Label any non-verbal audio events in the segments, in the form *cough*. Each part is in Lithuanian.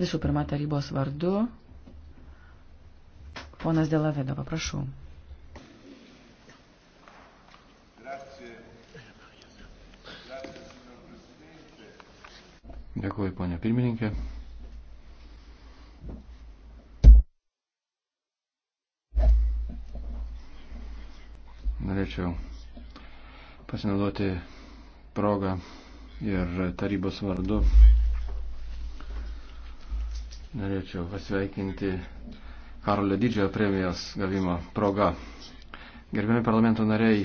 Visų pirma, tarybos vardu. Ponas Delavedova, prašau. Dėkuoju, ponė pirmininkė. Norėčiau pasinaudoti progą ir tarybos vardu norėčiau pasveikinti Karolio didžiojo premijos gavimo proga. Gerbiami parlamento nariai,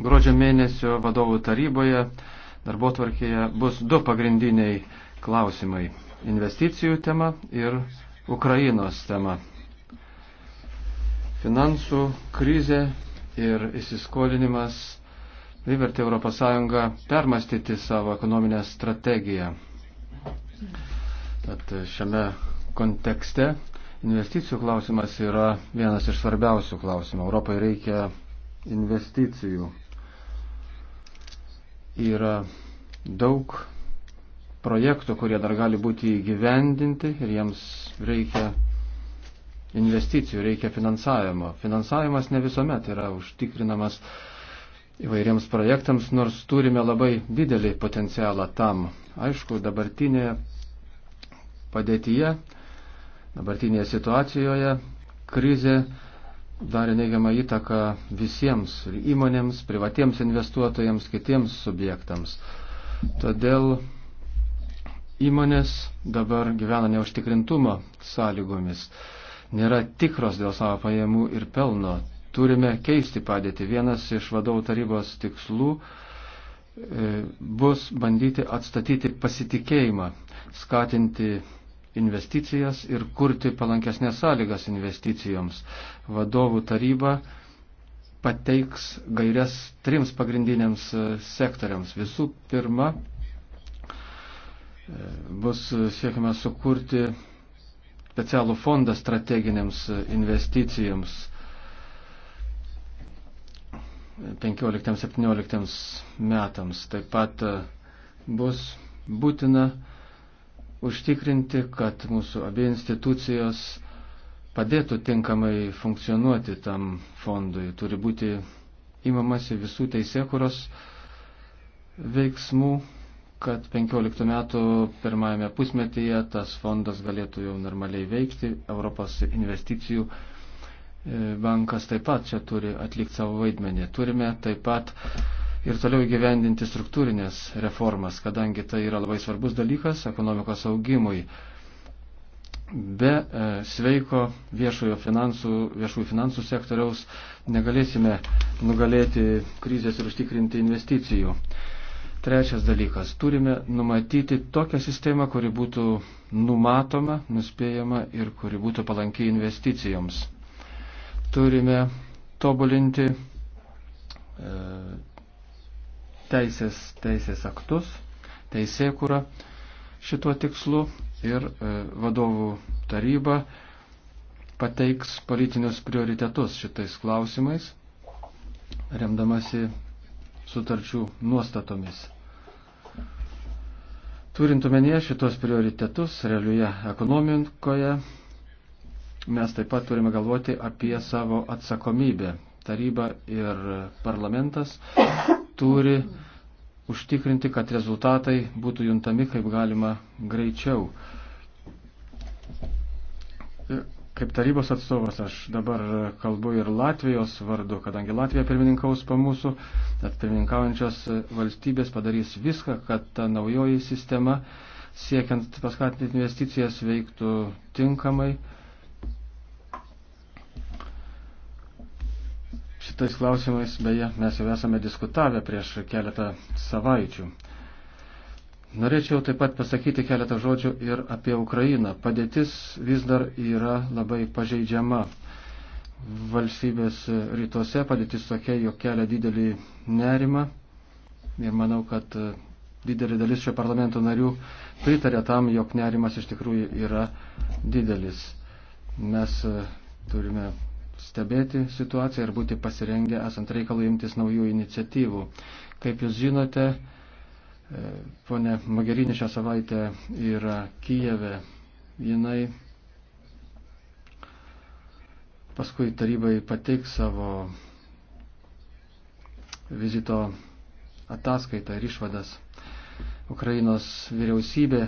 gruodžio mėnesio vadovų taryboje darbo tvarkėje bus du pagrindiniai klausimai - investicijų tema ir Ukrainos tema. Finansų krizė ir įsiskolinimas privertė ES permastyti savo ekonominę strategiją. Tad šiame kontekste investicijų klausimas yra vienas iš svarbiausių klausimų. Europai reikia investicijų. Yra daug projektų, kurie dar gali būti įgyvendinti ir jiems reikia investicijų, reikia finansavimo. Finansavimas ne visuomet yra užtikrinamas įvairiems projektams, nors turime labai didelį potencialą tam. Aišku, dabartinė padėtyje, dabartinėje situacijoje krizė darė neigiamą įtaką visiems įmonėms, privatiems investuotojams, kitiems subjektams. Todėl įmonės dabar gyvena neužtikrintumo sąlygomis, nėra tikros dėl savo pajamų ir pelno. Turime keisti padėtį. Vienas iš vadovų tarybos tikslų e, bus bandyti atstatyti pasitikėjimą, skatinti investicijas ir kurti palankesnės sąlygas investicijoms. Vadovų taryba pateiks gairias trims pagrindiniams e, sektoriams. Visų pirma, e, bus siekime sukurti specialų fondą strateginiams e, investicijoms 15-17 metams. Taip pat bus būtina užtikrinti, kad mūsų abie institucijos padėtų tinkamai funkcionuoti tam fondui. Turi būti imamasi visų teisėkuros veiksmų, kad 15 metų pirmajame pusmetyje tas fondas galėtų jau normaliai veikti. Europos investicijų e, bankas taip pat čia turi atlikti savo vaidmenį. Turime taip pat ir toliau įgyvendinti struktūrinės reformas, kadangi tai yra labai svarbus dalykas ekonomikos augimui. Be e, sveiko viešojo finansų, viešųjų finansų sektoriaus negalėsime nugalėti krizės ir užtikrinti investicijų. Trečias dalykas. Turime numatyti tokią sistemą, kuri būtų numatoma, nuspėjama ir kuri būtų palankiai investicijoms. Turime tobulinti e, teisės, teisės aktus, teisėkurą šituo tikslu ir e, vadovų taryba pateiks politinius prioritetus šitais klausimais, remdamasi sutarčių nuostatomis. Turint omenyje šitos prioritetus realioje ekonomikoje, mes taip pat turime galvoti apie savo atsakomybę. Taryba ir parlamentas turi užtikrinti, kad rezultatai būtų juntami kaip galima greičiau. Kaip tarybos atstovas aš dabar kalbu ir Latvijos vardu, kadangi Latvija pirmininkaus po mūsų, tad pirmininkaujančios valstybės padarys viską, kad ta naujoji sistema, siekiant paskatinti investicijas, veiktų tinkamai Šitais klausimais, beje, mes jau esame diskutavę prieš keletą savaičių. Norėčiau taip pat pasakyti keletą žodžių ir apie Ukrainą. Padėtis vis dar yra labai pažeidžiama. Valstybės rytuose padėtis tokia, jog kelia didelį nerimą ir manau, kad didelė dalis šio parlamento narių pritarė tam, jog nerimas iš tikrųjų yra didelis. Mes turime stebėti situaciją ir būti pasirengę esant reikalui imtis naujų iniciatyvų. Kaip jūs žinote, e, ponė Magerinė šią savaitę yra Kijeve. Jinai paskui tarybai pateiks savo vizito ataskaitą ir išvadas. Ukrainos vyriausybė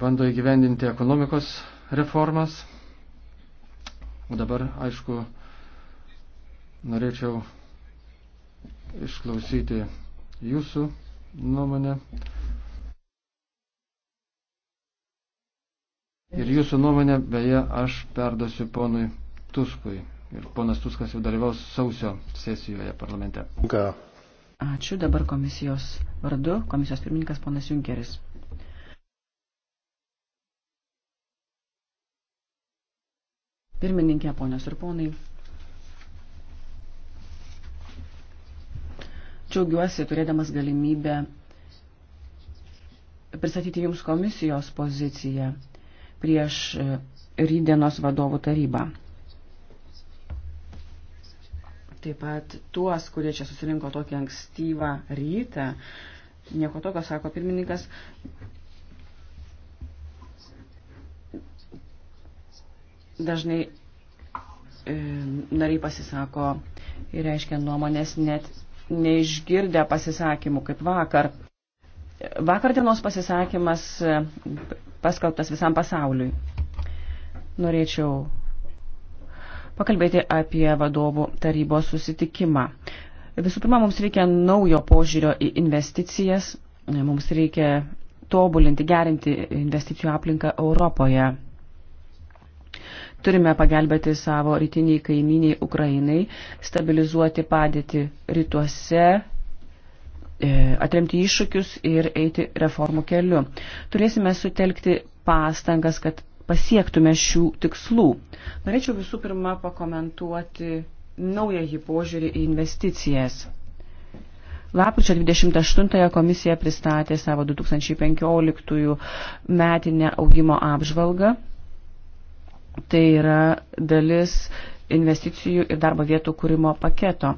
bando įgyvendinti ekonomikos reformas O dabar, aišku, norėčiau išklausyti jūsų nuomonę. Ir jūsų nuomonę, beje, aš perdosiu ponui Tuskui. Ir ponas Tuskas jau dalyvaus sausio sesijoje parlamente. Ką? Ačiū dabar komisijos vardu, komisijos pirmininkas ponas Junkeris. Pirmininkė, ponios ir ponai. Džiaugiuosi turėdamas galimybę pristatyti Jums komisijos poziciją prieš e, rydienos vadovų tarybą. Taip pat tuos, kurie čia susirinko tokį ankstyvą rytą, nieko tokio, sako pirmininkas, dažnai e, nariai pasisako ir reiškia nuomonės net neišgirdę pasisakymų, kaip vakar. Vakar dienos pasisakymas e, paskalbtas visam pasauliui. Norėčiau pakalbėti apie vadovų tarybos susitikimą. Visų pirma, mums reikia naujo požiūrio į investicijas, mums reikia tobulinti, gerinti investicijų aplinką Europoje. Turime pagelbėti savo rytiniai kaiminiai Ukrainai, stabilizuoti padėtį rytuose, e, atremti iššūkius ir eiti reformų keliu. Turėsime sutelkti pastangas, kad pasiektume šių tikslų. Norėčiau visų pirma pakomentuoti naująjį požiūrį į investicijas. Lapkričio 28 komisija pristatė savo 2015 metinę augimo apžvalgą Tai yra dalis investicijų ir darbo vietų kūrimo paketo.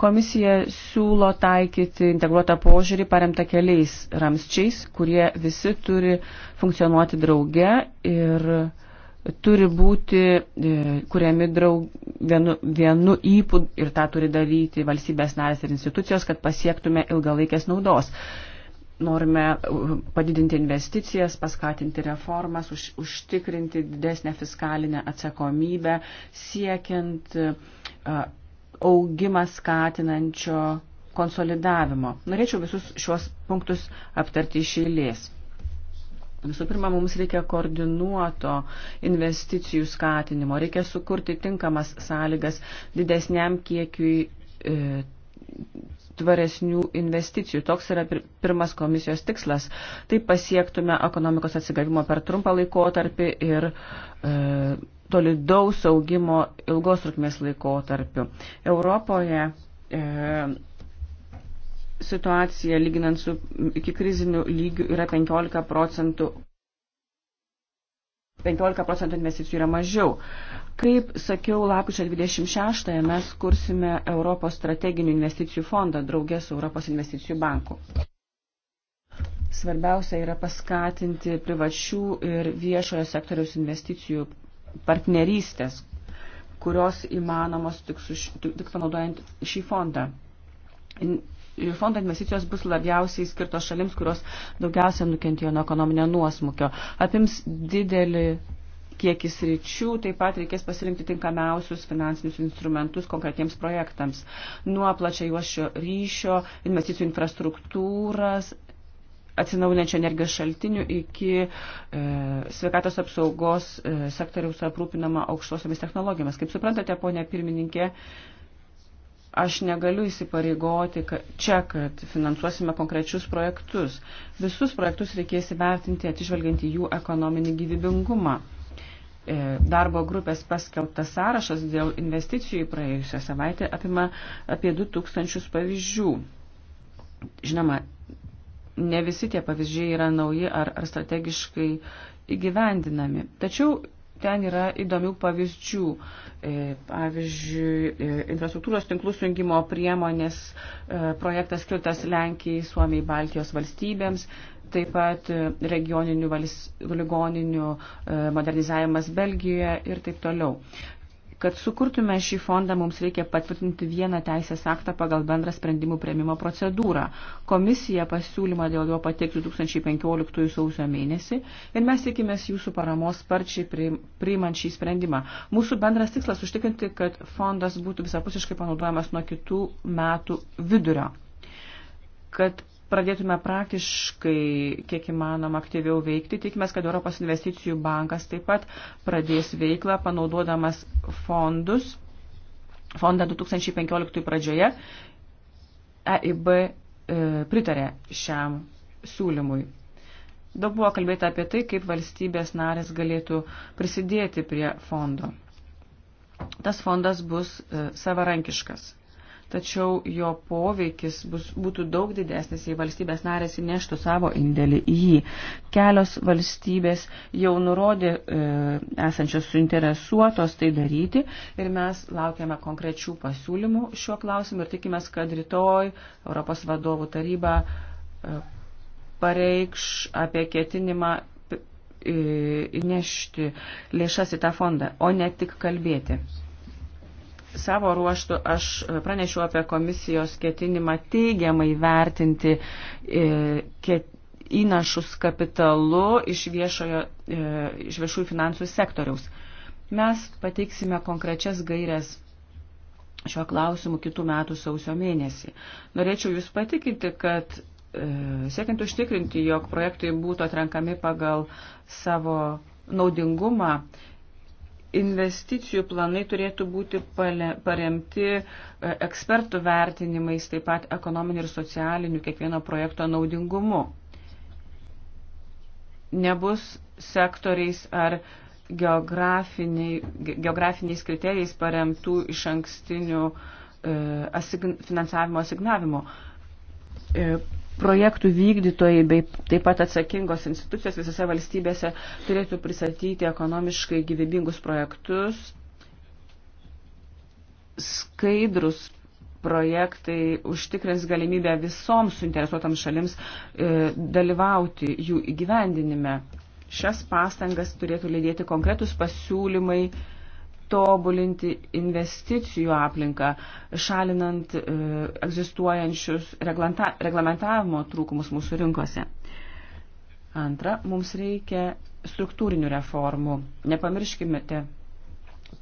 Komisija siūlo taikyti integruotą požiūrį paremtą keliais ramsčiais, kurie visi turi funkcionuoti drauge ir turi būti e, kuriami draug, vienu, vienu įpūd ir tą turi daryti valstybės narės ir institucijos, kad pasiektume ilgalaikės naudos norime uh, padidinti investicijas, paskatinti reformas, už, užtikrinti didesnę fiskalinę atsakomybę, siekiant uh, augimą skatinančio konsolidavimo. Norėčiau visus šiuos punktus aptarti iš eilės. Visų pirma, mums reikia koordinuoto investicijų skatinimo, reikia sukurti tinkamas sąlygas didesniam kiekiui e, tvaresnių investicijų. Toks yra pirmas komisijos tikslas. Tai pasiektume ekonomikos atsigavimo per trumpą laikotarpį ir e, tolidaus augimo ilgos trukmės laikotarpiu. Europoje e, situacija, lyginant su iki kriziniu lygiu, yra 15 procentų 15 procentų investicijų yra mažiau. Kaip sakiau, lapkričio 26-ąją mes kursime Europos strateginių investicijų fondą draugės su Europos investicijų banku. Svarbiausia yra paskatinti privačių ir viešojo sektoriaus investicijų partnerystės, kurios įmanomos tik, su, tik panaudojant šį fondą fondo investicijos bus labiausiai skirtos šalims, kurios daugiausia nukentėjo nuo ekonominio nuosmukio. Apims didelį kiekis ryčių, taip pat reikės pasirinkti tinkamiausius finansinius instrumentus konkretiems projektams. Nuo plačia juošio ryšio, investicijų infrastruktūras, atsinaujinančio energijos šaltinių iki e, sveikatos apsaugos e, sektoriaus aprūpinama aukštosiamis technologijomis. Kaip suprantate, ponia pirmininkė, e, Aš negaliu įsipareigoti kad čia, kad finansuosime konkrečius projektus. Visus projektus reikės įvertinti atižvelgiant į jų ekonominį gyvybingumą. E, darbo grupės paskelbtas sąrašas dėl investicijų praėjusią savaitę apima apie 2000 pavyzdžių. Žinoma, ne visi tie pavyzdžiai yra nauji ar, ar strategiškai įgyvendinami. Tačiau ten yra įdomių pavyzdžių. E, pavyzdžiui, e, infrastruktūros tinklų sujungimo priemonės e, projektas skirtas Lenkijai, Suomijai, Baltijos valstybėms, taip pat regioninių valis, ligoninių modernizavimas Belgijoje ir taip toliau. Kad sukurtume šį fondą, mums reikia patvirtinti vieną teisės aktą pagal bendrą sprendimų prieimimo procedūrą. Komisija pasiūlymą dėl jo pateiks 2015 sausio mėnesį ir mes tikimės jūsų paramos sparčiai priimant šį sprendimą. Mūsų bendras tikslas užtikrinti, kad fondas būtų visapusiškai panaudojamas nuo kitų metų vidurio. Kad pradėtume praktiškai, kiek įmanoma, aktyviau veikti. Tikimės, kad Europos investicijų bankas taip pat pradės veiklą, panaudodamas fondus, fondą 2015 pradžioje. EIB e, pritarė šiam siūlymui. Daug buvo kalbėta apie tai, kaip valstybės narės galėtų prisidėti prie fondo. Tas fondas bus e, savarankiškas tačiau jo poveikis bus, būtų daug didesnis, jei valstybės narės įneštų savo indėlį į jį. Kelios valstybės jau nurodė e, esančios suinteresuotos tai daryti ir mes laukiame konkrečių pasiūlymų šiuo klausimu ir tikimės, kad rytoj Europos vadovų taryba e, pareikš apie ketinimą e, įnešti lėšas į tą fondą, o ne tik kalbėti. Savo ruoštų aš pranešiu apie komisijos ketinimą teigiamai vertinti e, įnašus kapitalu iš, viešojo, e, iš viešųjų finansų sektoriaus. Mes pateiksime konkrečias gairias šiuo klausimu kitų metų sausio mėnesį. Norėčiau Jūs patikinti, kad e, siekiant užtikrinti, jog projektai būtų atrenkami pagal savo naudingumą, investicijų planai turėtų būti paremti e, ekspertų vertinimais, taip pat ekonominių ir socialinių kiekvieno projekto naudingumu. Nebus sektoriais ar geografiniai, geografiniais kriterijais paremtų iš ankstinių e, asign, finansavimo asignavimo. E, projektų vykdytojai bei taip pat atsakingos institucijos visose valstybėse turėtų pristatyti ekonomiškai gyvybingus projektus, skaidrus projektai užtikrins galimybę visoms suinteresuotams šalims e, dalyvauti jų įgyvendinime. Šias pastangas turėtų lydėti konkretus pasiūlymai tobulinti investicijų aplinką, šalinant e, egzistuojančius reglanta, reglamentavimo trūkumus mūsų rinkose. Antra, mums reikia struktūrinių reformų. Nepamirškime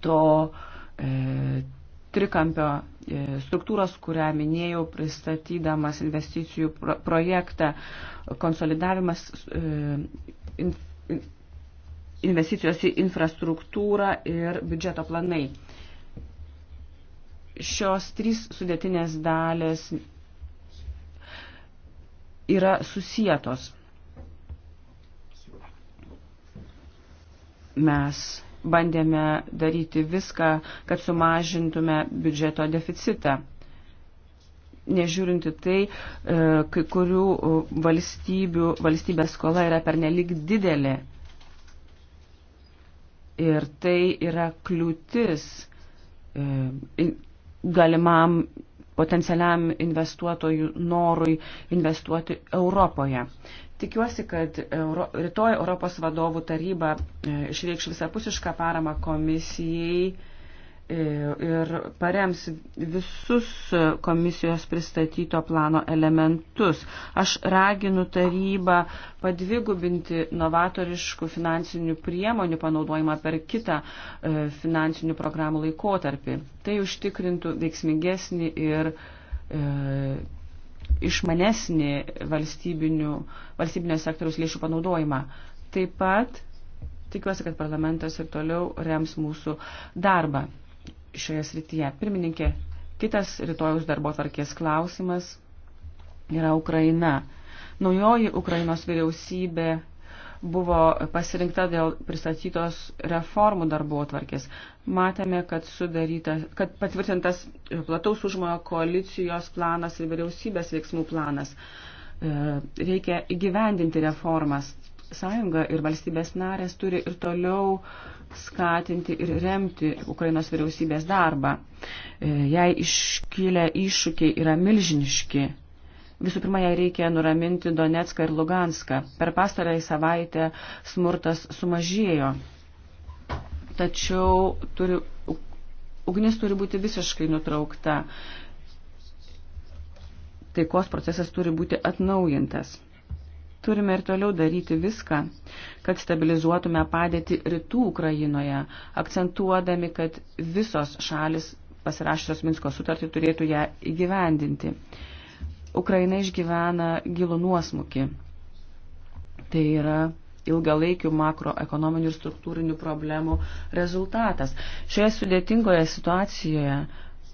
to e, trikampio e, struktūros, kurią minėjau pristatydamas investicijų pro projektą, konsolidavimas. E, in, in, investicijos į infrastruktūrą ir biudžeto planai. Šios trys sudėtinės dalės yra susijėtos. Mes bandėme daryti viską, kad sumažintume biudžeto deficitą nežiūrinti tai, e, kai kurių e, valstybių, valstybės skola yra pernelik didelė ir tai yra kliūtis e, galimam potencialiam investuotojų norui investuoti Europoje. Tikiuosi, kad Euro, rytoj Europos vadovų taryba e, išreikš visapusišką paramą komisijai E, ir parems visus komisijos pristatyto plano elementus. Aš raginu tarybą padvigubinti novatoriškų finansinių priemonių panaudojimą per kitą e, finansinių programų laikotarpį. Tai užtikrintų veiksmingesnį ir e, išmanesnį valstybinio sektoriaus lėšų panaudojimą. Taip pat tikiuosi, kad parlamentas ir toliau rems mūsų darbą šioje srityje. Pirmininkė, kitas rytojus darbo tvarkės klausimas yra Ukraina. Naujoji Ukrainos vyriausybė buvo pasirinkta dėl pristatytos reformų darbo tvarkės. Matėme, kad, sudaryta, kad patvirtintas plataus užmojo koalicijos planas ir vyriausybės veiksmų planas. E, reikia įgyvendinti reformas. Sąjunga ir valstybės narės turi ir toliau uh, skatinti ir remti Ukrainos vyriausybės darbą. E, jai iškilę iššūkiai yra milžiniški. Visų pirma, jai reikia nuraminti Donetską ir Luganską. Per pastarąjį savaitę smurtas sumažėjo. Tačiau turi, ugnis turi būti visiškai nutraukta. Taikos procesas turi būti atnaujintas. Turime ir toliau daryti viską, kad stabilizuotume padėtį rytų Ukrainoje, akcentuodami, kad visos šalis pasirašytos Minsko sutartį turėtų ją įgyvendinti. Ukraina išgyvena gilų nuosmukį. Tai yra ilgalaikių makroekonominių ir struktūrinių problemų rezultatas. Šioje sudėtingoje situacijoje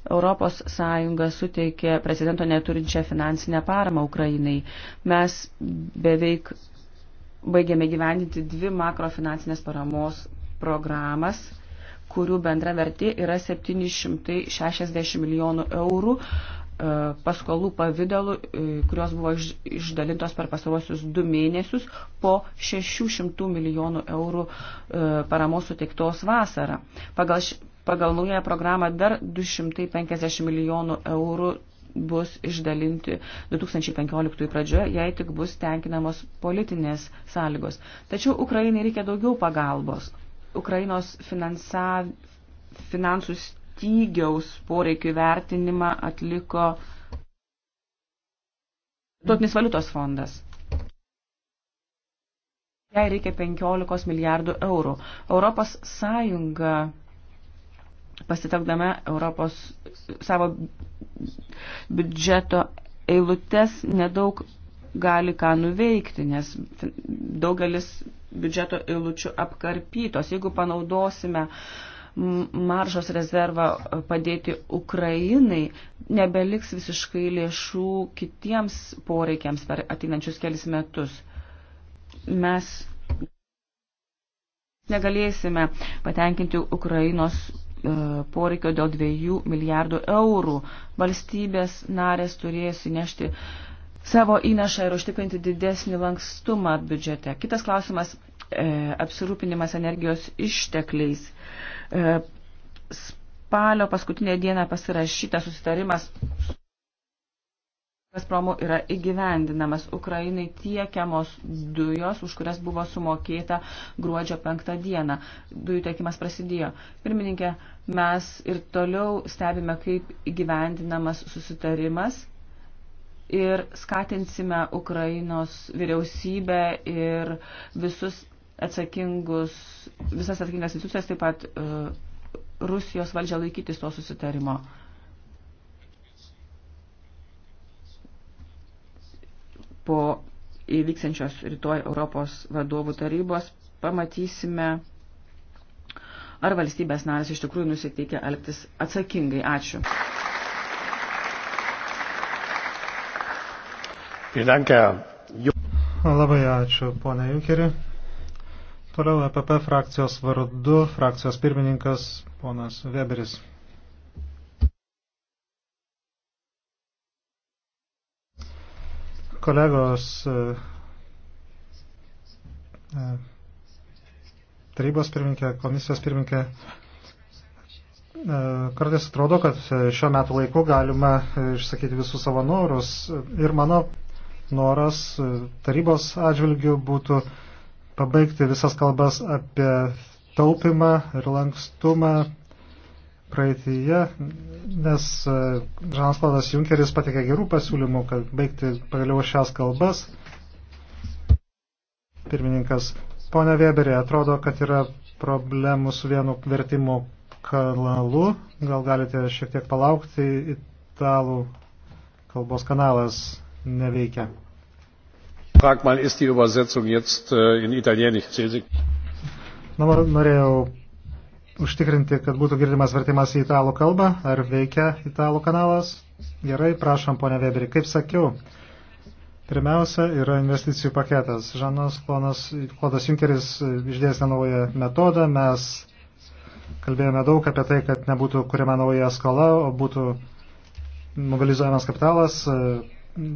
ES suteikė prezidento neturinčią finansinę paramą Ukrainai. Mes beveik baigėme gyvendinti dvi makrofinansinės paramos programas kurių bendra vertė yra 760 milijonų eurų e, paskolų pavydalu, e, kurios buvo išdalintos per pasaruosius du mėnesius po 600 milijonų eurų e, paramos suteiktos vasarą. Pagal Pagal naują programą dar 250 milijonų eurų bus išdalinti 2015 pradžioje, jei tik bus tenkinamos politinės sąlygos. Tačiau Ukrainai reikia daugiau pagalbos. Ukrainos finansa, finansų stygiaus poreikių vertinimą atliko Tautinis valiutos fondas. Jai reikia 15 milijardų eurų. Europos Sąjunga pasitelkdama Europos savo biudžeto eilutes nedaug gali ką nuveikti, nes daugelis biudžeto eilučių apkarpytos. Jeigu panaudosime maržos rezervą padėti Ukrainai, nebeliks visiškai lėšų kitiems poreikiams per ateinančius kelis metus. Mes negalėsime patenkinti Ukrainos E, poreikio dėl 2 milijardų eurų. Valstybės narės turės įnešti savo įnašą ir užtikrinti didesnį lankstumą biudžete. Kitas klausimas e, - apsirūpinimas energijos ištekliais. E, spalio paskutinę dieną pasirašytas susitarimas Gazpromu yra įgyvendinamas Ukrainai tiekiamos dujos, už kurias buvo sumokėta gruodžio penktą dieną. Dujų tiekimas prasidėjo. Pirmininkė, mes ir toliau stebime, kaip įgyvendinamas susitarimas ir skatinsime Ukrainos vyriausybę ir visus atsakingus, visas atsakingas institucijas, taip pat uh, Rusijos valdžia laikytis to susitarimo. po įvyksančios rytoj Europos vadovų tarybos pamatysime, ar valstybės narės iš tikrųjų nusiteikia elgtis atsakingai. Ačiū. Labai ačiū, ponė Jukeri. Toliau EPP frakcijos vardu, frakcijos pirmininkas, ponas Weberis. Kolegos e, e, tarybos pirminkė, komisijos pirminkė, e, kartais atrodo, kad šiuo metu laiku galima išsakyti visus savo norus. Ir mano noras tarybos atžvilgių būtų pabaigti visas kalbas apie taupimą ir lankstumą, praeitįje, nes e, Žanas Klaudas Junkeris patikė gerų pasiūlymų, kad baigti pagaliau šias kalbas. Pirmininkas, ponia Weberė, atrodo, kad yra problemų su vienu vertimu kanalu. Gal galite šiek tiek palaukti, italų kalbos kanalas neveikia. Frag mal, ist die Übersetzung jetzt äh, in Italienisch? Norėjau užtikrinti, kad būtų girdimas vertimas į italų kalbą? Ar veikia italų kanalas? Gerai, prašom, ponia Weberi. Kaip sakiau, pirmiausia yra investicijų paketas. Žanas Klonas, Klodas Junkeris išdėstė naują metodą. Mes kalbėjome daug apie tai, kad nebūtų kuriama nauja skola, o būtų mobilizuojamas kapitalas.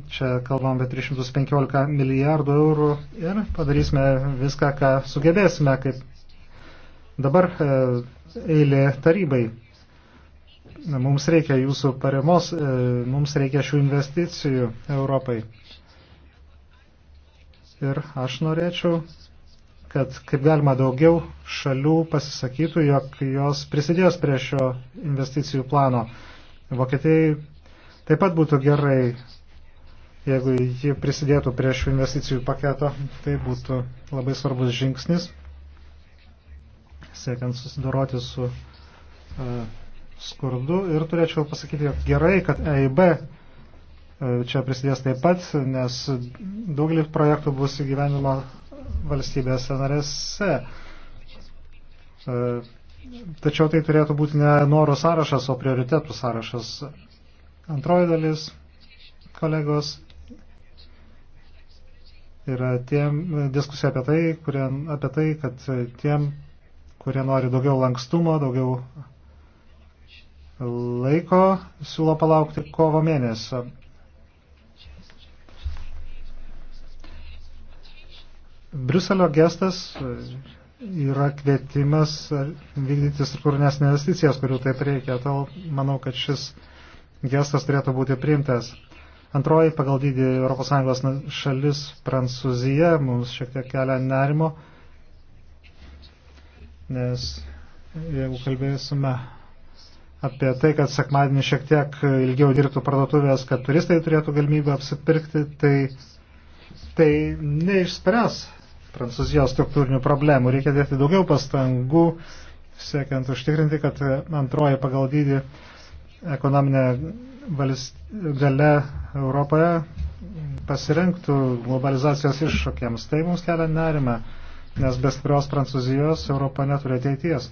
Čia kalbam apie 315 milijardų eurų ir padarysime viską, ką sugebėsime, kaip Dabar e, eilė tarybai. Mums reikia jūsų paremos, e, mums reikia šių investicijų Europai. Ir aš norėčiau, kad kaip galima daugiau šalių pasisakytų, jog jos prisidės prie šio investicijų plano. Vokietijai taip pat būtų gerai, jeigu ji prisidėtų prie šių investicijų paketo, tai būtų labai svarbus žingsnis siekiant susidoroti su e, skurdu. Ir turėčiau pasakyti, kad gerai, kad EIB e, čia prisidės taip pat, nes daugelį projektų bus įgyvenimo valstybėse narėse. E, tačiau tai turėtų būti ne norų sąrašas, o prioritetų sąrašas. Antroji dalis, kolegos, yra tiem, diskusija apie tai, kurie, apie tai, kad tiem kurie nori daugiau lankstumo, daugiau laiko, siūlo palaukti kovo mėnesio. Briuselio gestas yra kvietimas vykdyti struktūrinės investicijas, kurių taip reikia. Tol manau, kad šis gestas turėtų būti priimtas. Antroji pagal dydį ES šalis Prancūzija mums šiek tiek kelia nerimo nes jeigu kalbėsime apie tai, kad sekmadienį šiek tiek ilgiau dirbtų parduotuvės, kad turistai turėtų galimybę apsipirkti, tai, tai neišspręs Prancūzijos struktūrinių problemų. Reikia dėti daugiau pastangų, siekiant užtikrinti, kad antroji pagal dydį ekonominė valst... gale Europoje pasirenktų globalizacijos iššūkiams. Tai mums kelia nerima nes be stiprios Prancūzijos Europa neturi ateities.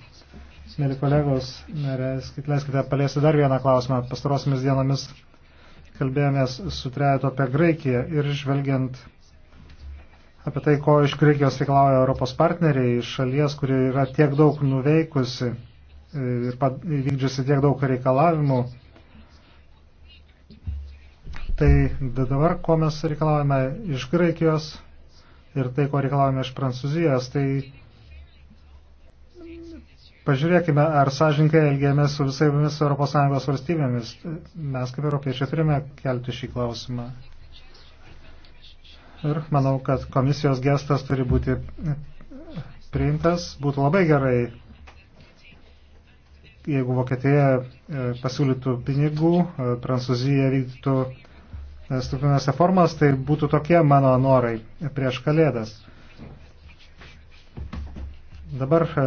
Mėly kolegos, leiskite paliesti dar vieną klausimą. Pastarosiamis dienomis kalbėjomės su trejato apie Graikiją ir žvelgiant apie tai, ko iš Graikijos reikalauja Europos partneriai, iš šalies, kuri yra tiek daug nuveikusi ir vykdžiusi tiek daug reikalavimų. Tai dabar, ko mes reikalavome iš Graikijos, ir tai, ko reikalavome iš Prancūzijos, tai pažiūrėkime, ar sąžinkai elgėmės su visaimis ES valstybėmis. Mes kaip europiečiai turime kelti šį klausimą. Ir manau, kad komisijos gestas turi būti priimtas. Būtų labai gerai, jeigu Vokietija e, pasiūlytų pinigų, e, Prancūzija vykdytų struktūrinės reformas, tai būtų tokie mano norai prieš kalėdas. Dabar e,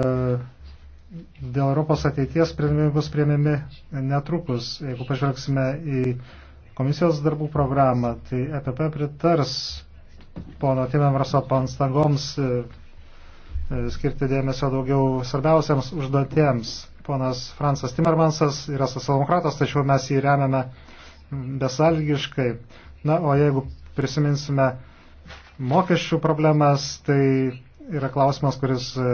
dėl Europos ateities sprendimai bus prieimimi netrukus. Jeigu pažvelgsime į komisijos darbų programą, tai EPP pritars pono Timemraso panstangoms e, e, skirti dėmesio daugiau svarbiausiams užduotėms. Ponas Fransas Timmermansas yra socialdemokratas, tačiau mes jį remiame besalgiškai. Na, o jeigu prisiminsime mokesčių problemas, tai yra klausimas, kuris e,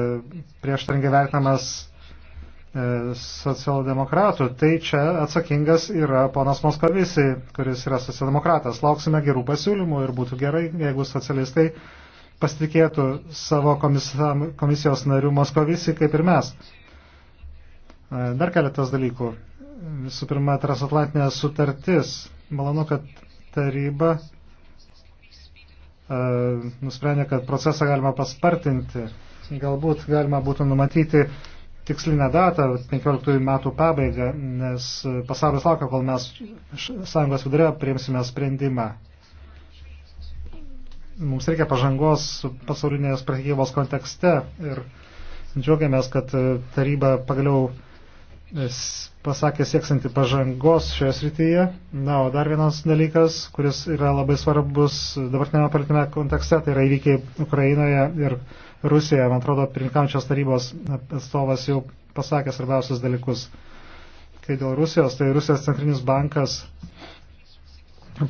prieštaringai vertinamas e, socialdemokratų. Tai čia atsakingas yra ponas Moskovisi, kuris yra socialdemokratas. Lauksime gerų pasiūlymų ir būtų gerai, jeigu socialistai pasitikėtų savo komisijos narių Moskovisi kaip ir mes. E, dar keletas dalykų visų pirma, transatlantinė sutartis. Malonu, kad taryba e, nusprendė, kad procesą galima paspartinti. Galbūt galima būtų numatyti tikslinę datą, 15 metų pabaigą, nes pasaulis laukia, kol mes sąjungos vidurė priimsime sprendimą. Mums reikia pažangos pasaulinės prekybos kontekste ir džiaugiamės, kad taryba pagaliau pasakė sieksanti pažangos šioje srityje. Na, o dar vienas dalykas, kuris yra labai svarbus dabartinėme politinėme kontekste, tai yra įvykiai Ukrainoje ir Rusijoje. Man atrodo, pirmininkančios tarybos atstovas jau pasakė svarbiausius dalykus. Kai dėl Rusijos, tai Rusijos centrinis bankas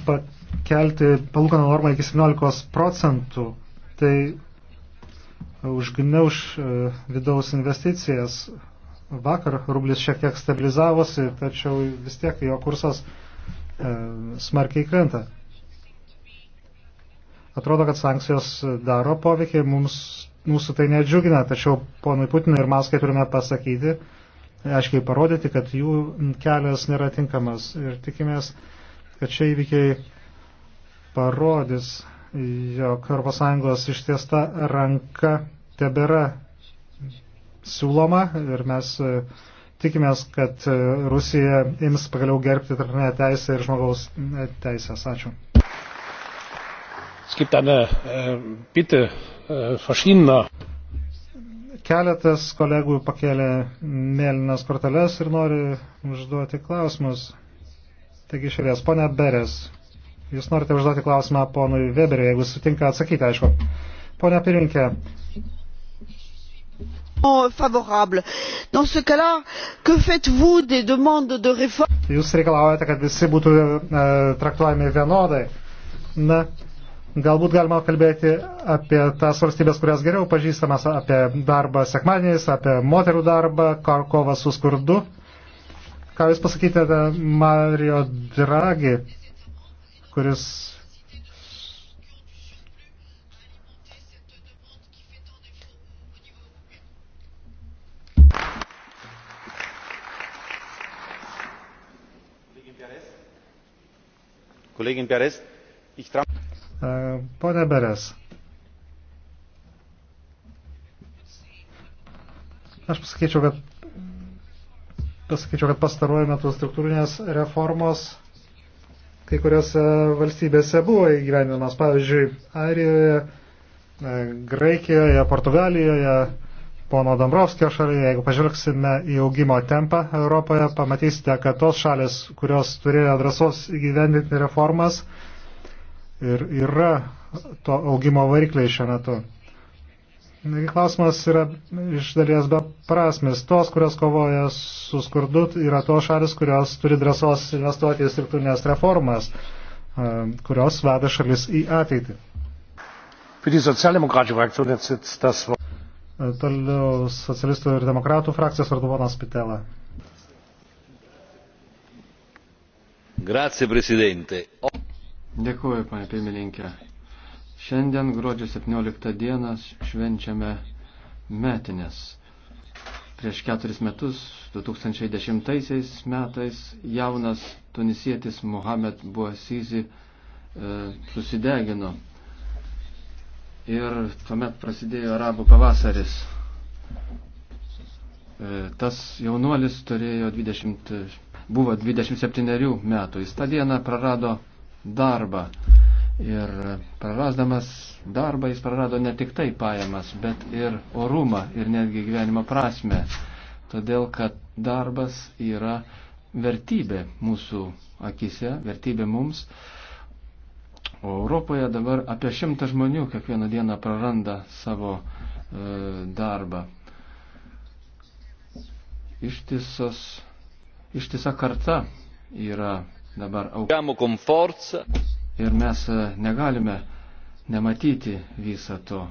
pakelti palūkanų normą iki 17 procentų, tai užgniauš e, vidaus investicijas Vakar rublis šiek tiek stabilizavosi, tačiau vis tiek jo kursas e, smarkiai krenta. Atrodo, kad sankcijos daro poveikį, mums, mūsų tai nedžiugina, tačiau ponui Putinui ir Maskai turime pasakyti, aiškiai parodyti, kad jų kelias nėra tinkamas. Ir tikimės, kad šie įvykiai parodys, jog Europos Sąjungos ištiesta ranka tebėra siūloma ir mes e, tikimės, kad e, Rusija ims pagaliau gerbti tarptautinę teisę ir žmogaus e, teisės. Ačiū. Es gibt eine äh, Bitte äh, verschiedener. Keletas kolegų pakėlė mėlynas korteles ir nori užduoti klausimus. Taigi išėlės, ponia Beres, jūs norite užduoti klausimą ponui Weberiui, jeigu sutinka atsakyti, aišku. Pone Pirinkė, favorable. Dans ce cas là, que faites vous des demandes de réforme? Jūs reikalaujate, kad visi būtų e, traktuojami vienodai. Na, galbūt galima kalbėti apie tas valstybės, kurias geriau pažįstamas, apie darbą sekmadieniais, apie moterų darbą, kovą su skurdu. Ką Jūs pasakytumėte Mario Draghi, kuris Kolegin Beres, ich traue. Pone Beres. Aš pasakyčiau, kad, pasakyčiau, kad pastaruoju metu struktūrinės reformos kai kuriuose valstybėse buvo įgyvendinamas. Pavyzdžiui, Airijoje, e, Graikijoje, Portugalijoje, pono Dombrovskio šalyje, jeigu pažvelgsime į augimo tempą Europoje, pamatysite, kad tos šalis, kurios turėjo drąsos įgyvendinti reformas, ir yra to augimo varikliai šiuo metu. Klausimas yra iš dalies be prasmės. Tos, kurios kovoja su skurdu, yra tos šalis, kurios turi drąsos investuoti į struktūrinės reformas, kurios veda šalis į ateitį. Für die Sozialdemokratische Fraktion jetzt das Wort. E, toliau socialistų ir demokratų frakcijos vardu ponas Pitela. Grazie, prezidente. Dėkuoju, pane pirmininkė. Šiandien gruodžio 17 dieną švenčiame metinės. Prieš keturis metus, 2010 metais, jaunas tunisietis Mohamed Buasizi e, susidegino ir tuomet prasidėjo arabų pavasaris. E, tas jaunuolis turėjo 20, buvo 27 metų. Jis tą dieną prarado darbą. Ir prarasdamas darbą jis prarado ne tik tai pajamas, bet ir orumą ir netgi gyvenimo prasme. Todėl, kad darbas yra vertybė mūsų akise, vertybė mums. Uh, O Europoje dabar apie šimtą žmonių kiekvieną dieną praranda savo e, darbą. Ištisas, ištisa karta yra dabar aukšta. Ir mes e, negalime nematyti viso to,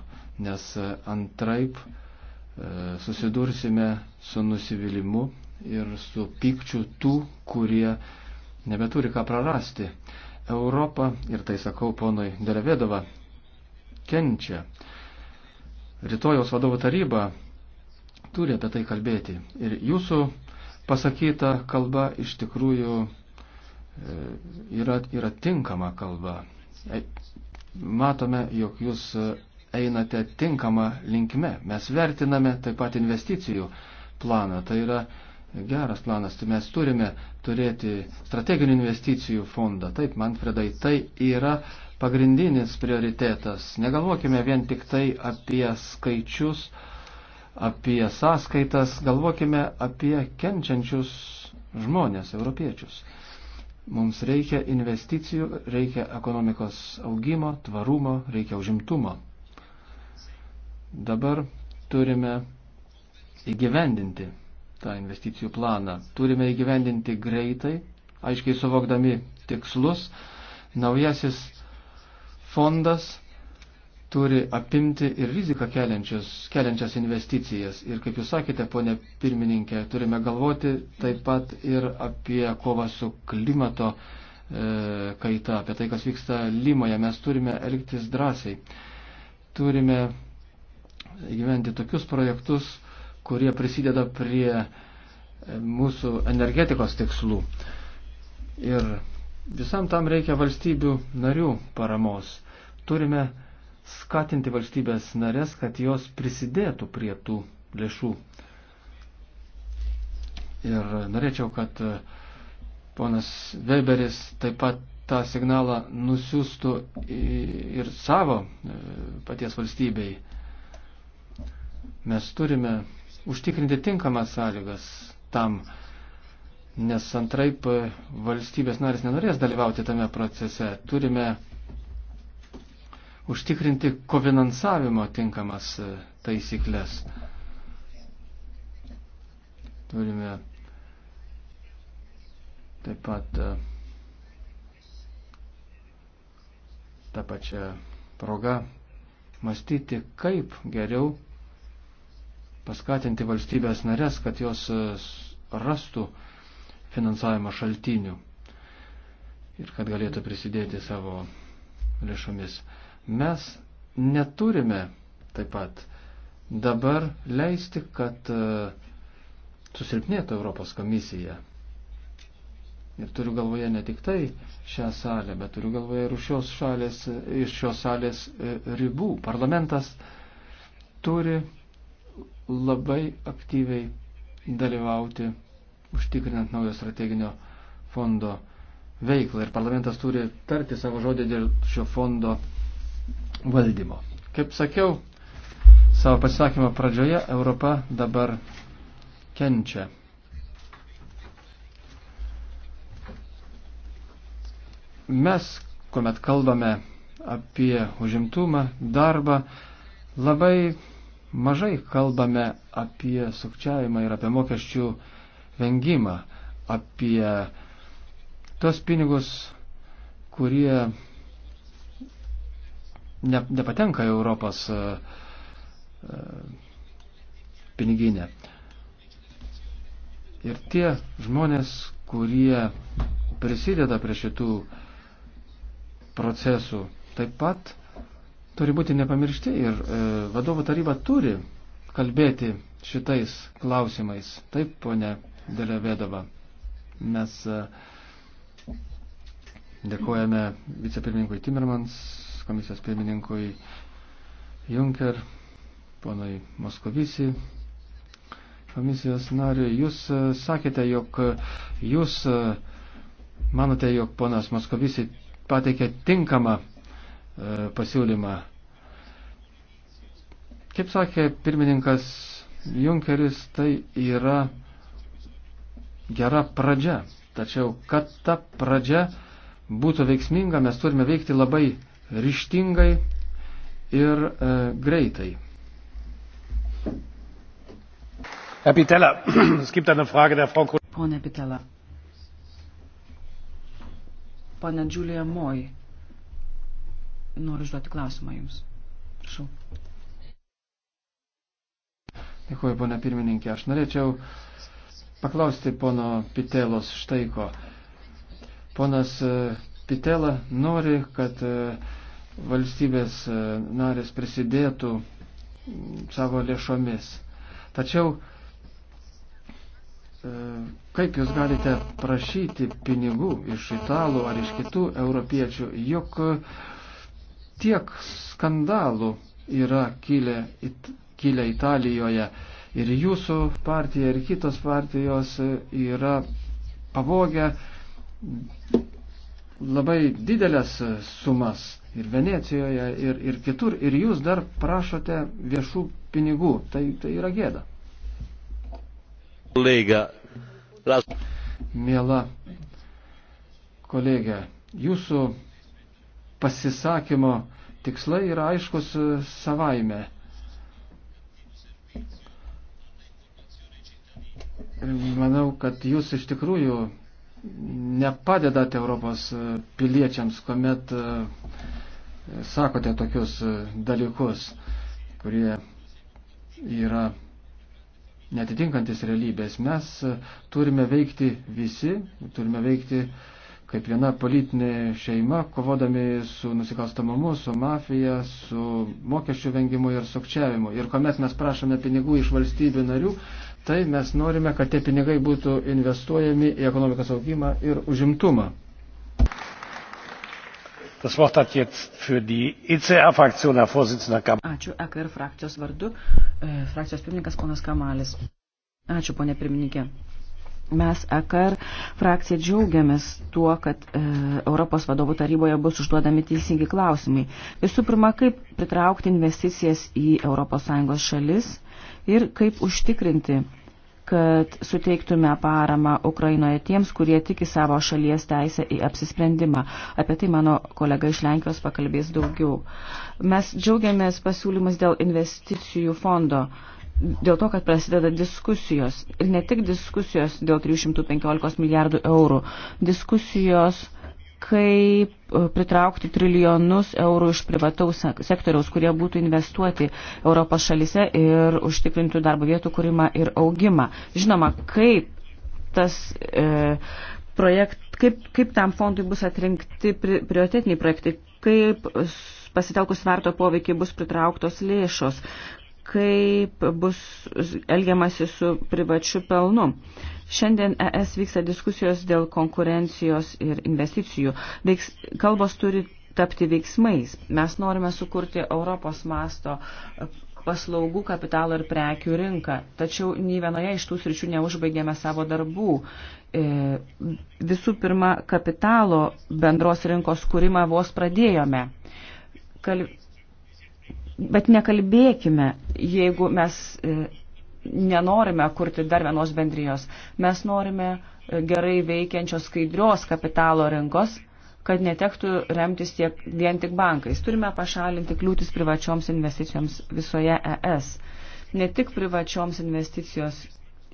nes e, antraip e, susidursime su nusivylimu ir su pykčiu tų, kurie nebeturi ką prarasti. Europa, ir tai sakau ponui Delevedova, kenčia. Rytojaus vadovų taryba turi apie tai kalbėti. Ir jūsų pasakyta kalba iš tikrųjų e, yra, yra tinkama kalba. E, matome, jog jūs einate tinkamą linkme. Mes vertiname taip pat investicijų planą. Tai yra geras planas. Mes turime turėti strateginių investicijų fondą. Taip, Manfredai, tai yra pagrindinis prioritetas. Negalvokime vien tik tai apie skaičius, apie sąskaitas, galvokime apie kenčiančius žmonės, europiečius. Mums reikia investicijų, reikia ekonomikos augimo, tvarumo, reikia užimtumo. Dabar turime įgyvendinti tą investicijų planą. Turime įgyvendinti greitai, aiškiai suvokdami tikslus. Naujasis fondas turi apimti ir riziką keliančias, keliančias investicijas. Ir kaip jūs sakėte, ponė pirmininkė, turime galvoti taip pat ir apie kovą su klimato e, kaita, apie tai, kas vyksta Limoje. Mes turime elgtis drąsiai. Turime įgyventi tokius projektus, kurie prisideda prie e, mūsų energetikos tikslų. Ir visam tam reikia valstybių narių paramos. Turime skatinti valstybės narės, kad jos prisidėtų prie tų lėšų. Ir norėčiau, kad e, ponas Weberis taip pat tą signalą nusiųstų ir savo e, paties valstybei. Mes turime užtikrinti tinkamas sąlygas tam, nes antraip valstybės narės nenorės dalyvauti tame procese. Turime užtikrinti kofinansavimo tinkamas taisyklės. Turime taip pat e, tą pačią progą mąstyti, kaip geriau paskatinti valstybės narės, kad jos e, rastų finansavimo šaltinių ir kad galėtų prisidėti savo lėšomis. Mes neturime taip pat dabar leisti, kad e, susilpnėtų Europos komisija. Ir turiu galvoje ne tik tai šią salę, bet turiu galvoje ir šios šalės, iš šios salės e, ribų. Parlamentas turi labai aktyviai dalyvauti užtikrinant naujo strateginio fondo veiklą ir parlamentas turi tarti savo žodį dėl šio fondo valdymo. Kaip sakiau, savo pasisakymo pradžioje Europa dabar kenčia. Mes, kuomet kalbame apie užimtumą, darbą, labai mažai kalbame apie sukčiavimą ir apie mokesčių vengimą, apie tos pinigus, kurie ne, nepatenka į Europos e, e, piniginę. Ir tie žmonės, kurie prisideda prie šitų procesų, taip pat turi būti nepamiršti ir e, vadovų taryba turi kalbėti šitais klausimais. Taip, ponė Delevedova, mes e, dėkojame vicepirmininkui Timmermans, komisijos pirmininkui Juncker, ponui Moskovisi, komisijos nariui. Jūs e, sakėte, jog e, jūs e, manote, jog ponas Moskovisi pateikė tinkamą E, pasiūlymą. Kaip sakė pirmininkas Junkeris, tai yra gera pradžia. Tačiau, kad ta pradžia būtų veiksminga, mes turime veikti labai ryštingai ir e, greitai. Pone Pitela. Pone Džiulija Moj noriu užduoti klausimą Jums. Prašau. Dėkuoju, pana pirmininkė. Aš norėčiau paklausti pono Pitelos štai ko. Ponas e, Pitela nori, kad e, valstybės e, narės prisidėtų savo lėšomis. Tačiau kaip jūs galite prašyti pinigų iš italų ar iš kitų europiečių, juk tiek skandalų yra kilę, it, kilę Italijoje ir jūsų partija ir kitos partijos yra pavogę labai didelės sumas ir Venecijoje, ir, ir kitur, ir jūs dar prašote viešų pinigų. Tai, tai yra gėda. Kolega. Las... Mėla kolegė, jūsų pasisakymo tikslai yra aiškus e, savaime. Ir manau, kad jūs iš tikrųjų nepadedate Europos e, piliečiams, kuomet e, sakote tokius dalykus, kurie yra netitinkantis realybės. Mes turime veikti visi, turime veikti uh, kaip viena politinė šeima, kovodami su nusikalstamumu, su mafija, su mokesčių vengimu ir sukčiavimu. Ir kuomet mes prašome pinigų iš valstybių narių, tai mes norime, kad tie pinigai būtų investuojami į ekonomikos augimą ir užimtumą. Das Wort hat jetzt für die ECR-Fraktion Herr Vorsitzender Kamal. Ačiū EKR frakcijos vardu, äh, frakcijos pirmininkas ponas Kamalis. Ačiū, ponė pirmininkė. Mes EKR frakcija džiaugiamės tuo, kad e, Europos vadovų taryboje bus užduodami teisingi klausimai. Visų pirma, kaip pritraukti investicijas į ES šalis ir kaip užtikrinti, kad suteiktume paramą Ukrainoje tiems, kurie tiki savo šalies teisę į apsisprendimą. Apie tai mano kolega iš Lenkijos pakalbės daugiau. Mes džiaugiamės pasiūlymus dėl investicijų fondo dėl to, kad prasideda diskusijos. Ir ne tik diskusijos dėl 315 milijardų eurų. Diskusijos, kaip e, pritraukti trilijonus eurų iš privataus sektoriaus, kurie būtų investuoti Europos šalise ir užtikrintų darbo vietų kūrimą ir augimą. Žinoma, kaip tas e, projekt, kaip, kaip tam fondui bus atrinkti pri, prioritetiniai projektai, kaip pasitelkus sverto poveikį bus pritrauktos lėšos, kaip bus elgiamasi su privačiu pelnu. Šiandien ES vyksta diskusijos dėl konkurencijos ir investicijų. Veiks, kalbos turi tapti veiksmais. Mes norime sukurti Europos masto paslaugų, kapitalo ir prekių rinką. Tačiau nei vienoje iš tų sričių neužbaigėme savo darbų. E, visų pirma, kapitalo bendros rinkos kūrimą vos pradėjome. Kal Bet nekalbėkime, jeigu mes e, nenorime kurti dar vienos bendrijos. Mes norime e, gerai veikiančios skaidrios kapitalo rinkos, kad netektų remtis tiek, vien tik bankais. Turime pašalinti kliūtis privačioms investicijoms visoje ES. Ne tik privačioms investicijos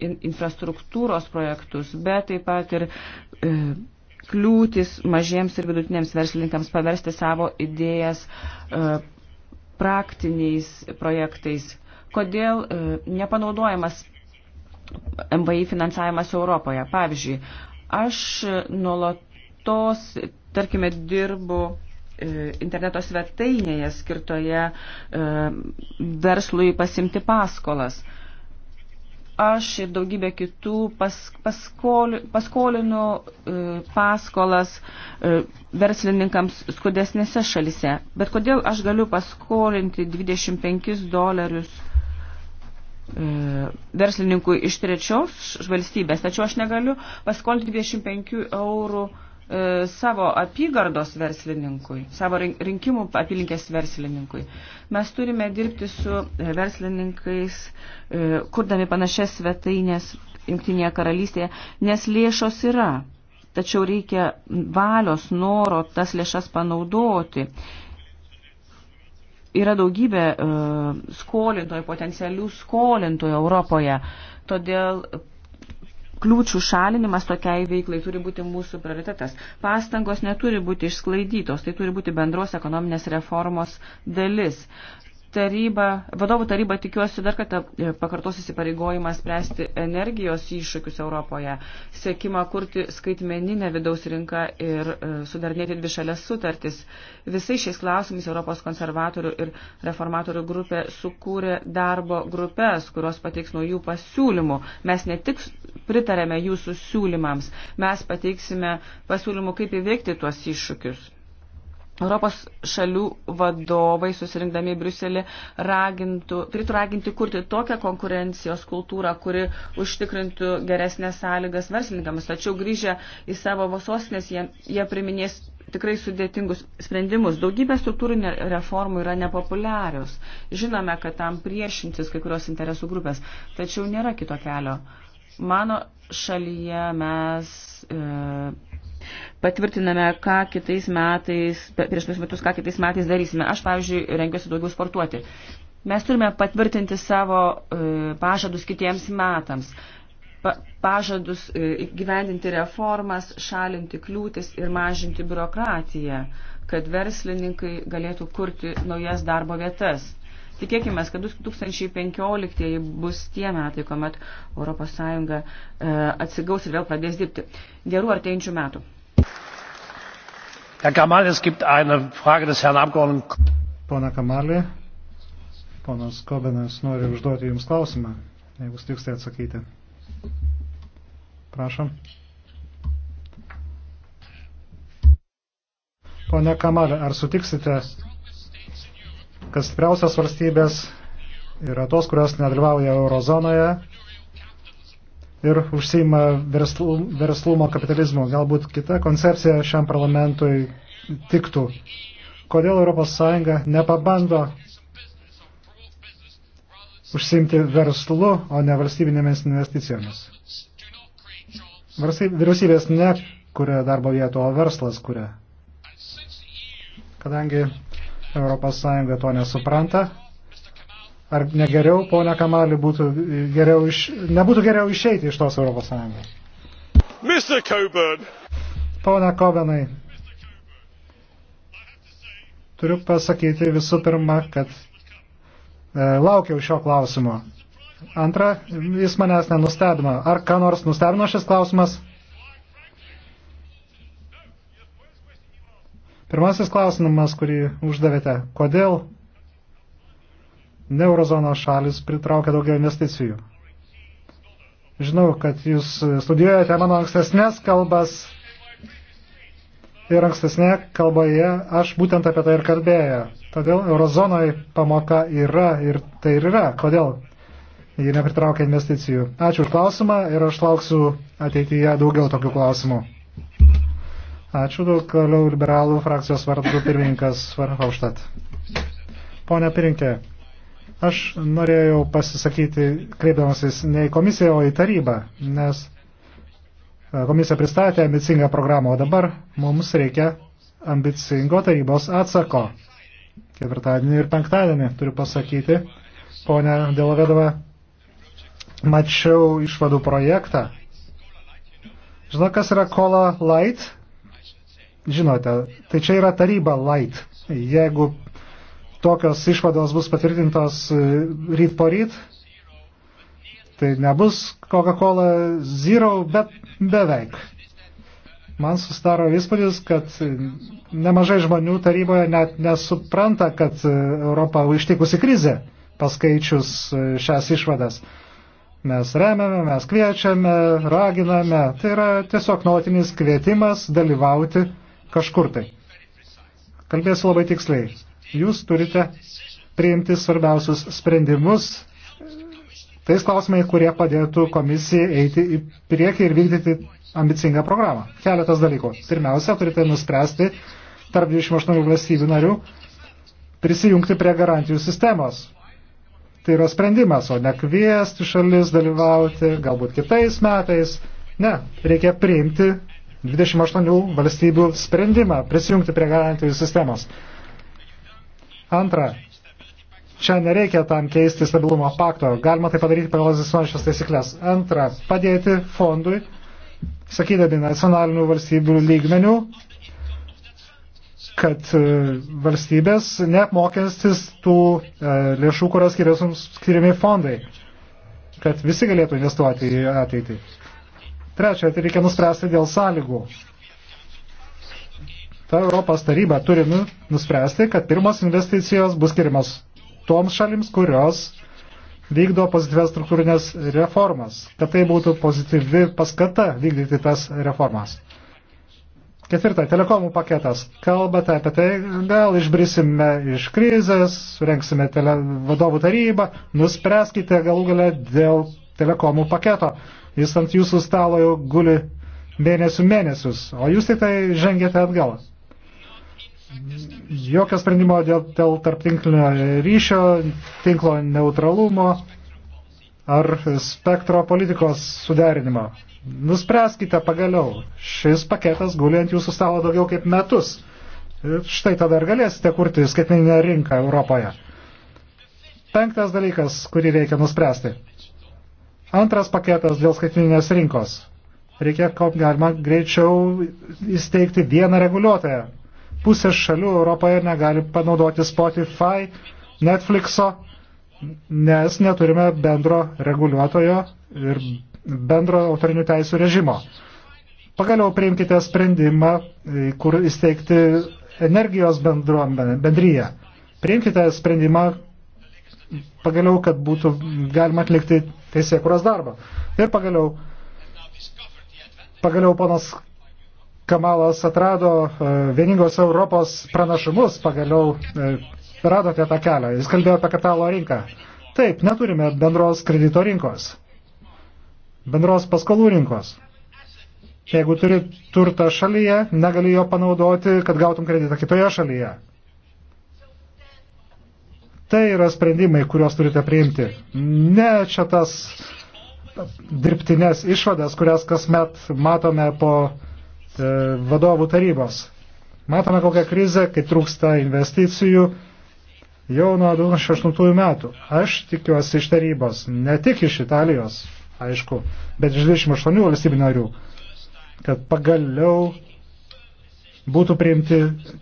in, infrastruktūros projektus, bet taip pat ir e, kliūtis mažiems ir vidutiniams verslininkams paversti savo idėjas. E, praktiniais projektais. Kodėl e, nepanaudojamas MVI finansavimas Europoje? Pavyzdžiui, aš nuolatos, tarkime, dirbu e, interneto svetainėje skirtoje e, verslui pasimti paskolas aš ir daugybė kitų pas, paskol, paskolinu e, paskolas e, verslininkams skudesnėse šalise. Bet kodėl aš galiu paskolinti 25 dolerius e, verslininkui iš trečios valstybės, tačiau aš negaliu paskolinti 25 eurų e, E, savo apygardos verslininkui, savo rinkimų apylinkės verslininkui. Mes turime dirbti su e, verslininkais, e, kurdami panašias svetainės Junktinėje karalystėje, nes lėšos yra, tačiau reikia valios, noro tas lėšas panaudoti. Yra daugybė skolintojų, potencialių skolintojų Europoje, todėl kliūčių šalinimas tokiai veiklai turi būti mūsų prioritetas. Pastangos neturi būti išsklaidytos, tai turi būti bendros ekonominės reformos dalis taryba, vadovų taryba tikiuosi dar kartą e, pakartos įsipareigojimą spręsti energijos iššūkius Europoje, siekimą kurti skaitmeninę vidaus rinką ir e, sudarnėti dvi šalias sutartis. Visais šiais klausimais Europos konservatorių ir reformatorių grupė sukūrė darbo grupės, kurios pateiks naujų pasiūlymų. Mes ne tik pritarėme jūsų siūlymams, mes pateiksime pasiūlymų, kaip įveikti tuos iššūkius. Europos šalių vadovai susirinkdami Briuselį ragintų, turėtų raginti kurti tokią konkurencijos kultūrą, kuri užtikrintų geresnės sąlygas verslininkams. Tačiau grįžę į savo vasosnės, jie, jie priminės tikrai sudėtingus sprendimus. Daugybė struktūrinė reformų yra nepopuliarios. Žinome, kad tam priešintis kai kurios interesų grupės, tačiau nėra kito kelio. Mano šalyje mes. E, patvirtiname, ką kitais metais, prieš tais metus, ką kitais metais darysime. Aš, pavyzdžiui, rengiuosi daugiau sportuoti. Mes turime patvirtinti savo e, pažadus kitiems metams pažadus e, gyvendinti reformas, šalinti kliūtis ir mažinti biurokratiją, kad verslininkai galėtų kurti naujas darbo vietas. Tikėkime, kad 2015 bus tie metai, kuomet ES e, atsigaus ir vėl pradės dirbti. Gerų arteinčių metų herr kamall es gibt eine frage des herrn abgeordneten. pone kamali ponas kobenas nori užduoti jums klausimą jeigu sutiksite atsakyti. prašom. pone kamali ar sutiksite kad stipriausios valstybės yra tos kurios nedalyvauja eurozonoje ir užsima verslu, verslumo kapitalizmu. Galbūt kita koncepcija šiam parlamentui tiktų. Kodėl ES nepabando užsimti verslu, o ne valstybinėmis investicijomis? Vyriausybės ne kuria darbo vietų, o verslas kuria. Kadangi ES to nesupranta, Ar negeriau, ponia Kamali, būtų geriau iš, nebūtų geriau išeiti iš tos Europos Sąjungos? Mr. Coburn. Pone Kobenai, turiu pasakyti visų pirma, kad e, laukiau šio klausimo. Antra, jis manęs nenustebino. Ar ką nors nustebino šis klausimas? Pirmasis klausimas, kurį uždavėte. Kodėl neurozonos šalis pritraukia daugiau investicijų. Žinau, kad jūs studijuojate mano ankstesnės kalbas ir ankstesnėje kalboje aš būtent apie tai ir kalbėjau. Todėl eurozonoje pamoka yra ir tai ir yra. Kodėl ji nepritraukia investicijų? Ačiū už klausimą ir aš lauksiu ateityje daugiau tokių klausimų. Ačiū daug toliau liberalų frakcijos vardu pirmininkas Svarhofštat. Pone Pirinkė, Aš norėjau pasisakyti, kreipdamasis ne į komisiją, o į tarybą, nes e, komisija pristatė ambicingą programą, o dabar mums reikia ambicingo tarybos atsako. Ketvirtadienį ir penktadienį, turiu pasakyti, ponia Delovedova, mačiau išvadų projektą. Žinot, kas yra Cola Light? Žinote, tai čia yra taryba Light. Jeigu tokios išvados bus patvirtintos e, ryt po ryt. Tai nebus Coca-Cola Zero, bet beveik. Man susidaro įspūdis, kad e, nemažai žmonių taryboje net nesupranta, kad e, Europą ištikusi krizė paskaičius šias išvadas. Mes remiame, mes kviečiame, raginame. Tai yra tiesiog nuolatinis kvietimas dalyvauti kažkur tai. Kalbėsiu labai tiksliai jūs turite priimti svarbiausius sprendimus tais klausimai, kurie padėtų komisijai eiti į priekį ir vykdyti ambicingą programą. Keletas dalykų. Pirmiausia, turite nuspręsti tarp 28 valstybių narių prisijungti prie garantijų sistemos. Tai yra sprendimas, o ne kviesti šalis dalyvauti galbūt kitais metais. Ne, reikia priimti 28 valstybių sprendimą prisijungti prie garantijų sistemos. Antra, čia nereikia tam keisti stabilumo pakto, galima tai padaryti pagal egzistuojančias taisyklės. Antra, padėti fondui, sakydami nacionalinių valstybių lygmenių, kad e, valstybės neapmokestis tų e, lėšų, kurios skiriami fondai, kad visi galėtų investuoti į ateitį. Trečia, tai reikia nuspręsti dėl sąlygų. Ta Europos taryba turi nu, nuspręsti, kad pirmos investicijos bus skirimas toms šalims, kurios vykdo pozityves struktūrinės reformas, kad tai būtų pozityvi paskata vykdyti tas reformas. Ketvirta, telekomų paketas. Kalbate apie tai, gal išbrisime iš krizės, surenksime tele, vadovų tarybą, nuspręskite galų galę dėl telekomų paketo. Jis ant jūsų stalo jau guli mėnesių mėnesius, o jūs tik tai žengėte atgal jokio sprendimo dėl, dėl tarptinklinio ryšio, tinklo neutralumo ar spektro politikos suderinimo. Nuspręskite pagaliau, šis paketas guli ant jūsų stalo daugiau kaip metus. Ir štai tada ir galėsite kurti skaitmeninę rinką Europoje. Penktas dalykas, kurį reikia nuspręsti. Antras paketas dėl skaitmeninės rinkos. Reikia, kaip galima, greičiau įsteigti vieną reguliuotoją pusė šalių Europoje negali panaudoti Spotify, Netflixo, nes neturime bendro reguliuotojo ir bendro autorinių teisų režimo. Pagaliau priimkite sprendimą, e, kur įsteigti energijos bendruomenę, bendryje. Priimkite sprendimą, pagaliau, kad būtų galima atlikti teisėkuros darbą. Ir pagaliau, pagaliau ponas Kamalas atrado e, vieningos Europos pranašumus, pagaliau e, radote tą kelią. Jis kalbėjo apie kapitalo rinką. Taip, neturime bendros kredito rinkos, bendros paskolų rinkos. Jeigu turi turtą šalyje, negali jo panaudoti, kad gautum kreditą kitoje šalyje. Tai yra sprendimai, kuriuos turite priimti. Ne čia tas dirbtinės išvadas, kurias kasmet matome po E, vadovų tarybos. Matome kokią krizę, kai trūksta investicijų jau nuo 2008 metų. Aš tikiuosi iš tarybos, ne tik iš Italijos, aišku, bet iš 28 valstybių narių, kad pagaliau būtų priimti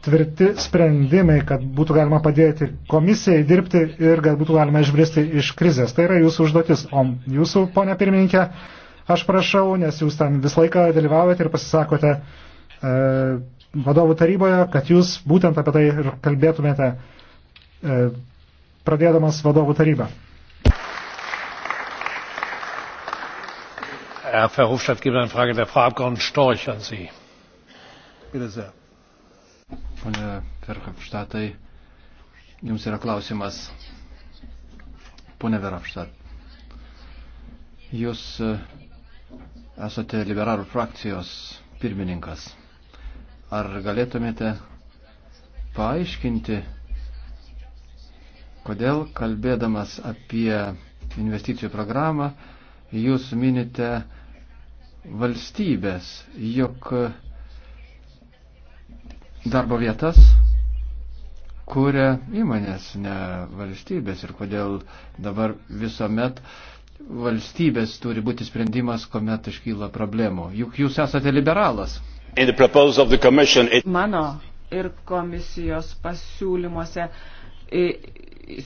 tvirti sprendimai, kad būtų galima padėti komisijai dirbti ir kad būtų galima išbristi iš krizės. Tai yra jūsų užduotis. O jūsų, ponia pirmininkė, Aš prašau, nes jūs ten visą laiką dalyvaujate ir pasisakote e, vadovų taryboje, kad jūs būtent apie tai ir kalbėtumėte e, pradėdamas vadovų tarybą. Herr Verhofstadt gibt eine Frage der Frau Abgeordneten Storch an Sie. Bitte sehr. Pone Verhofstadtai, Jums yra klausimas. Pone Verhofstadt, Jūs esate liberarų frakcijos pirmininkas. Ar galėtumėte paaiškinti, kodėl kalbėdamas apie investicijų programą jūs minite valstybės, jog darbo vietas kuria įmonės, ne valstybės ir kodėl dabar visuomet uh, valstybės turi būti sprendimas, kuomet iškyla problemų. Juk jūs esate liberalas. It... Mano ir komisijos pasiūlymuose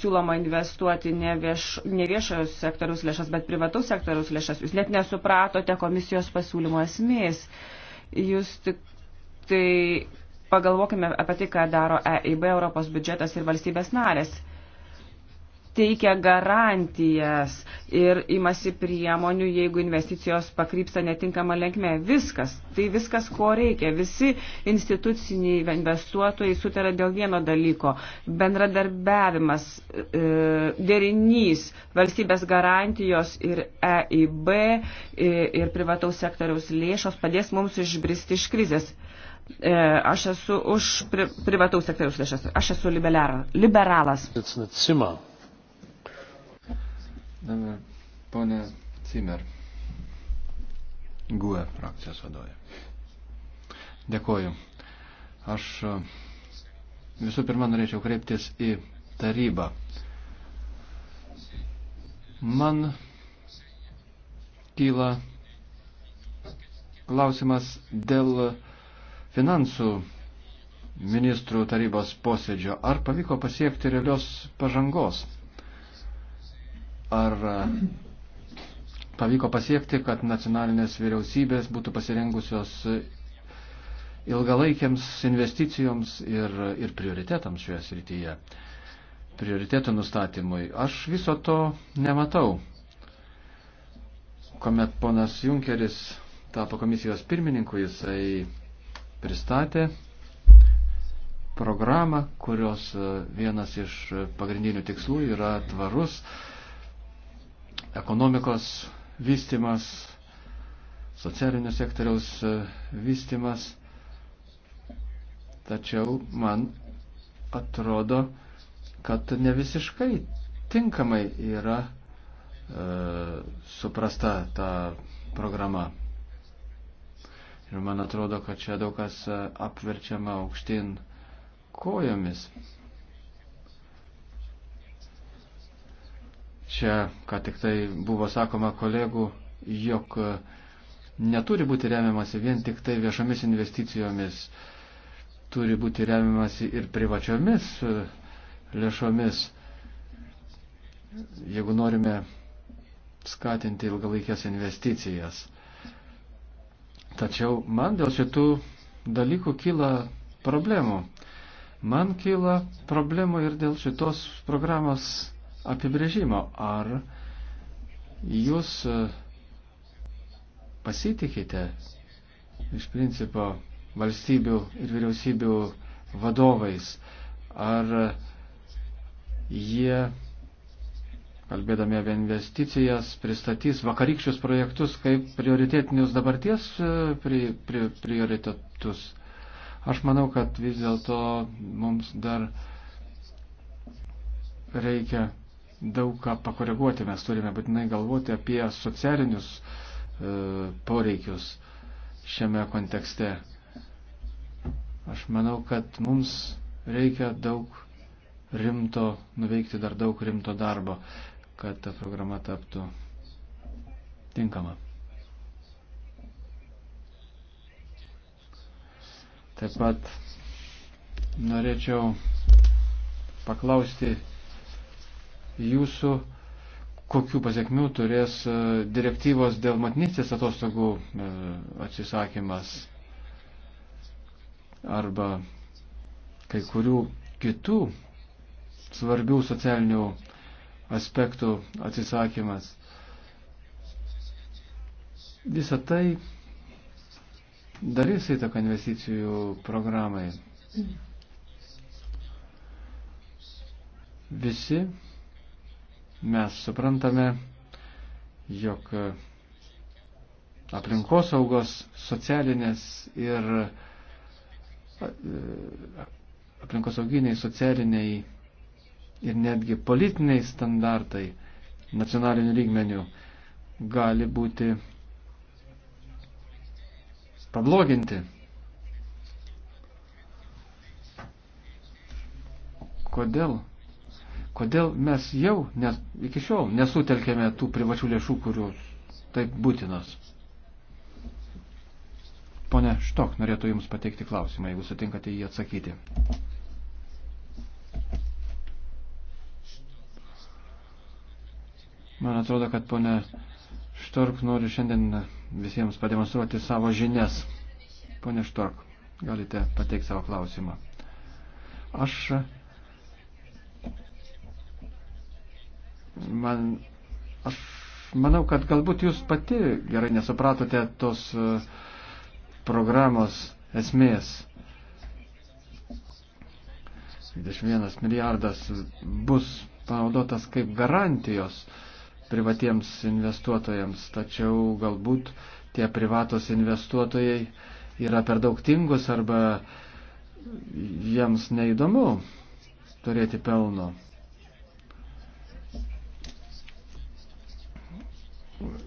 siūloma investuoti ne, vieš, ne viešojo sektoriaus lėšas, bet privataus sektoriaus lėšas. Jūs net nesupratote komisijos pasiūlymo esmės. Jūs tik tai pagalvokime apie tai, ką daro EIB, Europos biudžetas ir valstybės narės teikia garantijas ir imasi priemonių, jeigu investicijos pakrypsta netinkama linkme. Viskas, tai viskas, ko reikia. Visi instituciniai investuotojai sutara dėl vieno dalyko - bendradarbiavimas, e, derinys, valstybės garantijos ir EIB e, ir privataus sektoriaus lėšos padės mums išbristi iš krizės e, aš esu už pri privataus sektoriaus lėšas. Aš esu liberalas. liberalas. Dabar ponė Cimer, GUE frakcijos vadovė. Dėkoju. Aš e, visų pirma norėčiau kreiptis į tarybą. Man kyla klausimas dėl finansų ministrų tarybos posėdžio. Ar pavyko pasiekti realios pažangos? Ar e, pavyko pasiekti, kad nacionalinės vyriausybės būtų pasirengusios ilgalaikiams investicijoms ir, ir prioritetams šioje srityje, prioritetų nustatymui. Aš viso to nematau. Komet ponas Junkeris tapo komisijos pirmininku, jisai pristatė programą, kurios e, vienas iš pagrindinių tikslų yra tvarus ekonomikos vystimas, socialinio sektoriaus e, vystimas. Tačiau man atrodo, kad ne visiškai tinkamai yra e, suprasta ta programa. Ir man atrodo, kad čia daug kas e, apverčiama aukštyn kojomis. Čia, ką tik tai buvo sakoma kolegų, jog e, neturi būti remiamasi vien tik tai viešomis investicijomis, turi būti remiamasi ir privačiomis e, lėšomis. Jeigu norime skatinti ilgalaikės investicijas. Tačiau man dėl šitų dalykų kyla problemų. Man kyla problemų ir dėl šitos programos apibrėžimo. Ar jūs e, pasitikite iš principo valstybių ir vyriausybių vadovais? Ar jie, kalbėdami apie investicijas, pristatys vakarykščius projektus kaip prioritetinius dabarties e, pri, pri, prioritetus? Aš manau, kad vis dėlto mums dar reikia daug ką pakoreguoti. Mes turime būtinai galvoti apie socialinius e, poreikius šiame kontekste. Aš manau, kad mums reikia daug rimto, nuveikti dar daug rimto darbo, kad ta programa taptų tinkama. Taip pat norėčiau paklausti jūsų, kokių pasiekmių turės e, direktyvos dėl matnystės atostogų e, atsisakymas arba kai kurių kitų svarbių socialinių aspektų atsisakymas. Visą tai darys įtaką investicijų programai. Visi Mes suprantame, jog aplinkosaugos, socialinės ir e, aplinkosauginiai, socialiniai ir netgi politiniai standartai nacionalinių lygmenių gali būti pabloginti. Kodėl Kodėl mes jau nes, iki šiol nesutelkėme tų privačių lėšų, kurios taip būtinos? Pone Štok norėtų Jums pateikti klausimą, jeigu sutinkate jį atsakyti. Man atrodo, kad ponė Štork nori šiandien visiems pademonstruoti savo žinias. Pone Štork, galite pateikti savo klausimą. Aš Man, aš manau, kad galbūt jūs pati gerai nesupratote tos e, programos esmės. 21 milijardas bus panaudotas kaip garantijos privatiems investuotojams, tačiau galbūt tie privatos investuotojai yra per daug tingus arba jiems neįdomu turėti pelno.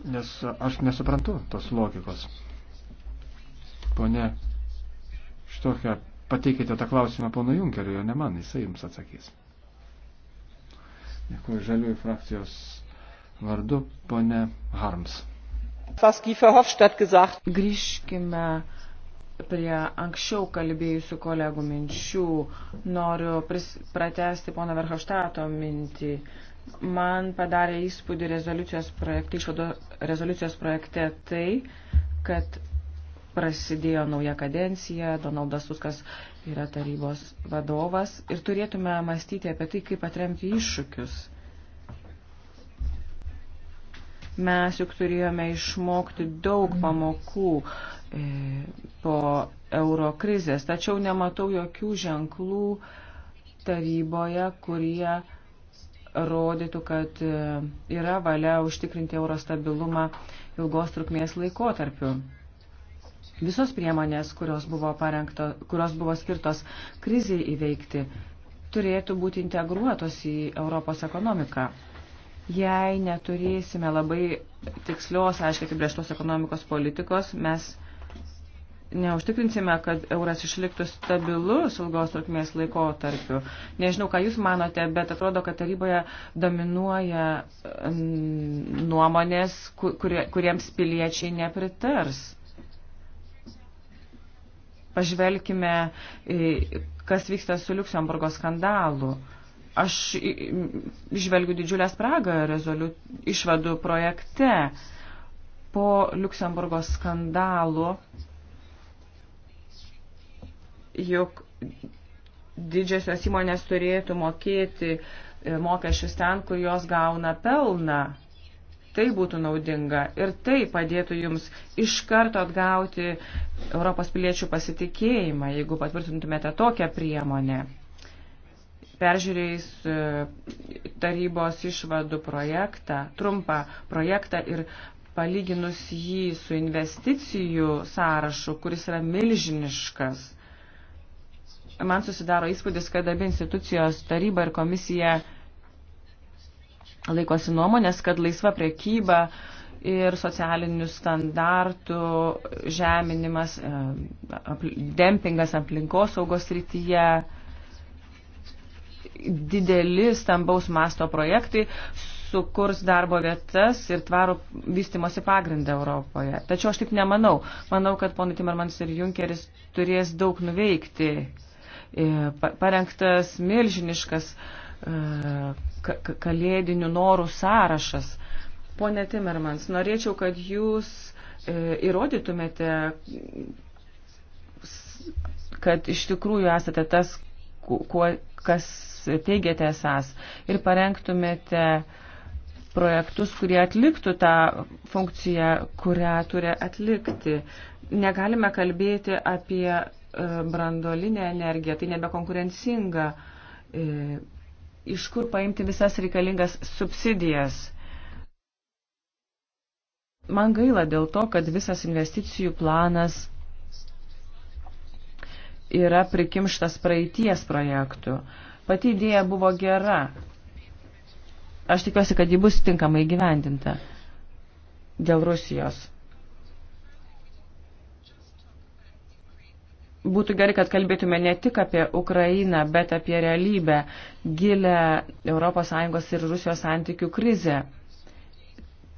nes aš nesuprantu tos logikos. Pone Štokia, pateikite tą klausimą pono Junkeriu, o ne man, jisai jums atsakys. Dėkuoju žaliųjų frakcijos vardu, pone Harms. Grįžkime prie anksčiau kalbėjusių kolegų minčių. Noriu pratesti pono Verhofštato mintį. Uh, Man padarė įspūdį rezoliucijos projekte, išvado rezoliucijos projekte tai, kad prasidėjo nauja kadencija, Donaldas Tuskas yra tarybos vadovas ir turėtume mąstyti apie tai, kaip atremti iššūkius. Mes juk turėjome išmokti daug pamokų e, po euro krizės, tačiau nematau jokių ženklų taryboje, kurie rodytų, kad e, yra valia užtikrinti euro stabilumą ilgos trukmės laikotarpiu. Visos priemonės, kurios buvo, parengto, kurios buvo skirtos kriziai įveikti, turėtų būti integruotos į Europos ekonomiką. Jei neturėsime labai tikslios, aiškiai apibrieštos ekonomikos politikos, mes neužtikrinsime, kad euras išliktų stabilus ilgos trukmės laikotarpiu. Nežinau, ką Jūs manote, bet atrodo, kad taryboje dominuoja nuomonės, kurie, kuriems piliečiai nepritars. Pažvelkime, kas vyksta su Luxemburgo skandalu. Aš žvelgiu didžiulę spragą rezoliu išvadų projekte. Po Luxemburgo skandalo jog didžiosios įmonės turėtų mokėti e, mokesčius ten, kur jos gauna pelną. Tai būtų naudinga ir tai padėtų jums iš karto atgauti Europos piliečių pasitikėjimą, jeigu patvirtintumėte tokią priemonę. Peržiūrėjus e, tarybos išvadų projektą, trumpą projektą ir palyginus jį su investicijų sąrašu, kuris yra milžiniškas, man susidaro įspūdis, kad abi institucijos taryba ir komisija laikosi nuomonės, kad laisva priekyba ir socialinių standartų žeminimas, e, dempingas aplinkosaugos rytyje, dideli stambaus masto projektai sukurs darbo vietas ir tvaro vystimosi pagrindą Europoje. Tačiau aš taip nemanau. Manau, kad ponai Timermans ir Junkeris turės daug nuveikti E, parengtas milžiniškas e, kalėdinių norų sąrašas. Pone Timermans, norėčiau, kad jūs e, įrodytumėte, kad iš tikrųjų esate tas, kuo, kas teigiate esas ir parengtumėte projektus, kurie atliktų tą funkciją, kurią turi atlikti. Negalime kalbėti apie E, brandolinė energija, tai nebekonkurencinga. E, iš kur paimti visas reikalingas subsidijas? Man gaila dėl to, kad visas investicijų planas yra prikimštas praeities projektų. Pati idėja buvo gera. Aš tikiuosi, kad ji bus tinkamai gyvendinta dėl Rusijos. būtų gerai, kad kalbėtume ne tik apie Ukrainą, bet apie realybę, gilę ES ir Rusijos santykių krizę.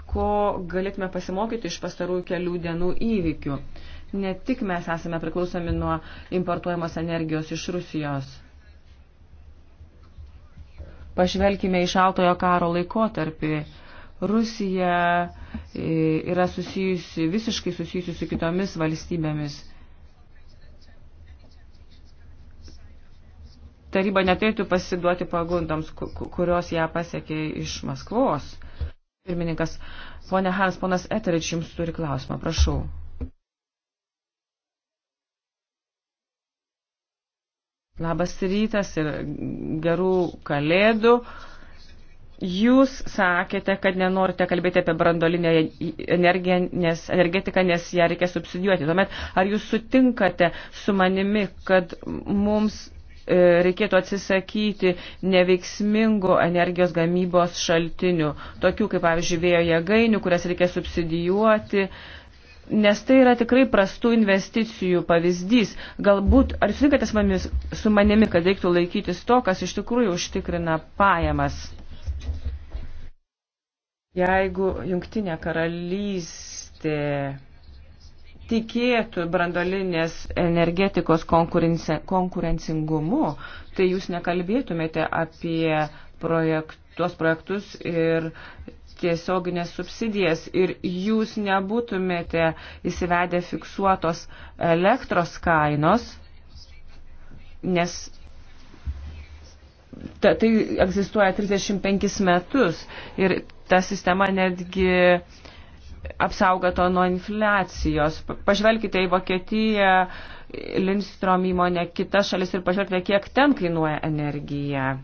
Ko galėtume pasimokyti iš pastarųjų kelių dienų įvykių? Ne tik mes esame priklausomi nuo importuojamos energijos iš Rusijos. Pažvelkime į šaltojo karo laikotarpį. Rusija e, yra susijusi, visiškai susijusi su kitomis valstybėmis taryba neturėtų pasiduoti pagundoms, kurios ją pasiekė iš Maskvos. Pirmininkas, ponė Hans, ponas Eterič, jums turi klausimą, prašau. Labas rytas ir gerų kalėdų. Jūs sakėte, kad nenorite kalbėti apie brandolinę energiją, nes, energetiką, nes ją reikia subsidijuoti. Tuomet ar jūs sutinkate su manimi, kad mums E, reikėtų atsisakyti neveiksmingų energijos gamybos šaltinių, tokių kaip, pavyzdžiui, vėjo jėgainių, kurias reikia subsidijuoti, nes tai yra tikrai prastų investicijų pavyzdys. Galbūt, ar sutinkate su manimi, kad reiktų laikytis to, kas iš tikrųjų užtikrina pajamas? Jeigu jungtinė karalystė tikėtų brandolinės energetikos konkurencingumu, tai jūs nekalbėtumėte apie projekt, tuos projektus ir tiesioginės subsidijas ir jūs nebūtumėte įsivedę fiksuotos elektros kainos, nes ta, tai egzistuoja 35 metus ir ta sistema netgi apsaugoto nuo infliacijos. Pažvelkite į Vokietiją, Lindstrom įmonę, kitas šalis ir pažvelkite, kiek ten kainuoja energija.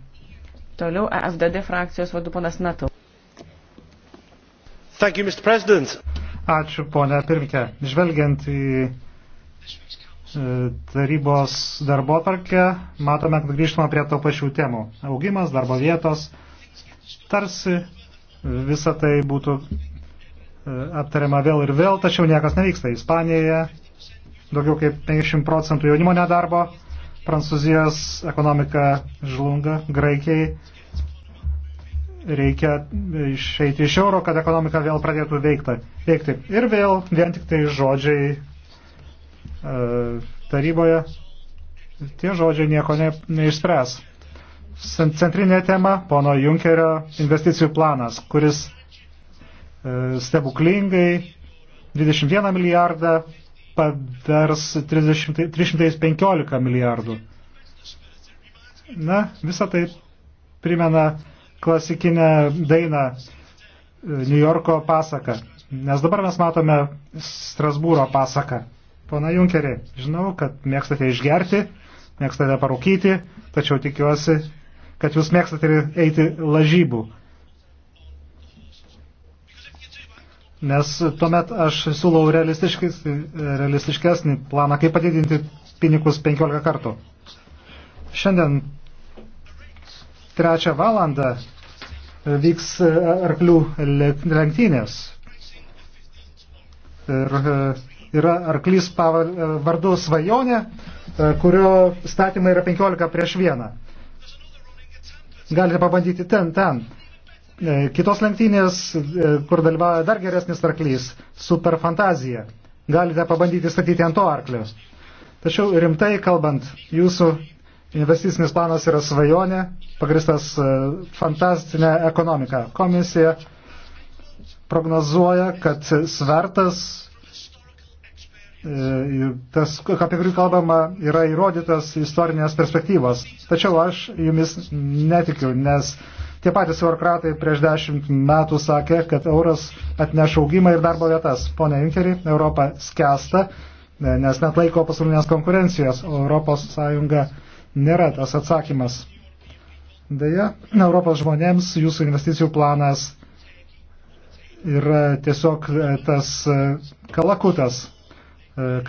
Toliau AFDD e frakcijos vadu ponas Nato. Thank you, Mr. President. Ačiū, ponia pirmininkė. Žvelgiant į e, tarybos darbo tarkę, matome, kad grįžtama prie to pačių temų. Augimas, darbo vietos, tarsi visa tai būtų E, aptariama vėl ir vėl, tačiau niekas nevyksta. Ispanijoje daugiau kaip 50 procentų jaunimo nedarbo, Prancūzijos ekonomika žlunga, Graikijai reikia išeiti iš euro, kad ekonomika vėl pradėtų veikti. veikti. Ir vėl vien tik tai žodžiai e, taryboje, tie žodžiai nieko ne, neišspręs. Centrinė tema, pono Junkerio investicijų planas, kuris E, stebuklingai 21 milijardą padars 30, 315 milijardų. Na, visą tai primena klasikinę dainą e, New Yorko pasaką. Nes dabar mes matome Strasbūro pasaką. Pana Junkerį, žinau, kad mėgstate išgerti, mėgstate parūkyti, tačiau tikiuosi, kad jūs mėgstate eiti lažybų. Nes tuomet aš siūlau realistiškesnį planą, kaip padidinti pinigus 15 kartų. Šiandien trečią valandą vyks arklių lenktynės. Ir e, yra arklys e, vardu svajonė, e, kurio statymai yra 15 prieš vieną. Galite pabandyti ten, ten. E, kitos lenktynės, e, kur dalyvauja dar geresnis arklys - super fantazija. Galite pabandyti statyti ant to arklius. Tačiau rimtai kalbant, jūsų investicinis planas yra svajonė, pagristas e, fantastinė ekonomika. Komisija prognozuoja, kad svertas, tas, apie kurį kalbama, yra įrodytas istorinės perspektyvos. Tačiau aš jumis netikiu, nes Tie patys eurokratai prieš dešimt metų sakė, kad euras atneš augimą ir darbo vietas. Pone Junkeri, Europa skęsta, nes net laiko pasaulinės konkurencijos, o Europos Sąjunga nėra tas atsakymas. Deja, Europos žmonėms jūsų investicijų planas yra tiesiog tas kalakutas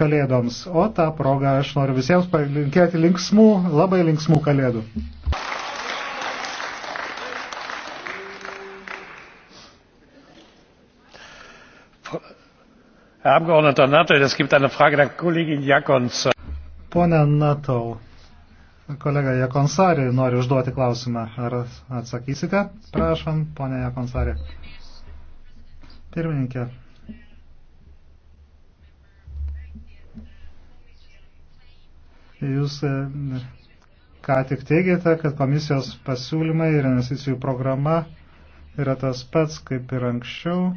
kalėdoms. O tą progą aš noriu visiems palinkėti linksmų, labai linksmų kalėdų. herr abgeordneter nuttall es gibt eine frage der kollegin jaakonsaari. pone nuttall kolega jaakonsaari nori užduoti klausimą ar atsakysite prašom pone jaakonsaari. pirmininke jūs e, ką tik teigėte kad komisijos pasiūlymai ir investicijų programa yra tas pats kaip ir anksčiau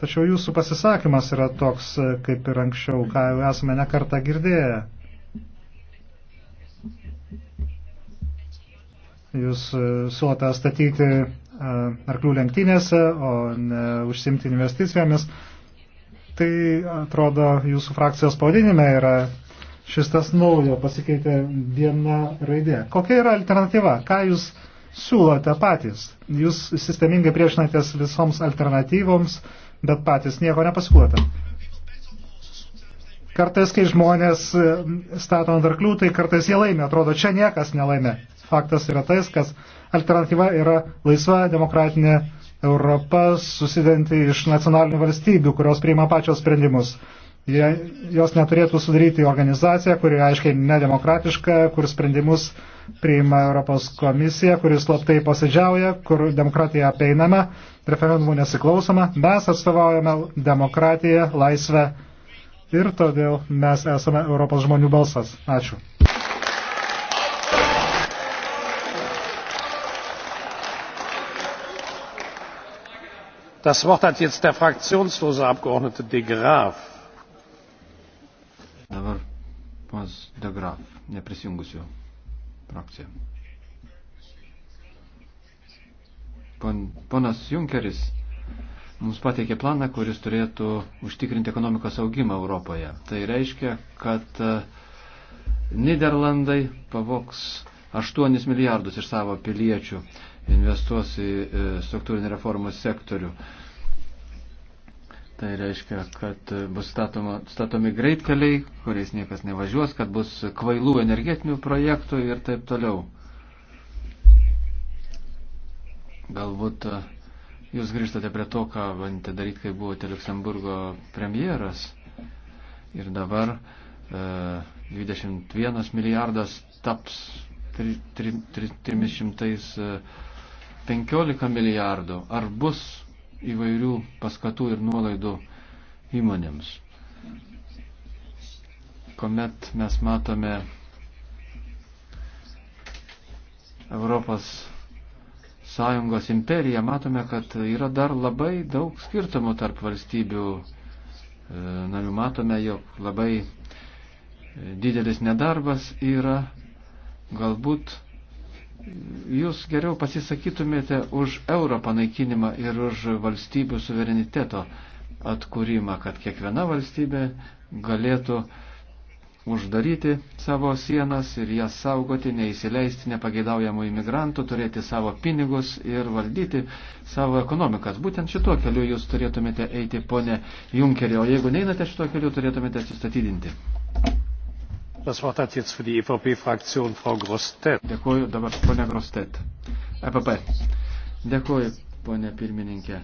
Tačiau jūsų pasisakymas yra toks, e, kaip ir anksčiau, ką jau esame nekartą girdėję. Jūs e, suotą statyti e, arklių lenktynėse, o ne užsimti investicijomis. Tai atrodo, jūsų frakcijos pavadinime yra šis tas naujo pasikeitė viena raidė. Kokia yra alternatyva? Ką jūs siūlote patys? Jūs sistemingai priešinatės visoms alternatyvoms, uh, bet patys nieko nepasikuota. Kartais, kai žmonės e, stato ant arklių, tai kartais jie laimė. Atrodo, čia niekas nelaimė. Faktas yra tais, kad alternatyva yra laisva demokratinė Europa susidenti iš nacionalinių valstybių, kurios priima pačios sprendimus. Jie, jos neturėtų sudaryti organizaciją, kuri aiškiai nedemokratiška, kur sprendimus priima Europos komisija, kuris slaptai posėdžiauja, kur demokratiją apeinama, referendumų nesiklausoma. Mes atstovaujame demokratiją, laisvę ir todėl mes esame Europos žmonių balsas. Ačiū. das wort hat jetzt der fraktionslose abgeordnete de graaf. Dabar pas De Graf, neprisijungusiu frakciją. Pon, ponas Junkeris mums pateikė planą, kuris turėtų užtikrinti ekonomikos augimą Europoje. Tai reiškia, kad e, Niderlandai pavoks 8 milijardus iš savo piliečių, investuos į e, struktūrinį reformų sektorių. Tai reiškia, kad bus statoma, statomi greitkeliai, kuriais niekas nevažiuos, kad bus kvailų energetinių projektų ir taip toliau. Galbūt e, jūs grįžtate prie to, ką bandėte daryti, kai buvote Luxemburgo premjeras. Ir dabar e, 21 milijardas taps 3, 3, 3, 315 milijardų. Ar bus įvairių paskatų ir nuolaidų įmonėms. Komet mes matome Europos Sąjungos imperiją, matome, kad yra dar labai daug skirtumų tarp valstybių e, narių. Matome, jog labai e, didelis nedarbas yra, galbūt jūs geriau pasisakytumėte už euro panaikinimą ir už valstybių suvereniteto atkūrimą, kad kiekviena valstybė galėtų uždaryti savo sienas ir jas saugoti, neįsileisti nepageidaujamų imigrantų, turėti savo pinigus ir valdyti savo ekonomikas. Būtent šituo keliu jūs turėtumėte eiti, ponė Junkerį, o jeigu neinate šituo keliu, turėtumėte atsistatydinti. E Dėkuoju dabar ponia Grostet. EPP. Dėkuoju ponia pirmininkė.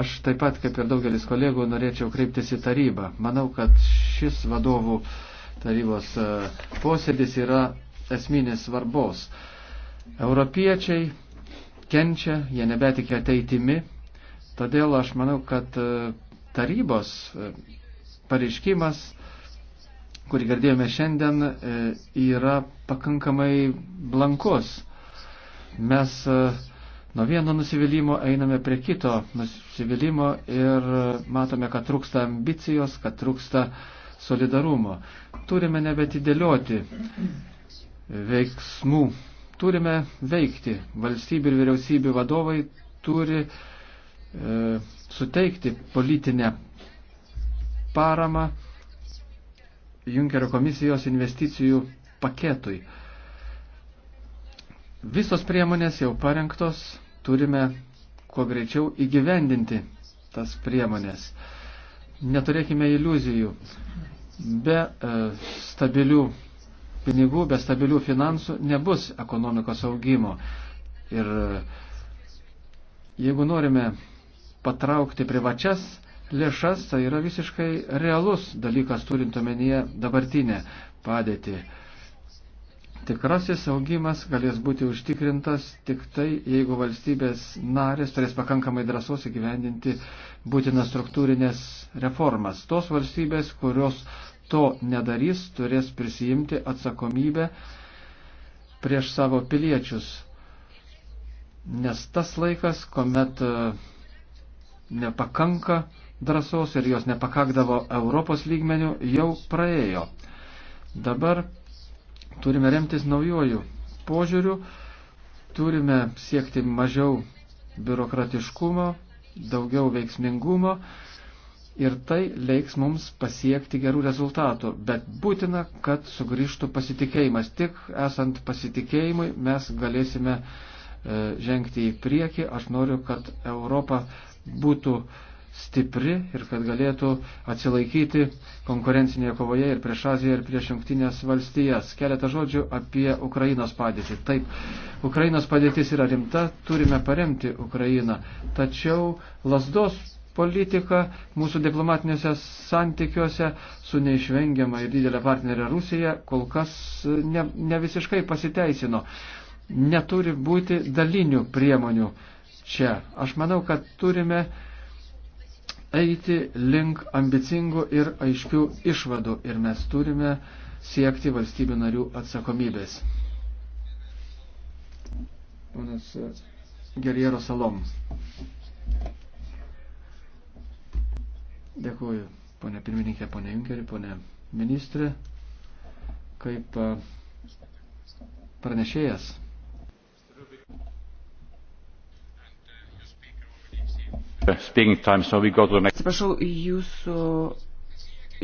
Aš taip pat, kaip ir daugelis kolegų, norėčiau kreiptis į tarybą. Manau, kad šis vadovų tarybos e, posėdis yra esminės svarbos. Europiečiai kenčia, jie nebetikė ateitimi, todėl aš manau, kad e, tarybos pareiškimas kurį girdėjome šiandien, e, yra pakankamai blankus. Mes e, nuo vieno nusivylimų einame prie kito nusivylimų ir e, matome, kad trūksta ambicijos, kad trūksta solidarumo. Turime nebetidėlioti veiksmų, turime veikti. Valstybių ir vyriausybių vadovai turi e, suteikti politinę paramą Junkerio komisijos investicijų paketui. Visos priemonės jau parengtos, turime kuo greičiau įgyvendinti tas priemonės. Neturėkime iliuzijų. Be e, stabilių pinigų, be stabilių finansų nebus ekonomikos augimo. Ir e, jeigu norime patraukti privačias lėšas, tai yra visiškai realus dalykas turint omenyje dabartinę padėtį. Tikrasis augimas galės būti užtikrintas tik tai, jeigu valstybės narės turės pakankamai drąsos įgyvendinti būtinas struktūrinės reformas. Tos valstybės, kurios to nedarys, turės prisijimti atsakomybę prieš savo piliečius. Nes tas laikas, kuomet nepakanka drąsos ir jos nepakakdavo Europos lygmenių, jau praėjo. Dabar turime remtis naujojų požiūrių, turime siekti mažiau biurokratiškumo, daugiau veiksmingumo ir tai leiks mums pasiekti gerų rezultatų. Bet būtina, kad sugrįžtų pasitikėjimas. Tik esant pasitikėjimui mes galėsime e, žengti į priekį. Aš noriu, kad Europa būtų uh, stipri ir kad galėtų atsilaikyti konkurencinėje kovoje ir prieš Aziją ir prieš jungtinės valstijas. Keletą žodžių apie Ukrainos padėtį. Taip, Ukrainos padėtis yra rimta, turime paremti Ukrainą. Tačiau lasdos politika mūsų diplomatiniuose santykiuose su neišvengiama ir didelė partnerė Rusija kol kas e, ne, ne visiškai pasiteisino. Neturi būti dalinių priemonių čia. Aš manau, kad turime eiti link ambicingų ir aiškių išvadų ir mes turime siekti valstybių narių atsakomybės. Ponas e, Gerjero Salom. Dėkuoju, ponė pirmininkė, ponė Junkerį, ponė ministrė, kaip e, pranešėjas Uh, Atsiprašau, jūsų.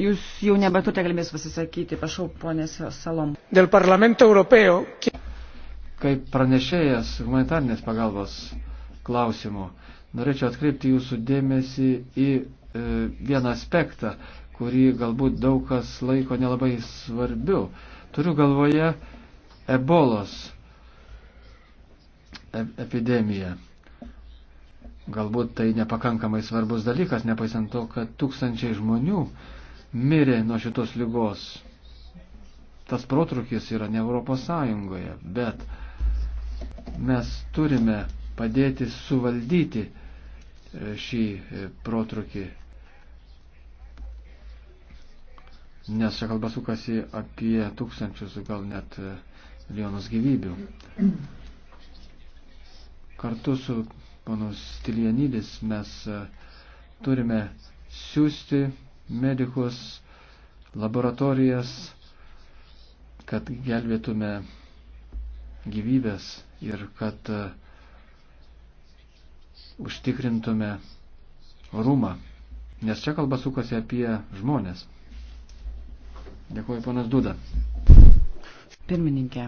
Jūs jau nebeturite galimės pasisakyti, prašau, ponės Salom. Dėl Parlamento Europeo. Kaip pranešėjas humanitarnės pagalbos klausimų, norėčiau atkreipti jūsų dėmesį į e, vieną aspektą, kurį galbūt daug kas laiko nelabai svarbiu. Turiu galvoje ebolos e-, epidemiją. Galbūt tai nepakankamai svarbus dalykas, nepaisant to, kad tūkstančiai žmonių mirė nuo šitos lygos. Tas protrukis yra ne Europos Sąjungoje, bet mes turime padėti suvaldyti e, šį e, protrukį. Nes čia kalba sukasi apie tūkstančius, gal net e, milijonus gyvybių. Kartu su ponos Tilianydis, mes e, turime siūsti medikus, laboratorijas, kad gelbėtume gyvybės ir kad e, užtikrintume orumą. Nes čia kalba sukasi apie žmonės. Dėkuoju, ponas Duda. Pirmininkė,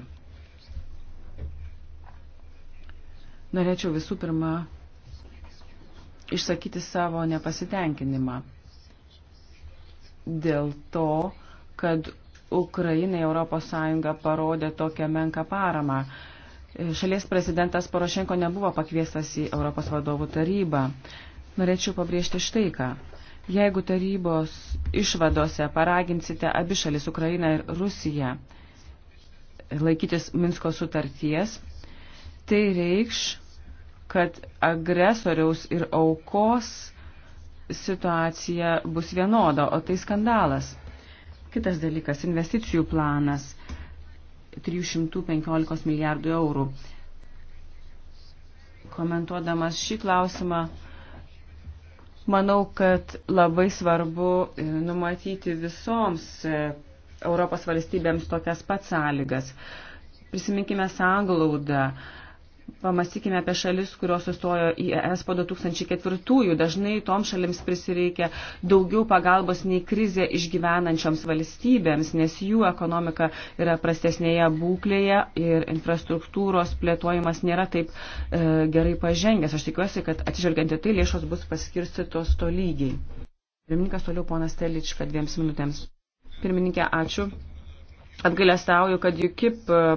Norėčiau visų pirma išsakyti savo nepasitenkinimą dėl to, kad Ukrainai ES parodė tokią menką paramą. Šalies prezidentas Porošenko nebuvo pakviestas į Europos vadovų tarybą. Norėčiau pabrėžti štai ką. Jeigu tarybos išvadose paraginsite abi šalis Ukrainą ir Rusiją laikytis Minsko sutarties, tai reikš, kad agresoriaus ir aukos situacija bus vienoda, o tai skandalas. Kitas dalykas - investicijų planas 315 milijardų eurų. Komentuodamas šį klausimą, manau, kad labai svarbu e, numatyti visoms e, Europos valstybėms tokias pat sąlygas. Prisiminkime sąnglaudą, Pamastykime apie šalis, kurios sustojo į ES po 2004-ųjų. Dažnai tom šalims prisireikia daugiau pagalbos nei krizė išgyvenančioms valstybėms, nes jų ekonomika yra prastesnėje būklėje ir infrastruktūros plėtojimas nėra taip e, gerai pažengęs. Aš tikiuosi, kad atsižvelgiant į tai lėšos bus paskirstytos tolygiai. Pirmininkas toliau ponas Telička dviems minutėms. Pirmininkė, ačiū. Apgailestauju, kad UKIP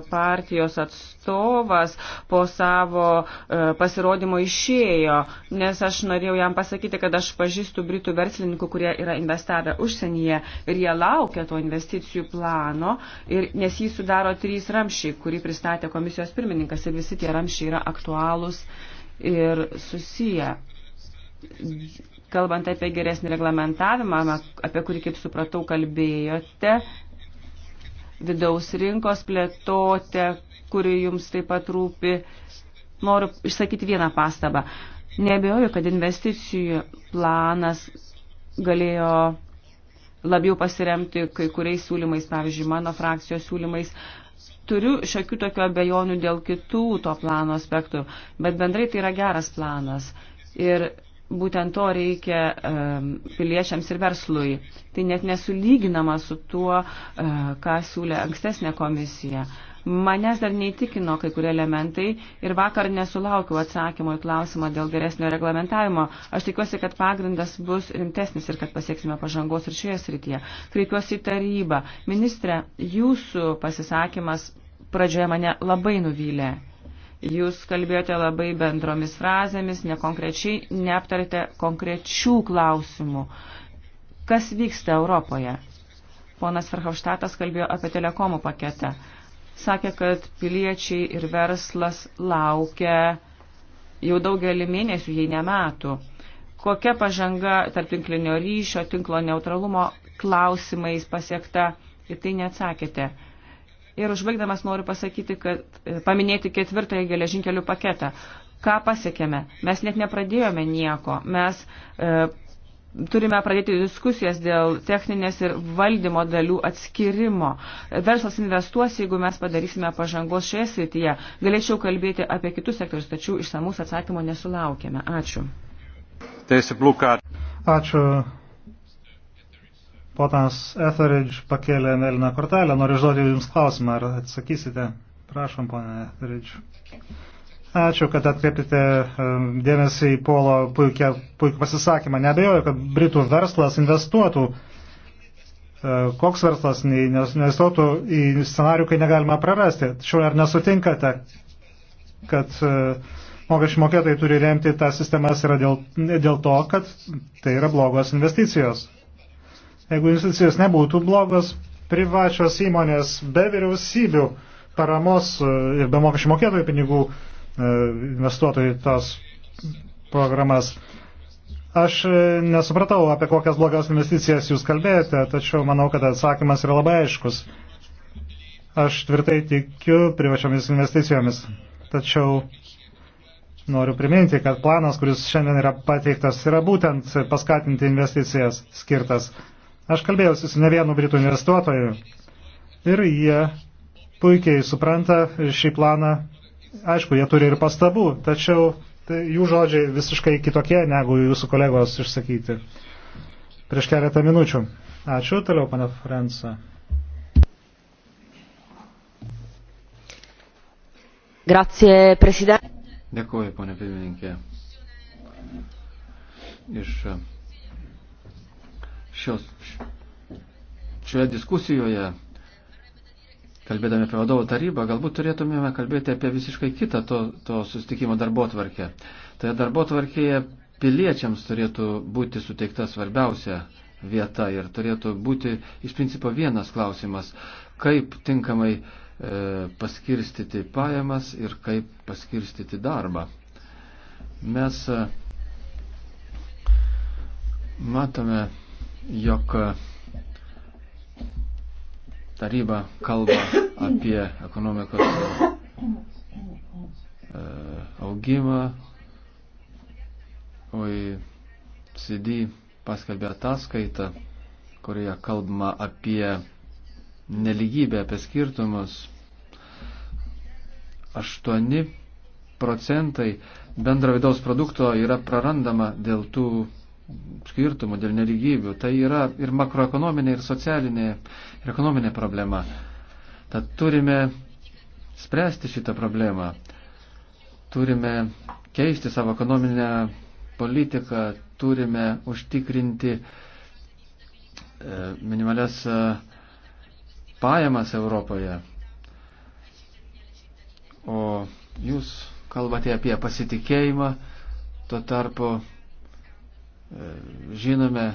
partijos atstovas po savo e, pasirodymo išėjo, nes aš norėjau jam pasakyti, kad aš pažįstu britų verslininkų, kurie yra investavę užsienyje ir jie laukia to investicijų plano, ir, nes jį sudaro trys ramšiai, kurį pristatė komisijos pirmininkas ir visi tie ramšiai yra aktualūs ir susiję kalbant apie geresnį reglamentavimą, apie kurį, kaip supratau, kalbėjote, vidaus rinkos plėtotę, kuri jums taip pat rūpi. Noriu išsakyti vieną pastabą. Nebejoju, kad investicijų planas galėjo labiau pasiremti kai kuriais siūlymais, pavyzdžiui, mano frakcijos siūlymais. Turiu šiokių tokių abejonių dėl kitų to plano aspektų, bet bendrai tai yra geras planas. Ir būtent to reikia um, piliečiams ir verslui. Tai net nesulyginama su tuo, uh, ką siūlė ankstesnė komisija. Manęs dar neįtikino kai kurie elementai ir vakar nesulaukiau atsakymo į klausimą dėl geresnio reglamentavimo. Aš tikiuosi, kad pagrindas bus rimtesnis ir kad pasieksime pažangos ir šioje srityje. Kreipiuosi į tarybą. Ministre, jūsų pasisakymas pradžioje mane labai nuvylė Jūs kalbėjote labai bendromis frazėmis, nekonkrečiai, neaptarėte konkrečių klausimų. Kas vyksta Europoje? Ponas Verhofštatas kalbėjo apie telekomų paketą. Sakė, kad piliečiai ir verslas laukia jau daugelį mėnesių, jei ne metų. Kokia pažanga tarp tinklinio ryšio, tinklo neutralumo klausimais pasiekta, į tai neatsakėte. Ir užbaigdamas noriu pasakyti, kad e, paminėti ketvirtąją geležinkelių paketą. Ką pasiekėme? Mes net nepradėjome nieko. Mes e, turime pradėti diskusijas dėl techninės ir valdymo dalių atskirimo. Verslas investuos, jeigu mes padarysime pažangos šioje srityje. Galėčiau kalbėti apie kitus sektorius, tačiau išsamus atsakymo nesulaukėme. Ačiū. Ačiū. Ponas Etheridge pakėlė mėlyną kortelę. Noriu žodį Jums klausimą, ar atsakysite? Prašom, ponė Etheridge. Ačiū, kad atkreipite um, dėmesį į Polo puikia, puikų pasisakymą. Nebejoju, kad Britų verslas investuotų. Uh, koks verslas investuotų į scenarių, kai negalima prarasti. Tačiau ar nesutinkate, kad uh, mokesčių mokėtojai turi remti tas sistemas yra dėl, dėl to, kad tai yra blogos investicijos. Jeigu institucijos nebūtų blogos, privačios įmonės be vyriausybių paramos e, ir be mokesčių mokėtojų pinigų e, investuotojai tas programas. Aš e, nesupratau, apie kokias blogas investicijas jūs kalbėjote, tačiau manau, kad atsakymas yra labai aiškus. Aš tvirtai tikiu privačiomis investicijomis. Tačiau noriu priminti, kad planas, kuris šiandien yra pateiktas, yra būtent paskatinti investicijas skirtas Aš kalbėjausi su ne vienu britų investuotoju ir jie puikiai supranta šį planą. Aišku, jie turi ir pastabų, tačiau tai jų žodžiai visiškai kitokie negu jūsų kolegos išsakyti prieš keletą minučių. Ačiū, toliau, pana Franca. Grazie, prezident. Dėkuoju, ponė pirmininkė. Iš šios, šioje diskusijoje, kalbėdami apie vadovų tarybą, galbūt turėtumėme kalbėti apie visiškai kitą to, to sustikimo darbo tvarkę. Tai darbo tvarkėje piliečiams turėtų būti suteikta svarbiausia vieta ir turėtų būti iš principo vienas klausimas, kaip tinkamai e, paskirstyti pajamas ir kaip paskirstyti darbą. Mes e, matome jog e, taryba kalba apie ekonomikos e, augimą, OECD paskelbė ataskaitą, kurioje kalbama apie neligybę, apie skirtumus. 8 procentai bendro vidaus produkto yra prarandama dėl tų skirtumų, dėl neligybių. Tai yra ir makroekonominė, ir socialinė, ir ekonominė problema. Tad turime spręsti šitą problemą. Turime keisti savo ekonominę politiką, turime užtikrinti e, minimalias e, pajamas Europoje. O jūs kalbate apie pasitikėjimą, tuo tarpu Žinome,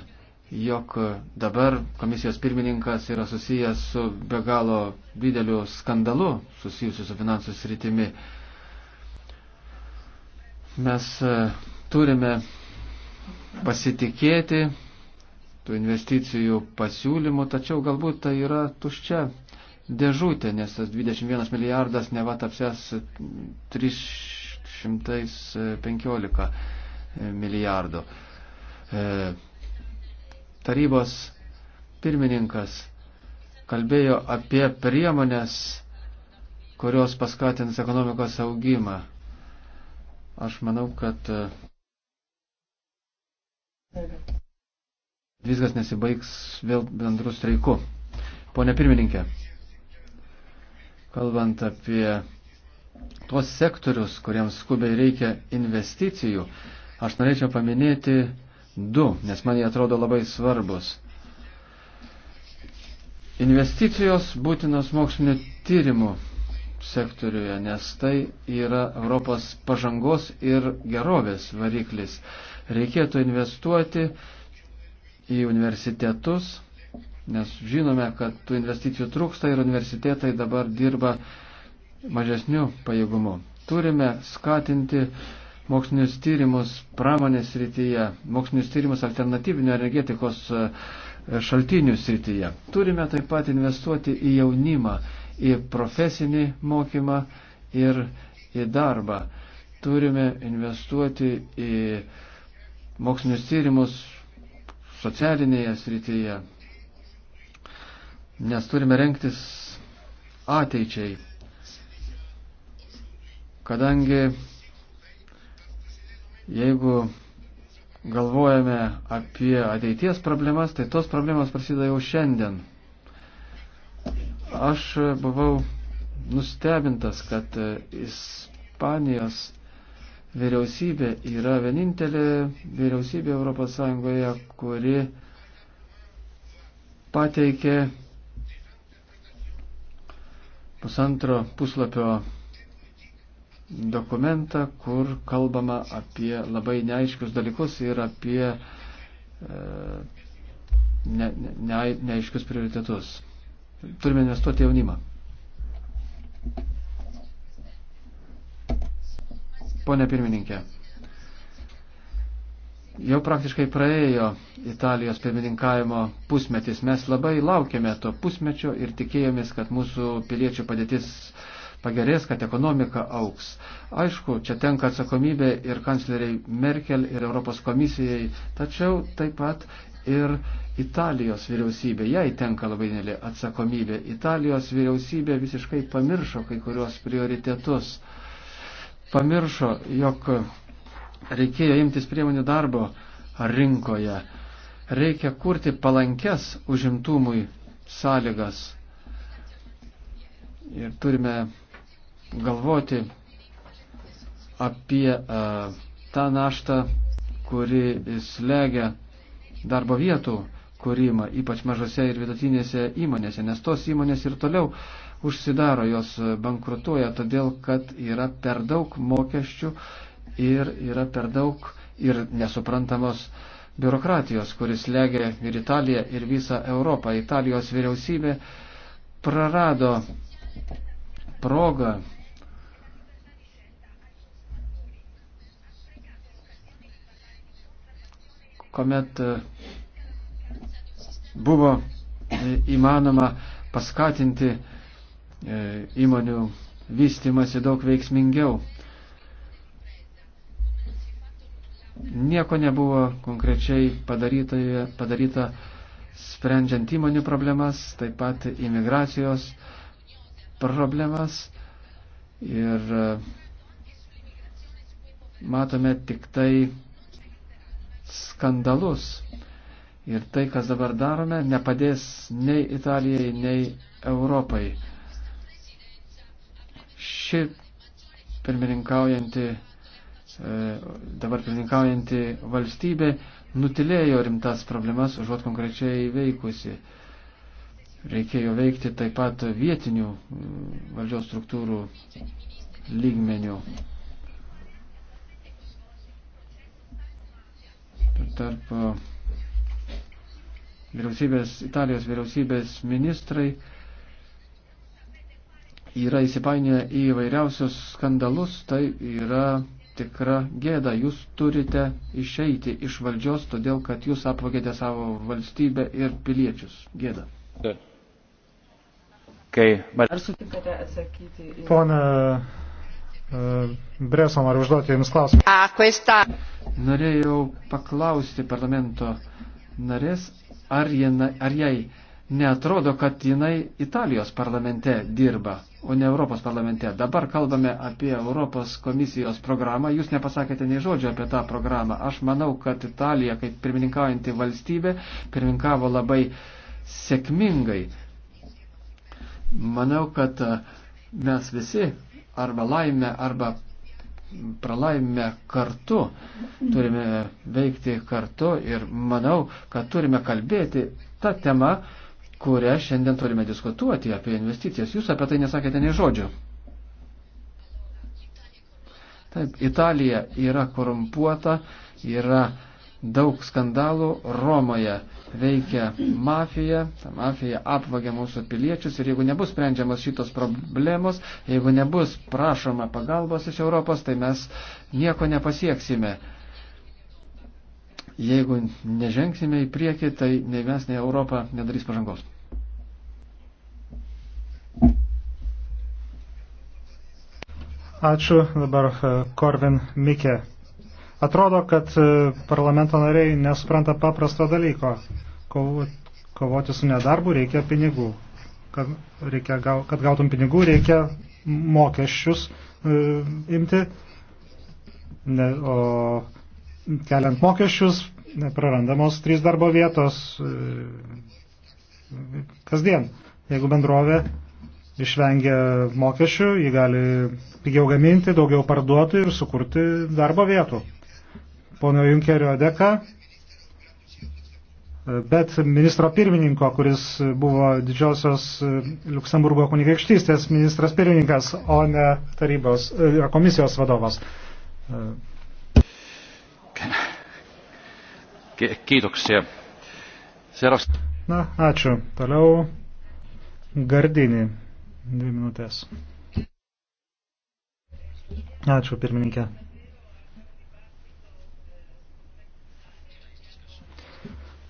jog dabar komisijos pirmininkas yra susijęs su be galo dideliu skandalu susijusiu su finansų sritimi. Mes e, turime pasitikėti tų investicijų pasiūlymų, tačiau galbūt tai yra tuščia dėžutė, nes tas 21 milijardas neva tapsės 315 e, e, milijardų. E, tarybos pirmininkas kalbėjo apie priemonės, kurios paskatins ekonomikos augimą. Aš manau, kad e, viskas nesibaigs vėl bendrų streiku. Pone pirmininkė, kalbant apie tuos sektorius, kuriems skubiai reikia investicijų, aš norėčiau paminėti du, nes man jie atrodo labai svarbus. Investicijos būtinos mokslinio tyrimų sektoriuje, nes tai yra Europos pažangos ir gerovės variklis. Reikėtų investuoti į universitetus, nes žinome, kad tų investicijų trūksta ir universitetai dabar dirba mažesniu pajėgumu. Turime skatinti uh, mokslinius tyrimus pramonės srityje, mokslinius tyrimus alternatyvinio energetikos e, šaltinių srityje. Turime taip pat investuoti į jaunimą, į profesinį mokymą ir į darbą. Turime investuoti į mokslinius tyrimus socialinėje srityje, nes turime renktis ateičiai, kadangi Jeigu galvojame apie ateities problemas, tai tos problemos prasideda jau šiandien. Aš buvau nustebintas, kad Ispanijos vyriausybė yra vienintelė vyriausybė ES, kuri pateikė pusantro puslapio dokumentą, kur kalbama apie labai neaiškius dalykus ir apie e, ne, ne, neaiškius prioritetus. Turime investuoti jaunimą. Pone pirmininkė, jau praktiškai praėjo Italijos pirmininkavimo pusmetis. Mes labai laukėme to pusmečio ir tikėjomės, kad mūsų piliečių padėtis uh, pagerės, kad ekonomika auks. Aišku, čia tenka atsakomybė ir kancleriai Merkel, ir Europos komisijai, tačiau taip pat ir Italijos vyriausybė, jai tenka labai nelė atsakomybė. Italijos vyriausybė visiškai pamiršo kai kurios prioritetus. Pamiršo, jog reikėjo imtis priemonių darbo rinkoje. Reikia kurti palankes užimtumui sąlygas. Ir turime galvoti apie uh, tą naštą, kuri slegia darbo vietų kūrimą, ypač mažose ir vidutinėse įmonėse, nes tos įmonės ir toliau užsidaro, jos bankrutuoja, todėl kad yra per daug mokesčių ir yra per daug ir nesuprantamos biurokratijos, kuris legia ir Italiją, ir visą Europą. Italijos vyriausybė prarado progą kuomet e, buvo e, įmanoma paskatinti e, įmonių vystimasi daug veiksmingiau. Nieko nebuvo konkrečiai padaryta, padaryta sprendžiant įmonių problemas, taip pat imigracijos problemas. Ir matome tik tai skandalus. Ir tai, kas dabar darome, nepadės nei Italijai, nei Europai. Ši pirmininkaujanti, e, dabar pirmininkaujanti valstybė nutilėjo rimtas problemas, užuot konkrečiai veikusi. Reikėjo veikti taip pat vietinių valdžios struktūrų lygmenių. tarp uh, vyriausybės, Italijos vyriausybės ministrai yra įsipainioję į vairiausius skandalus, tai yra tikra gėda. Jūs turite išeiti iš valdžios, todėl kad jūs apvagėte savo valstybę ir piliečius. Gėda. Kai... Ar sutinkate atsakyti į... Pona E, Breso, noriu užduoti Jums klausimą. A, questa... Norėjau paklausti parlamento narės, ar, jena, ar jai neatrodo, kad jinai Italijos parlamente dirba, o ne Europos parlamente. Dabar kalbame apie Europos komisijos programą. Jūs nepasakėte nei žodžio apie tą programą. Aš manau, kad Italija, kaip pirmininkaujanti valstybė, pirmininkavo labai sėkmingai. Manau, kad e, mes visi arba laimę, arba pralaimę kartu, turime veikti kartu ir manau, kad turime kalbėti tą temą, kurią šiandien turime diskutuoti apie investicijas. Jūs apie tai nesakėte nei žodžio. Taip, Italija yra korumpuota, yra daug skandalų. Romoje veikia mafija, ta mafija apvagia mūsų piliečius ir jeigu nebus sprendžiamas šitos problemos, jeigu nebus prašoma pagalbos iš Europos, tai mes nieko nepasieksime. Jeigu nežengsime į priekį, tai nei mes, nei Europa nedarys pažangos. Ačiū dabar Korvin Mikė. Atrodo, kad e, parlamento nariai nesupranta paprasto dalyko. Kovoti su nedarbu reikia pinigų. Kad, reikia, kad gautum pinigų, reikia mokesčius e, imti, ne, o keliant mokesčius prarandamos trys darbo vietos e, kasdien. Jeigu bendrovė išvengia mokesčių, ji gali pigiau gaminti, daugiau parduoti ir sukurti darbo vietų pono Junkerio dėka, bet ministro pirmininko, kuris buvo didžiosios e, Luksemburgo kunigaikštystės ministras pirmininkas, o ne tarybos e, komisijos vadovas. E, kiitoksia. Seuraavaksi. Na, ačiū. Toliau Gardinį. Dvi minutės. Ačiū, pirmininkė.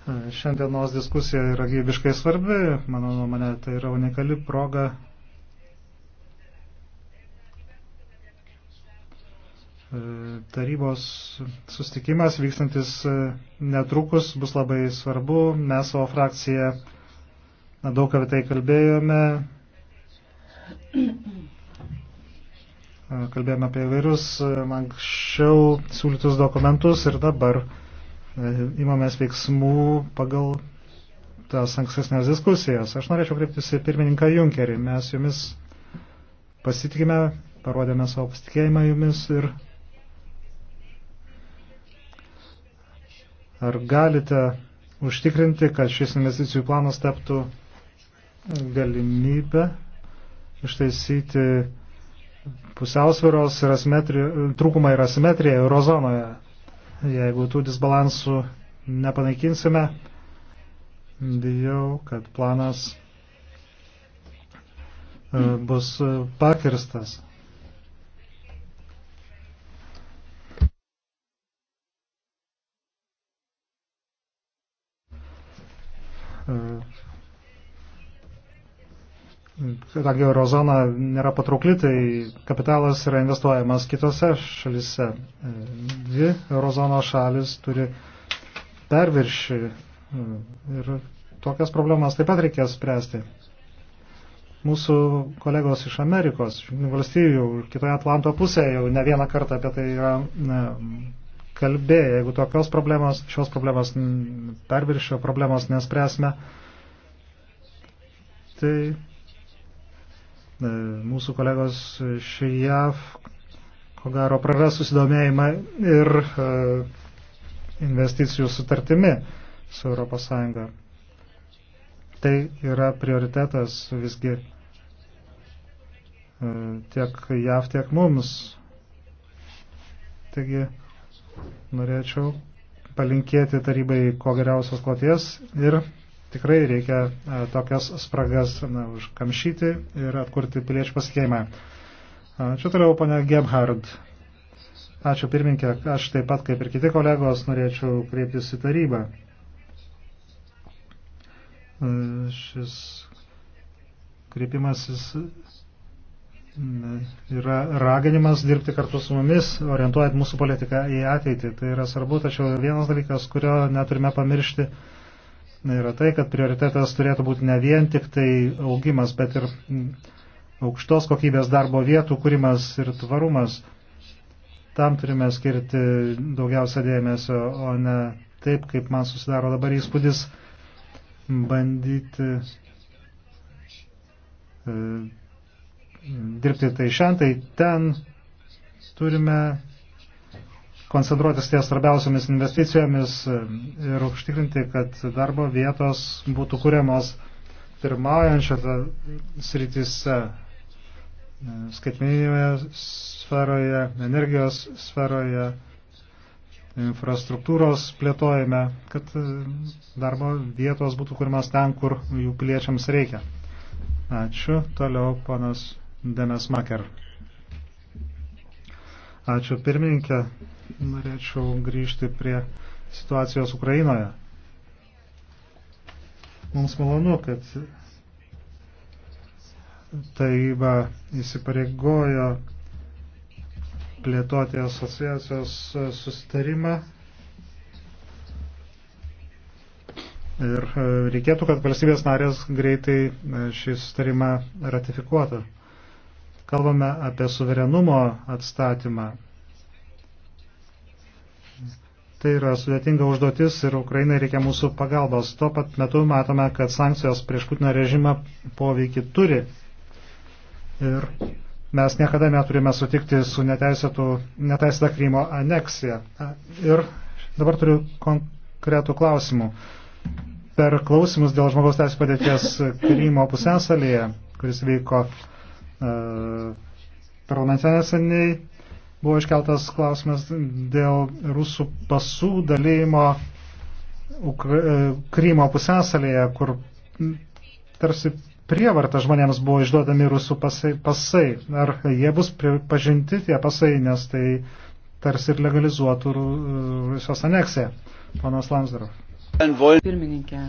Šiandienos diskusija yra gyvybiškai svarbi, mano nuomonė, tai yra unikali proga tarybos sustikimas vykstantis netrukus bus labai svarbu. Mes savo frakciją daug apie tai kalbėjome. Kalbėjome apie vairius e, anksčiau siūlytus dokumentus ir dabar E, imamės veiksmų pagal tas ankstesnės diskusijas. Aš norėčiau kreiptis į pirmininką Junkerį. Mes jumis pasitikime, parodėme savo pasitikėjimą jumis ir ar galite užtikrinti, kad šis investicijų planas taptų galimybę ištaisyti pusiausviros ir trūkumą ir asimetriją eurozonoje. Jeigu tų disbalansų nepanaikinsime, bijau, kad planas e, bus pakirstas. Uh, kadangi eurozona nėra patraukli, tai kapitalas yra investuojamas kitose šalise. E, dvi eurozono šalis turi perviršį e, ir tokias problemas taip pat reikės spręsti. Mūsų kolegos iš Amerikos, valstybių, kitoje Atlanto pusėje jau ne vieną kartą apie tai yra ne, kalbėję. Jeigu tokios problemos, šios problemos, perviršio problemos nespręsime, tai E, mūsų kolegos iš JAV, ko gero, praras susidomėjimą ir e, investicijų sutartimi su ES. Tai yra prioritetas visgi e, tiek JAV, tiek mums. Taigi norėčiau palinkėti tarybai ko geriausios kloties ir Tikrai reikia e, tokias spragas na, užkamšyti ir atkurti piliečių pasikeimą. Čia toliau ponia Gebhard. Ačiū pirminkė, aš taip pat kaip ir kiti kolegos norėčiau kreiptis į tarybą. E, šis kreipimasis yra raginimas dirbti kartu su mumis, orientuojant mūsų politiką į ateitį. Tai yra svarbu, tačiau vienas dalykas, kurio neturime pamiršti, yra tai, kad prioritetas turėtų būti ne vien tik tai augimas, bet ir aukštos kokybės darbo vietų kūrimas ir tvarumas. Tam turime skirti daugiausia dėmesio, o ne taip, kaip man susidaro dabar įspūdis bandyti e, dirbti tai šiandien, tai ten turime koncentruotis ties svarbiausiamis investicijomis e, ir užtikrinti, kad darbo vietos būtų kuriamos pirmaujančiose srityse, e, skaitmeninėje sferoje, energijos sferoje, infrastruktūros plėtojime, kad e, darbo vietos būtų kuriamas ten, kur jų piliečiams reikia. Ačiū. Toliau panas Demes Maker. Ačiū pirmininkė norėčiau grįžti prie situacijos Ukrainoje. Mums malonu, kad taryba įsipareigojo plėtoti asociacijos sustarimą Ir reikėtų, kad valstybės narės greitai šį sustarimą ratifikuotų. Kalbame apie suverenumo atstatymą Tai yra sudėtinga užduotis ir Ukrainai reikia mūsų pagalbos. Tuo pat metu matome, kad sankcijos prieš Putino režimą poveikį turi. Ir mes niekada neturime sutikti su neteisėta Krymo aneksija. Ir dabar turiu konkretų klausimų. Per klausimus dėl žmogaus teisų padėties Krymo pusęsalyje, kuris vyko uh, parlamente neseniai, Buvo iškeltas klausimas dėl rusų pasų dalymo e, Krymo pusęsalėje, kur tarsi prievarta žmonėms buvo išduodami rusų pasai, pasai. Ar jie bus pažinti tie pasai, nes tai tarsi ir legalizuotų Rusijos aneksiją. Ponas Lamsdorf. Pirmininkė,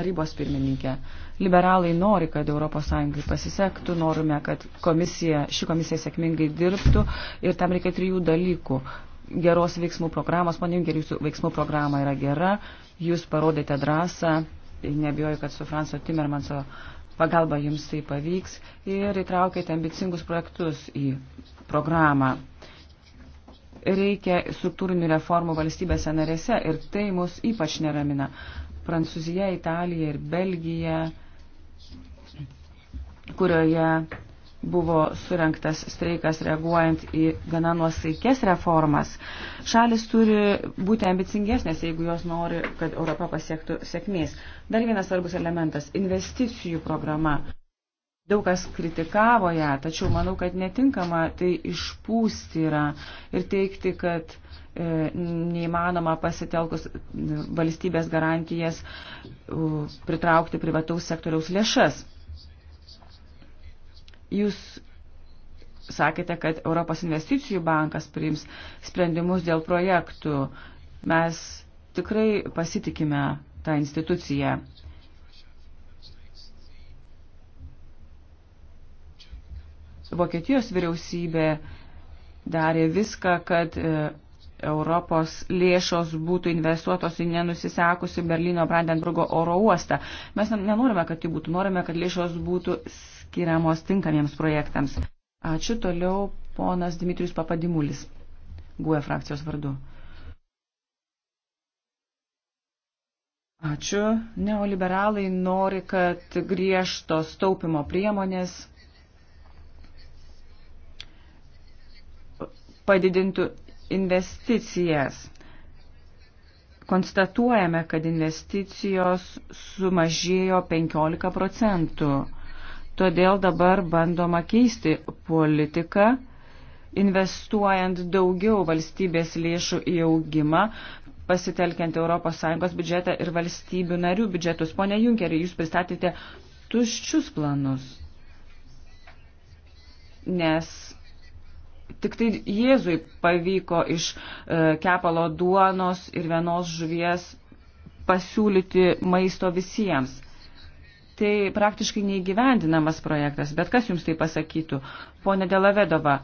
tarybos pirmininkė. Liberalai nori, kad ES pasisektų, norime, kad komisija, ši komisija sėkmingai dirbtų ir tam reikia trijų dalykų. Geros veiksmų programos, man Junker, jūsų veiksmų programa yra gera, jūs parodėte drąsą, nebijoju, kad su Franso Timmermanso pagalba jums tai pavyks ir įtraukite ambicingus projektus į programą reikia struktūrinių reformų valstybėse narėse ir tai mus ypač neramina. Prancūzija, Italija ir Belgija, kurioje buvo surinktas streikas reaguojant į gana nuosaikės reformas. Šalis turi būti ambicingesnės, jeigu jos nori, kad Europa pasiektų sėkmės. Dar vienas svarbus elementas - investicijų programa. Daug kas kritikavo ją, tačiau manau, kad netinkama tai išpūsti yra ir teikti, kad uh, E, neįmanoma pasitelkus valstybės garantijas pritraukti privataus sektoriaus lėšas. Jūs sakėte, kad Europos investicijų bankas priims sprendimus dėl projektų. Mes tikrai pasitikime tą instituciją. Vokietijos vyriausybė darė viską, kad e, Europos lėšos būtų investuotos į nenusisekusi Berlyno Brandenburgo oro uostą. Mes nenorime, kad tai būtų, norime, kad lėšos būtų skiriamos tinkamiems projektams. Ačiū toliau ponas Dimitrijus Papadimulis, GUE frakcijos vardu. Ačiū. Neoliberalai nori, kad griežtos taupimo priemonės padidintų investicijas. Konstatuojame, kad investicijos sumažėjo 15 procentų. Todėl dabar bandoma keisti politiką, investuojant daugiau valstybės lėšų į augimą, pasitelkiant ES biudžetą ir valstybių narių biudžetus. Pone Junkeri, jūs pristatėte tuščius planus, nes Tik tai Jėzui pavyko iš e, kepalo duonos ir vienos žuvies pasiūlyti maisto visiems. Tai praktiškai neįgyvendinamas projektas, bet kas jums tai pasakytų? Pone Delavedova,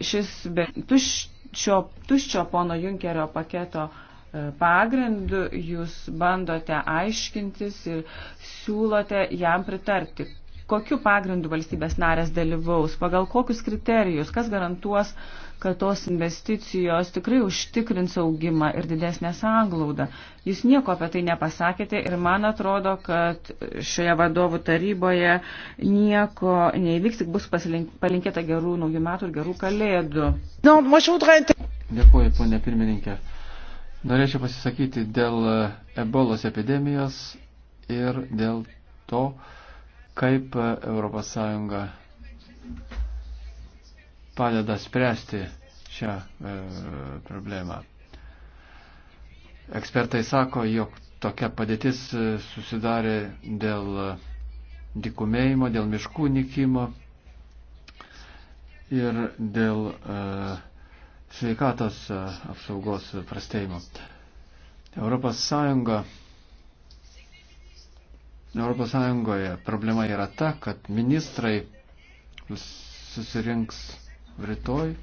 šis be, tuščio, tuščio pono Junkerio paketo e, pagrindu jūs bandote aiškintis ir siūlote jam pritarti kokiu pagrindu valstybės narės dalyvaus, pagal kokius kriterijus, kas garantuos, kad tos investicijos tikrai užtikrins augimą ir didesnę sąglaudą. Jūs nieko apie tai nepasakėte ir man atrodo, kad šioje vadovų taryboje nieko neįvyks, tik bus palinkėta gerų naujų metų ir gerų kalėdų. Dėkuoju, ponė pirmininkė. Norėčiau pasisakyti dėl ebolos epidemijos ir dėl to, kaip ES padeda spręsti šią e, problemą. Ekspertai sako, jog tokia padėtis e, susidarė dėl e, dikumėjimo, dėl miškų nikimo ir dėl e, sveikatos e, apsaugos prastėjimo. Europos Sąjunga Europos Sąjungoje. Problema yra ta, kad ministrai susirinks rytoj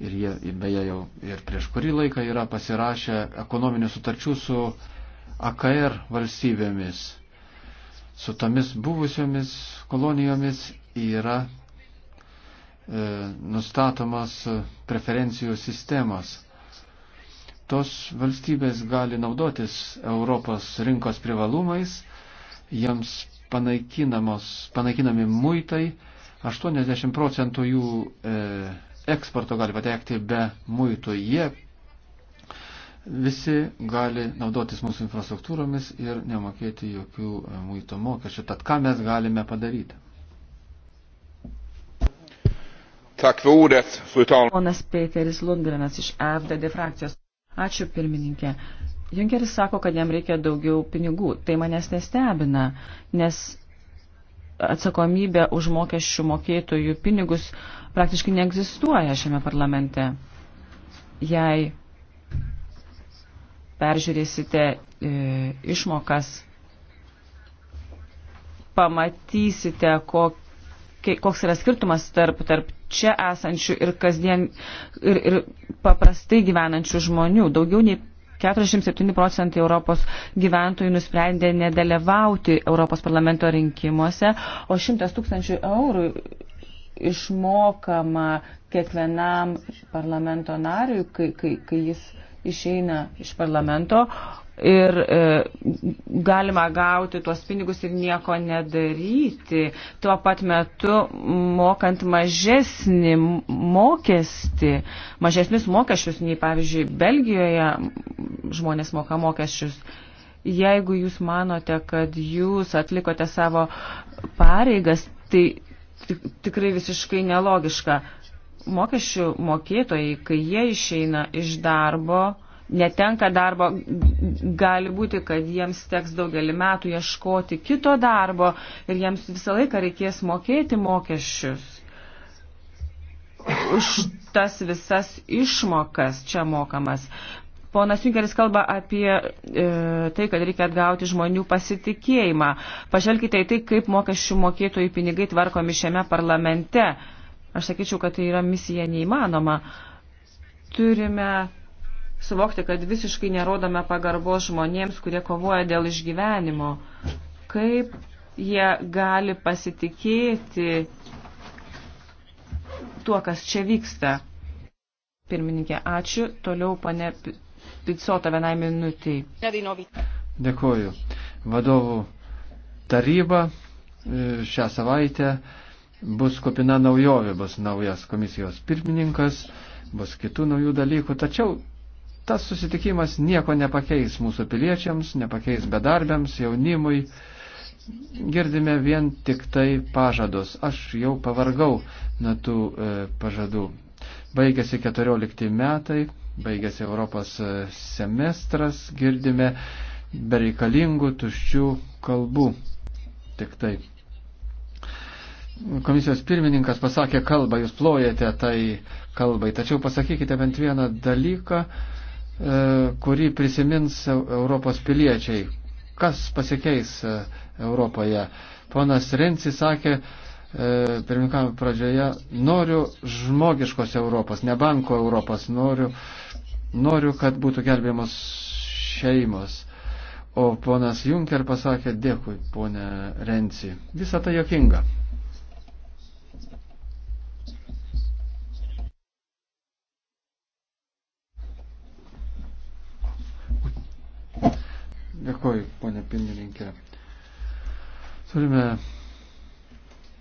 ir jie beje jau ir prieš kurį laiką yra pasirašę ekonominių sutarčių su AKR valstybėmis, su tomis buvusiomis kolonijomis yra e, nustatomas preferencijų sistemos tos valstybės gali naudotis Europos rinkos privalumais, jiems panaikinami muitai, 80 procentų jų e, eksporto gali patekti be muitų. Jie visi gali naudotis mūsų infrastruktūromis ir nemokėti jokių e, muito mokesčių. Tad ką mes galime padaryti? Tack för ordet, fru talman. Ponas Peteris Lundgrenas iš FDD frakcijos. Ačiū pirmininkė. Junkeris sako, kad jam reikia daugiau pinigų. Tai manęs nestebina, nes atsakomybė už mokesčių mokėtojų pinigus praktiškai neegzistuoja šiame parlamente. Jei peržiūrėsite e, išmokas, pamatysite, kokie, koks yra skirtumas tarp, tarp čia esančių ir kasdien ir, ir paprastai gyvenančių žmonių. Daugiau nei 47 procentai Europos gyventojų nusprendė nedalyvauti Europos parlamento rinkimuose, o 100 tūkstančių eurų išmokama kiekvienam parlamento nariui, kai, kai, kai jis išeina iš parlamento ir e, galima gauti tuos pinigus ir nieko nedaryti, tuo pat metu mokant mažesnį mokestį, mažesnius mokesčius nei, pavyzdžiui, Belgijoje žmonės moka mokesčius. Jeigu jūs manote, kad jūs atlikote savo pareigas, tai tikrai visiškai nelogiška mokesčių mokėtojai, kai jie išeina iš darbo, netenka darbo, gali būti, kad jiems teks daugelį metų ieškoti kito darbo ir jiems visą laiką reikės mokėti mokesčius. Už tas visas išmokas čia mokamas. Ponas Junkeris kalba apie e, tai, kad reikia atgauti žmonių pasitikėjimą. Pažvelkite į tai, kaip mokesčių mokėtojų pinigai tvarkomi šiame parlamente. Aš sakyčiau, kad tai yra misija neįmanoma. Turime suvokti, kad visiškai nerodome pagarbo žmonėms, kurie kovoja dėl išgyvenimo. Kaip jie gali pasitikėti tuo, kas čia vyksta? Pirmininkė, ačiū. Toliau pane Picota vienai minutiai. Dėkuoju. Vadovų taryba e, šią savaitę bus kupina naujovė, bus naujas komisijos pirmininkas, bus kitų naujų dalykų, tačiau tas susitikimas nieko nepakeis mūsų piliečiams, nepakeis bedarbiams, jaunimui. Girdime vien tik tai pažadus. Aš jau pavargau nuo tų e, pažadų. Baigėsi 14 metai, baigėsi Europos e, semestras, girdime bereikalingų tuščių kalbų. Tik taip komisijos pirmininkas pasakė kalbą, jūs plojate tai kalbai, tačiau pasakykite bent vieną dalyką, e, kurį prisimins Europos piliečiai. Kas pasikeis e, Europoje? Ponas Renci sakė, e, pirmininkavimo pradžioje, noriu žmogiškos Europos, ne banko Europos, noriu, noriu kad būtų gelbėjamos šeimos. O ponas Junker pasakė, dėkui, ponė Renci. Visą tai jokinga. Dėkuoju, ponė pirmininkė. Turime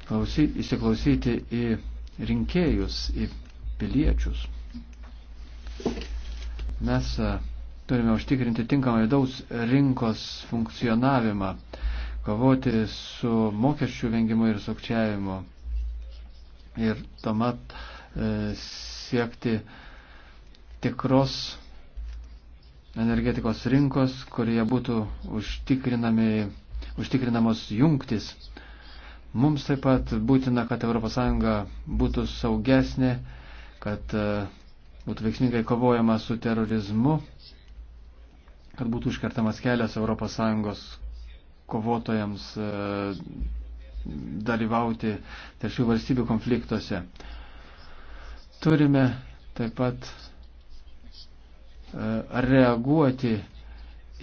klausyti, įsiklausyti į rinkėjus, į piliečius. Mes e, turime užtikrinti tinkamą vidaus rinkos funkcionavimą, kovoti su mokesčių vengimu ir sukčiavimu ir tuomet e, siekti tikros energetikos rinkos, kurie būtų užtikrinamos jungtis. Mums taip pat būtina, kad ES būtų saugesnė, kad e, būtų veiksmingai kovojama su terorizmu, kad būtų užkertamas kelias ES kovotojams e, dalyvauti trečių valstybių konfliktuose. Turime taip pat E, reaguoti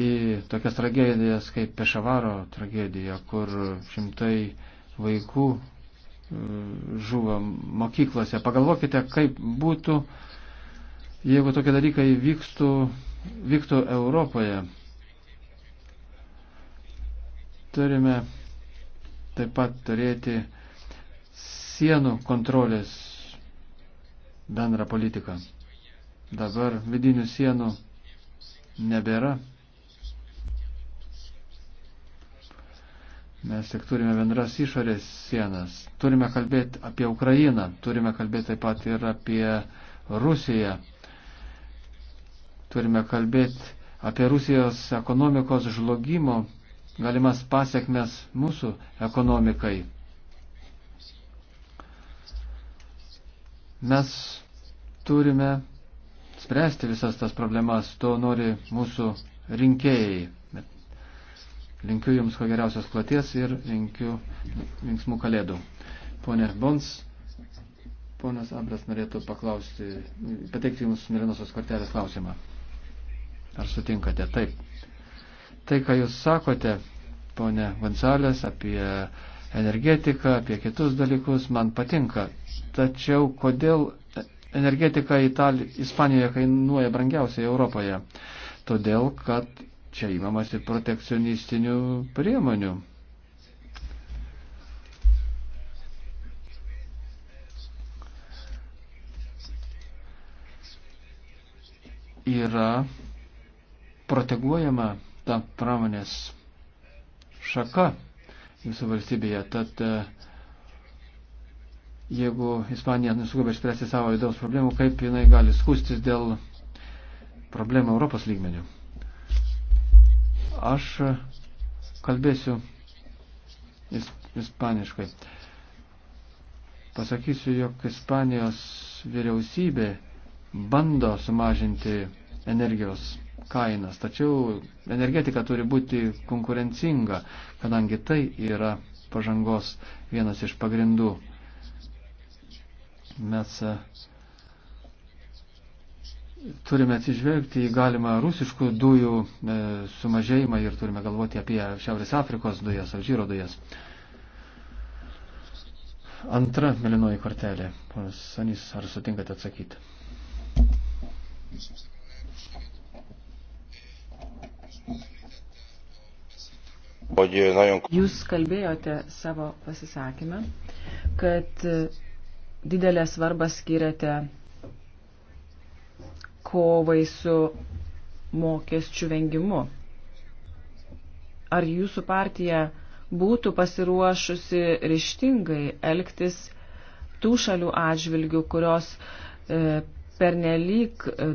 į tokias tragedijas kaip Pešavaro tragedija, kur šimtai vaikų e, žuvo mokyklose. Pagalvokite, kaip būtų, jeigu tokie dalykai vyktų, vyktų Europoje. Turime taip pat turėti sienų kontrolės bendrą politiką. Dabar vidinių sienų nebėra. Mes tik turime bendras išorės sienas. Turime kalbėti apie Ukrainą, turime kalbėti taip pat ir apie Rusiją. Turime kalbėti apie Rusijos ekonomikos žlugimo galimas pasiekmes mūsų ekonomikai. Mes turime spręsti visas tas problemas, to nori mūsų rinkėjai. Bet linkiu Jums ko geriausios kloties ir linkiu linksmų kalėdų. Pone Bons, ponas Abras norėtų paklausti, pateikti Jums Mirinosios kortelės klausimą. Ar sutinkate? Taip. Tai, ką Jūs sakote, ponė Gonsalės, apie energetiką, apie kitus dalykus, man patinka. Tačiau kodėl energetika Itali, Ispanijoje kainuoja brangiausiai Europoje, todėl kad čia įmamasi protekcionistinių priemonių. Yra proteguojama ta pramonės šaka jūsų valstybėje. Tad uh, jeigu Ispanija nesugeba išspręsti savo vidaus problemų, kaip jinai gali skustis dėl problemų Europos lygmenių. Aš kalbėsiu is, ispaniškai. Pasakysiu, jog Ispanijos vyriausybė bando sumažinti energijos kainas, tačiau energetika turi būti konkurencinga, kadangi tai yra pažangos vienas iš pagrindų. Mes e, turime atsižvelgti į galimą rusiškų dujų e, sumažėjimą ir turime galvoti apie Šiaurės Afrikos dujas, Alžyro dujas. Antra melinoji kortelė. Ponas Sanys, ar sutinkate atsakyti? Jūs kalbėjote savo pasisakymę, kad didelę svarbą skiriate kovai su mokesčių vengimu. Ar jūsų partija būtų pasiruošusi ryštingai elgtis tų šalių atžvilgių, kurios e, pernelyg e,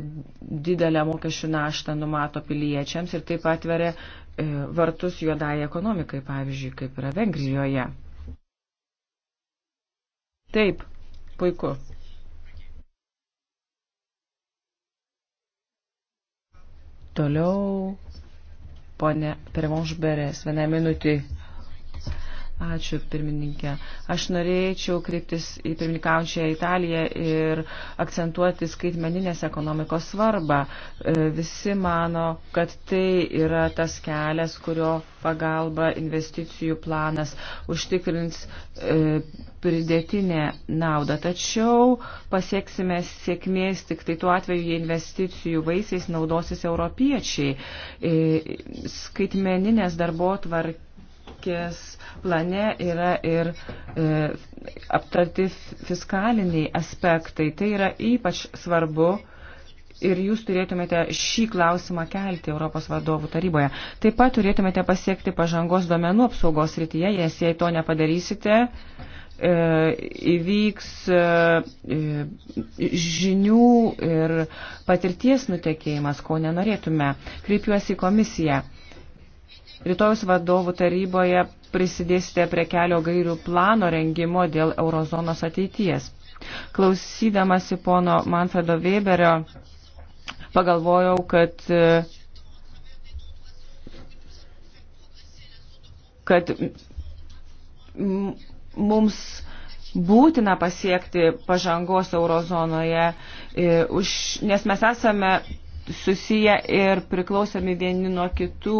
didelę mokesčių naštą numato piliečiams ir taip atveria e, vartus juodai ekonomikai, pavyzdžiui, kaip yra Vengrijoje. Taip, Puiku. Toliau, ponė Premonžberės, vieną minutį. Ačiū, pirmininkė. Aš norėčiau kreiptis į pirmininkaujančią Italiją ir akcentuoti skaitmeninės ekonomikos svarbą. E, visi mano, kad tai yra tas kelias, kurio pagalba investicijų planas užtikrins e, pridėtinę naudą. Tačiau pasieksime sėkmės tik tai tuo atveju, jei investicijų vaisiais naudosis europiečiai. E, skaitmeninės darbo tvarkė darbotvarkės plane yra ir e, aptarti fiskaliniai aspektai. Tai yra ypač svarbu ir jūs turėtumėte šį klausimą kelti Europos vadovų taryboje. Taip pat turėtumėte pasiekti pažangos duomenų apsaugos rytyje, nes jei to nepadarysite, e, įvyks e, žinių ir patirties nutekėjimas, ko nenorėtume. Kreipiuosi į komisiją. Rytojus vadovų taryboje prisidėsite prie kelio gairių plano rengimo dėl eurozonos ateities. Klausydamasi pono Manfredo Weberio, pagalvojau, kad kad mums būtina pasiekti pažangos eurozonoje, e, nes mes esame susiję ir priklausomi vieni nuo kitų.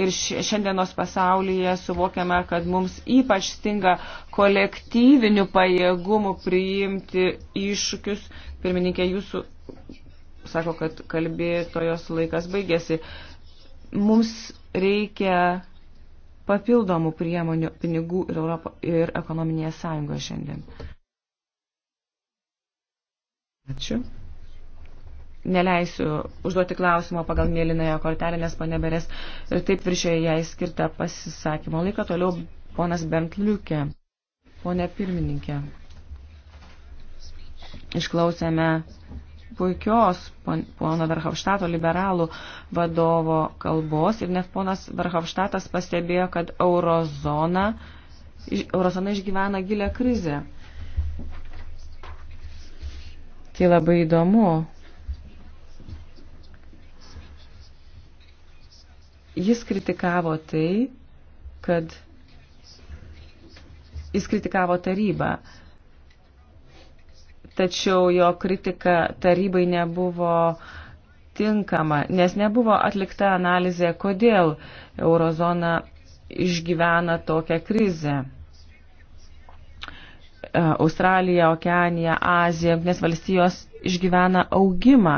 Ir šiandienos pasaulyje suvokiame, kad mums ypač stinga kolektyvinių pajėgumų priimti iššūkius. Pirmininkė, jūsų sako, kad kalbėtojos laikas baigėsi. Mums reikia papildomų priemonių pinigų ir, Europo, ir ekonominėje sąjungoje šiandien. Ačiū neleisiu užduoti klausimo pagal mėlynąją kortelę, nes pane Beres ir taip viršėjo jai skirtą pasisakymo laiką. Toliau ponas Bentliukė, ponė pirmininkė. Išklausėme puikios pono Verhofštato liberalų vadovo kalbos ir net ponas Verhofštatas pastebėjo, kad eurozona, eurozona išgyvena gilę krizę. Tai labai įdomu, Jis kritikavo tai, kad jis kritikavo tarybą, tačiau jo kritika tarybai nebuvo tinkama, nes nebuvo atlikta analizė, kodėl eurozona išgyvena tokią krizę. E, Australija, Okeanija, Azija, Junktinės valstijos išgyvena augimą.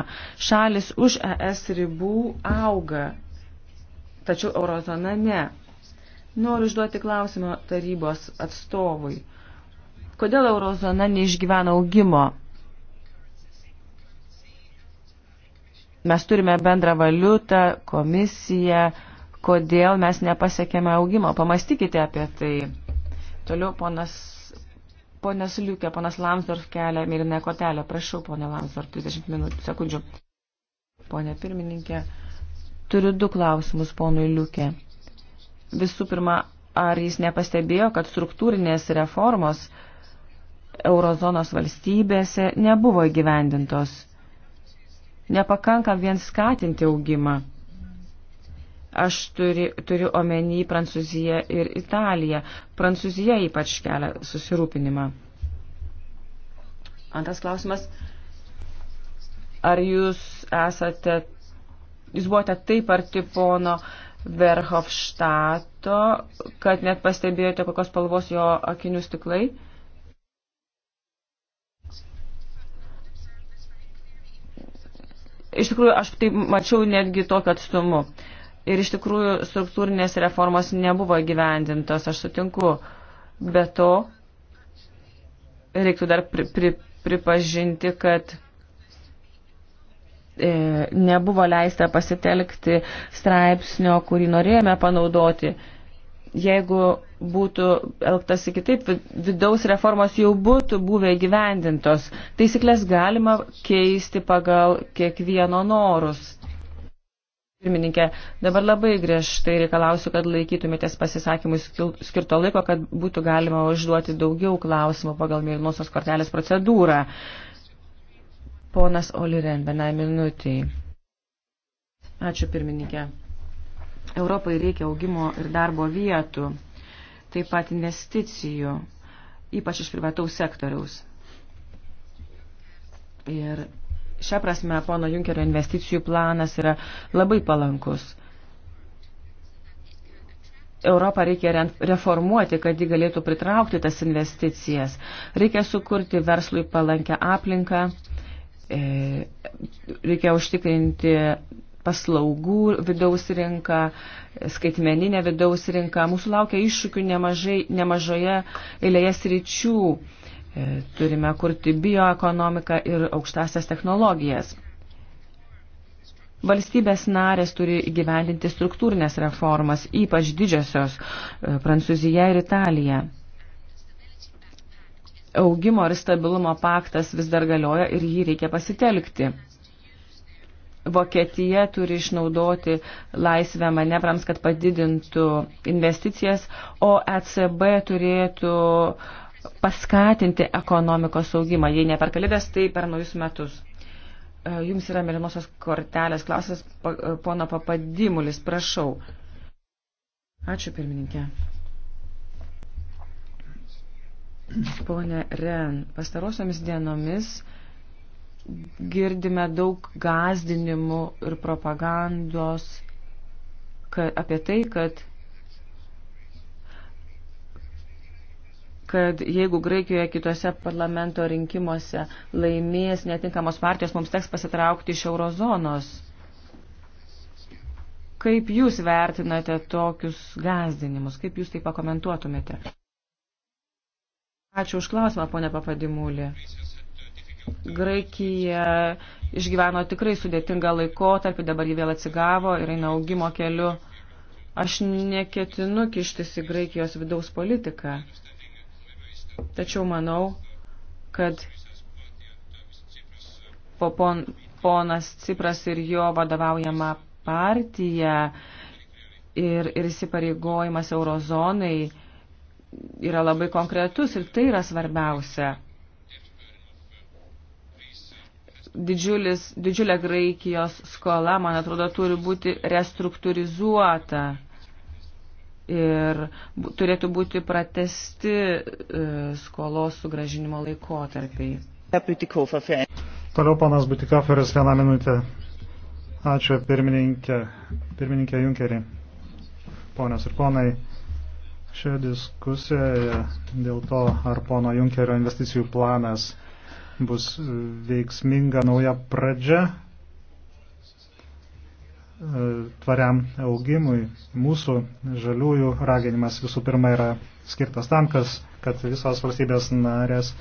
Šalis už ES ribų auga tačiau eurozona ne. Noriu užduoti klausimą tarybos atstovui. Kodėl eurozona neišgyvena augimo? Mes turime bendrą valiutą, komisiją, kodėl mes nepasiekėme augimo. Pamastykite apie tai. Toliau ponas, ponas Liukė, ponas Lamsdorf kelia mirinę kotelę. Prašau, ponė Lamsdorf, 30 minutų, sekundžių. Pone pirmininkė. Turiu du klausimus ponui Liukė. Visų pirma, ar jis nepastebėjo, kad struktūrinės reformos eurozonos valstybėse nebuvo įgyvendintos? Nepakanka vien skatinti augimą. Aš turi, turiu omeny Prancūziją ir Italiją. Prancūzija ypač kelia susirūpinimą. Antras klausimas. Ar jūs esate jūs buvote taip arti pono Verhofštato, kad net pastebėjote, kokios spalvos jo akinių stiklai. Iš tikrųjų, aš tai mačiau netgi tokiu atstumu. Ir iš tikrųjų, struktūrinės reformos nebuvo gyvendintos, aš sutinku. Be to, reiktų dar pri, pri, pripažinti, kad E, nebuvo leista pasitelkti straipsnio, kurį norėjome panaudoti. Jeigu būtų elgtasi kitaip, vidaus reformos jau būtų buvę gyvendintos. Taisyklės galima keisti pagal kiekvieno norus. Pirmininkė, dabar labai griežtai reikalausiu, kad laikytumėtės pasisakymui skirto laiko, kad būtų galima užduoti daugiau klausimų pagal mėlynosios kortelės procedūrą. Uh, Ponas Oliren, vienai minutiai. Ačiū pirmininkė. Europai reikia augimo ir darbo vietų, taip pat investicijų, ypač iš privataus sektoriaus. Ir šią prasme pono Junkerio investicijų planas yra labai palankus. Europą reikia reformuoti, kad ji galėtų pritraukti tas investicijas. Reikia sukurti verslui palankę aplinką E, reikia užtikrinti paslaugų vidaus rinką, skaitmeninę vidaus rinką. Mūsų laukia iššūkių nemažai, nemažoje eilėje sričių. E, turime kurti bioekonomiką ir aukštasias technologijas. Valstybės narės turi gyvendinti struktūrinės reformas, ypač didžiosios e, Prancūzija ir Italija augimo ir stabilumo paktas vis dar galioja ir jį reikia pasitelkti. Vokietija turi išnaudoti laisvę manevrams, kad padidintų investicijas, o ECB turėtų paskatinti ekonomikos saugimą, jei ne per kalėdas, tai per naujus metus. E, jums yra mėlynosios kortelės klausas, e, pono papadimulis, prašau. Ačiū pirmininkė. Pone Ren, pastarosiomis dienomis girdime daug gazdinimų ir propagandos kad, apie tai, kad kad jeigu Graikijoje kitose parlamento rinkimuose laimės netinkamos partijos, mums teks pasitraukti iš eurozonos. Kaip jūs vertinate tokius gazdinimus? Kaip jūs tai pakomentuotumėte? Ačiū už klausimą, ponė Papadimulė. Graikija išgyveno tikrai sudėtingą laikotarpį, dabar jį vėl atsigavo ir eina augimo keliu. Aš neketinu kištis į Graikijos vidaus politiką, tačiau manau, kad po pon, ponas Cipras ir jo vadovaujama partija ir, ir įsipareigojimas eurozonai yra labai konkretus ir tai yra svarbiausia. Didžiulis, didžiulė Graikijos skola, man atrodo, turi būti restruktūrizuota ir turėtų būti pratesti e, skolos sugražinimo laikotarpiai. Toliau panas Butikoferis vieną minutę. Ačiū pirmininkė, pirmininkė Junkerį. Ponios ir ponai. Šioje diskusijoje dėl to, ar pono Junkerio investicijų planas bus e, veiksminga nauja pradžia e, tvariam augimui. Mūsų žaliųjų raginimas visų pirma yra skirtas tam, kas, kad visos valstybės narės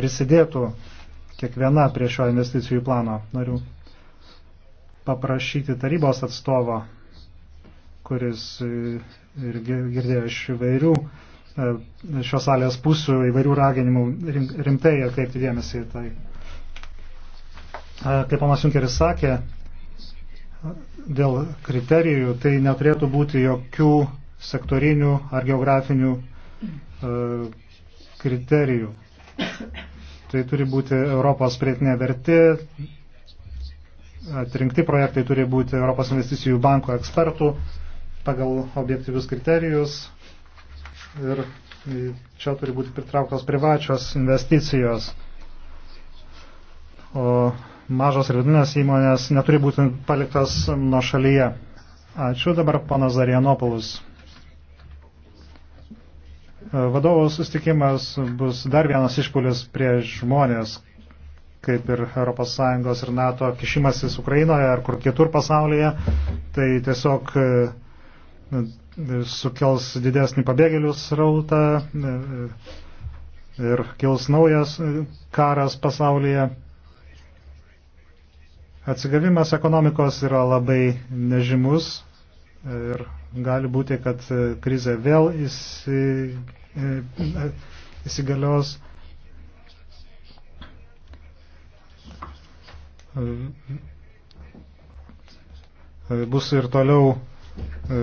prisidėtų kiekviena prie šio investicijų plano. Noriu paprašyti tarybos atstovo, kuris e, ir girdėjo iš įvairių e, šios salės pusių įvairių raginimų rimtai atkreipti dėmesį į tai. E, kaip panas Junkeris sakė, dėl kriterijų tai neturėtų būti jokių sektorinių ar geografinių e, kriterijų. Tai turi būti Europos prietinė vertė, atrinkti projektai turi būti Europos investicijų banko ekspertų pagal objektyvius kriterijus ir čia turi būti pritrauktos privačios investicijos. O mažos ir vidinės įmonės neturi būti paliktas nuo šalyje. Ačiū dabar panas Zarianopoulos. Vadovų sustikimas bus dar vienas išpulis prieš žmonės, kaip ir ES ir NATO kišimasis Ukrainoje ar kur kitur pasaulyje. Tai tiesiog sukels didesnį pabėgėlių srautą e, e, ir kils naujas e, karas pasaulyje. Atsigavimas ekonomikos yra labai nežymus ir gali būti, kad krize vėl įsi, įsigalios. Bus ir toliau E,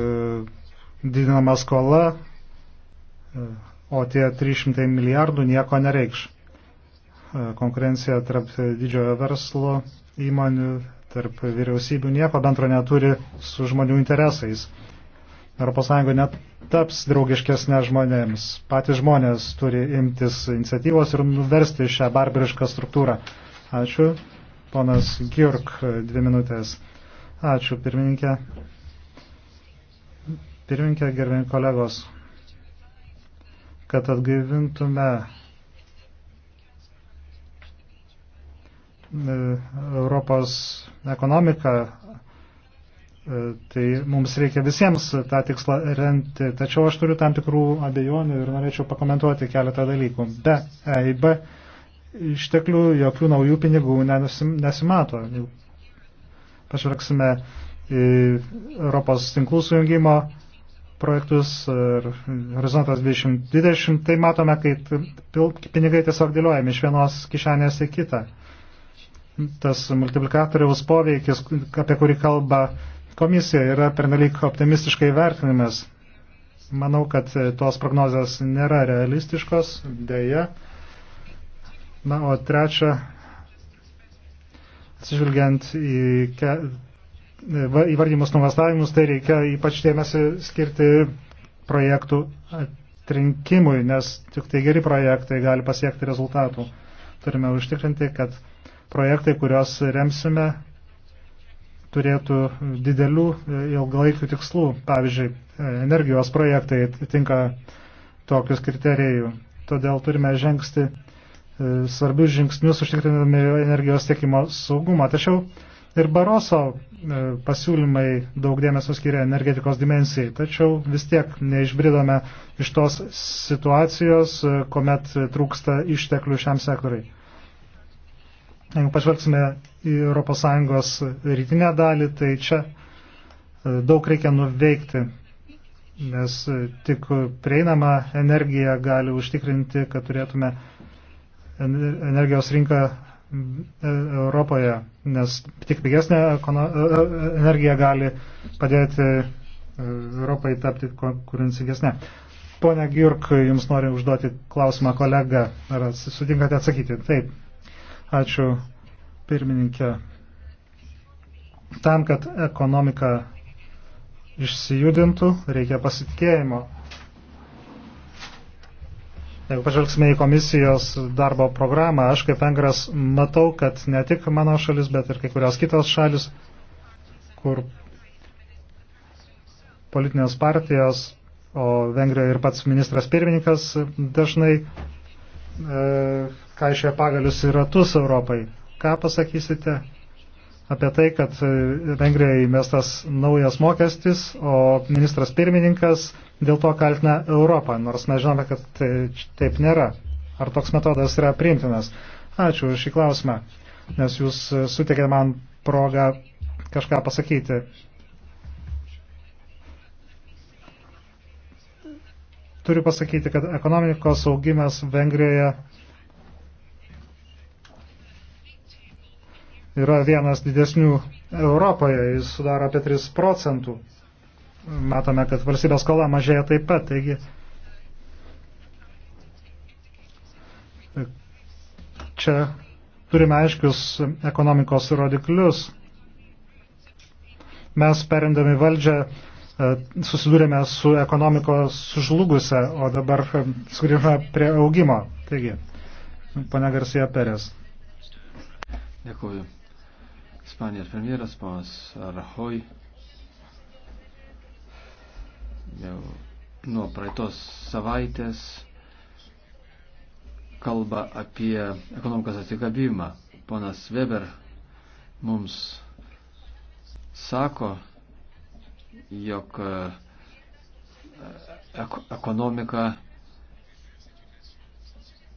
didinama skola, e, o tie 300 milijardų nieko nereikš. E, konkurencija tarp didžiojo verslo įmonių, tarp vyriausybių nieko bendro neturi su žmonių interesais. ES net taps draugiškesnė žmonėms. Patys žmonės turi imtis iniciatyvos ir nuversti šią barbarišką struktūrą. Ačiū. Ponas Gjurk, dvi minutės. Ačiū, pirmininkė. Pirminkė, gerbėjai kolegos, kad atgaivintume e, Europos ekonomiką, e, tai mums reikia visiems tą tikslą renti. Tačiau aš turiu tam tikrų abejonių ir norėčiau pakomentuoti keletą dalykų. Be EIB išteklių jokių naujų pinigų nesimato. Pažvelgsime į Europos tinklų sujungimo projektus ir horizontas 2020, tai matome, kaip pinigai tiesiog dėliojami iš vienos kišenės į kitą. Tas multiplikatoriaus poveikis, apie kurį kalba komisija, yra pernelyg optimistiškai vertinimas. Manau, kad tos prognozijos nėra realistiškos, dėja. Na, o trečia, atsižvelgiant į įvardymus nuvastavimus, tai reikia ypač dėmesį skirti projektų atrinkimui, nes tik tai geri projektai gali pasiekti rezultatų. Turime užtikrinti, kad projektai, kuriuos remsime, turėtų didelių e, ilgalaikių tikslų. Pavyzdžiui, e, energijos projektai tinka tokius kriterijų. Todėl turime žengsti e, svarbius žingsnius užtikrinami energijos tiekimo saugumą. Tačiau ir Baroso E, pasiūlymai daug dėmesio skiria energetikos dimensijai, tačiau vis tiek neišbridome iš tos situacijos, e, kuomet trūksta išteklių šiam sektoriai. Jeigu pažvelgsime į ES rytinę dalį, tai čia e, daug reikia nuveikti, nes tik prieinama energija gali užtikrinti, kad turėtume energijos rinką Europoje, nes tik pigesnė e- e- energija gali padėti e, Europai tapti konkurencingesnė. Pone Girk, jums noriu užduoti klausimą kolega, ar sutinkate atsakyti? Taip. Ačiū, pirmininkė. Tam, kad ekonomika išsijudintų, reikia pasitikėjimo. Jeigu pažvelgsime į komisijos darbo programą, aš kaip vengras matau, kad ne tik mano šalis, bet ir kai kurios kitos šalis, kur politinės partijos, o Vengrijoje ir pats ministras pirmininkas dažnai e, kaišė pagalius ir ratus Europai. Ką pasakysite apie tai, kad e, Vengrijoje įmestas naujas mokestis, o ministras pirmininkas dėl to kaltina Europą, nors mes žinome, kad tai taip nėra. Ar toks metodas yra priimtinas? Ačiū už šį klausimą, nes jūs e, sutikėte man progą kažką pasakyti. Turiu pasakyti, kad ekonomikos augimas Vengrijoje yra vienas didesnių Europoje, jis sudaro apie 3 procentų. Matome, kad valstybės skola mažėja taip pat, taigi čia turime aiškius ekonomikos rodiklius. Mes perindami valdžią e, susidūrėme su ekonomikos sužlugusią, o dabar e, sugrįžome prie augimo. Taigi, pane Garsija Perės. Dėkuoju. Ispanijos premjeras ponas Rahoj jau nuo praeitos savaitės kalba apie ekonomikos atsigavimą. Ponas Weber mums sako, jog e, ek ekonomika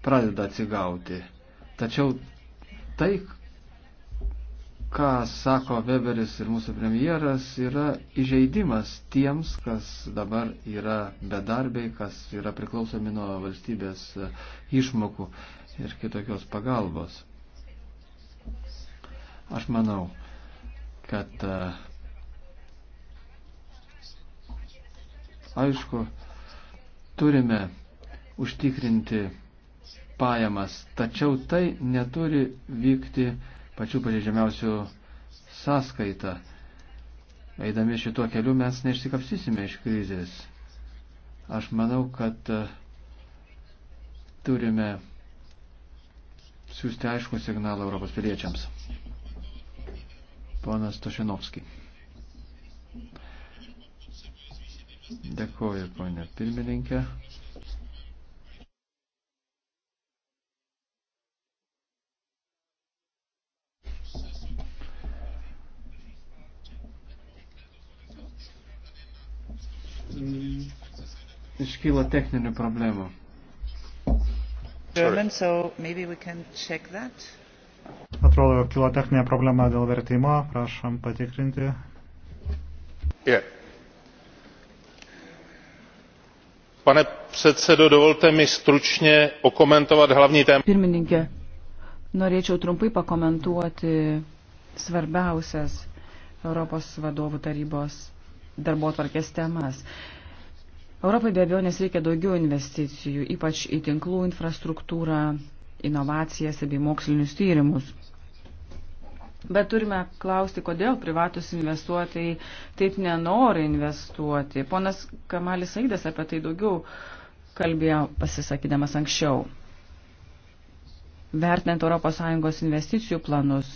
pradeda atsigauti. Tačiau tai, ką sako Weberis ir mūsų premjeras, yra įžeidimas tiems, kas dabar yra bedarbiai, kas yra priklausomi nuo valstybės išmokų ir kitokios pagalbos. Aš manau, kad e, aišku, turime užtikrinti pajamas, tačiau tai neturi vykti pačių pažeidžiamiausių sąskaitą. Eidami šituo keliu mes neišsikapsysime iš krizės. Aš manau, kad e, turime siūsti aišku signalą Europos piliečiams. Ponas Tošinovski. Dėkuoju, ponė pirmininkė. iškyla techninių problemų. German, so maybe we can check that. Atrodo, kilo techninė problema dėl vertimo. Prašom patikrinti. Yeah. Pane předsedo, dovolte mi stručně okomentovat hlavní téma. Pirmininkė, norėčiau trumpai pakomentuoti svarbiausias Europos vadovų tarybos darbo tvarkės temas. Europai be abejonės reikia daugiau investicijų, ypač į tinklų infrastruktūrą, inovacijas bei mokslinius tyrimus. Bet turime klausti, kodėl privatus investuotojai taip nenori investuoti. Ponas Kamalis Aidas apie tai daugiau kalbėjo pasisakydamas anksčiau. Vertinant ES investicijų planus,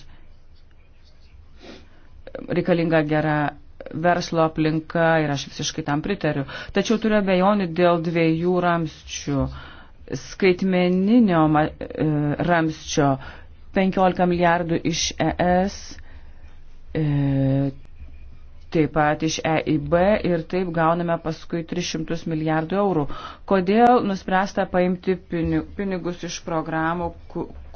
reikalinga gera verslo aplinka ir aš visiškai tam pritariu. Tačiau turiu abejonių dėl dviejų ramščių. Skaitmeninio e, ramščio 15 milijardų iš ES, e, taip pat iš EIB ir taip gauname paskui 300 milijardų eurų. Kodėl nuspręsta paimti pinigus iš programų,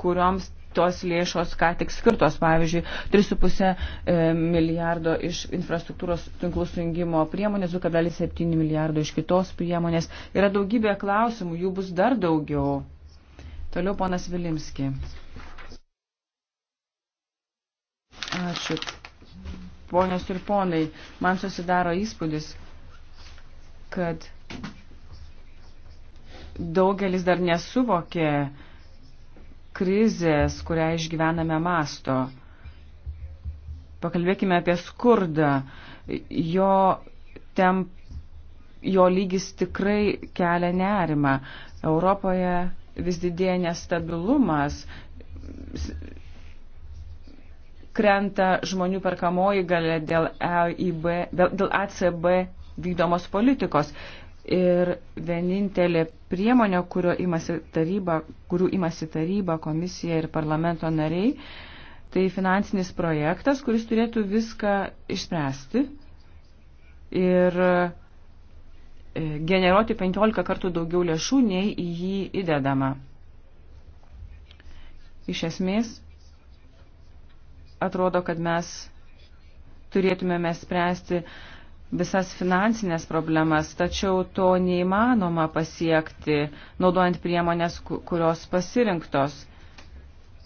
kurioms tos lėšos ką tik skirtos, pavyzdžiui, 3,5 e, milijardo iš infrastruktūros tinklų sujungimo priemonės, 2,7 milijardo iš kitos priemonės. Yra daugybė klausimų, jų bus dar daugiau. Toliau ponas Vilimski. Ačiū. Ponios ir ponai, man susidaro įspūdis, kad daugelis dar nesuvokė, krizės, kurią išgyvename masto. Pakalbėkime apie skurdą. Jo, temp, jo lygis tikrai kelia nerimą. Europoje vis didėja nestabilumas, krenta žmonių perkamoji galia dėl, EIB, dėl ACB vykdomos politikos. Ir vienintelė priemonė, imasi taryba, kurių imasi taryba, komisija ir parlamento nariai, tai finansinis projektas, kuris turėtų viską išspręsti ir e, generuoti 15 kartų daugiau lėšų, nei į jį įdedama. Iš esmės, atrodo, kad mes turėtumėme spręsti uh, visas finansinės problemas, tačiau to neįmanoma pasiekti, naudojant priemonės, kurios pasirinktos.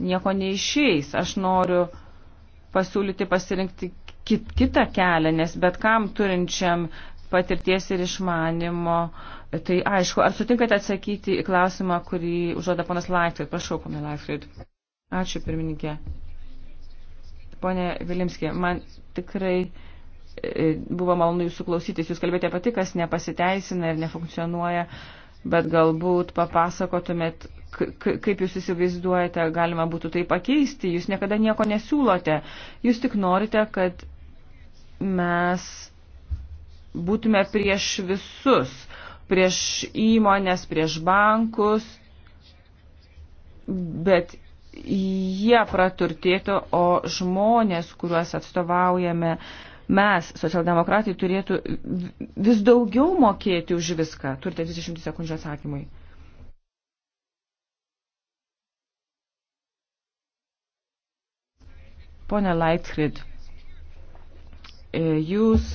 Nieko neišeis. Aš noriu pasiūlyti pasirinkti kit, kitą kelią, nes bet kam turinčiam patirties ir išmanimo. Tai aišku, ar sutinkate atsakyti į klausimą, kurį užduoda ponas Laitfrid? Prašau, ponė Laitfrid. Ačiū, pirmininkė. Pone Vilimskė, man tikrai E, buvo malonu jūsų klausytis. Jūs kalbėjote apie tai, kas nepasiteisina ir nefunkcionuoja, bet galbūt papasakotumėt, kaip jūs įsivaizduojate, galima būtų tai pakeisti. Jūs niekada nieko nesiūlote. Jūs tik norite, kad mes būtume prieš visus, prieš įmonės, prieš bankus, bet jie praturtėtų, o žmonės, kuriuos atstovaujame, uh, mes, socialdemokratai, turėtų vis daugiau mokėti už viską. Turite 20 sekundžių atsakymui. Pone Leitfried, e, jūs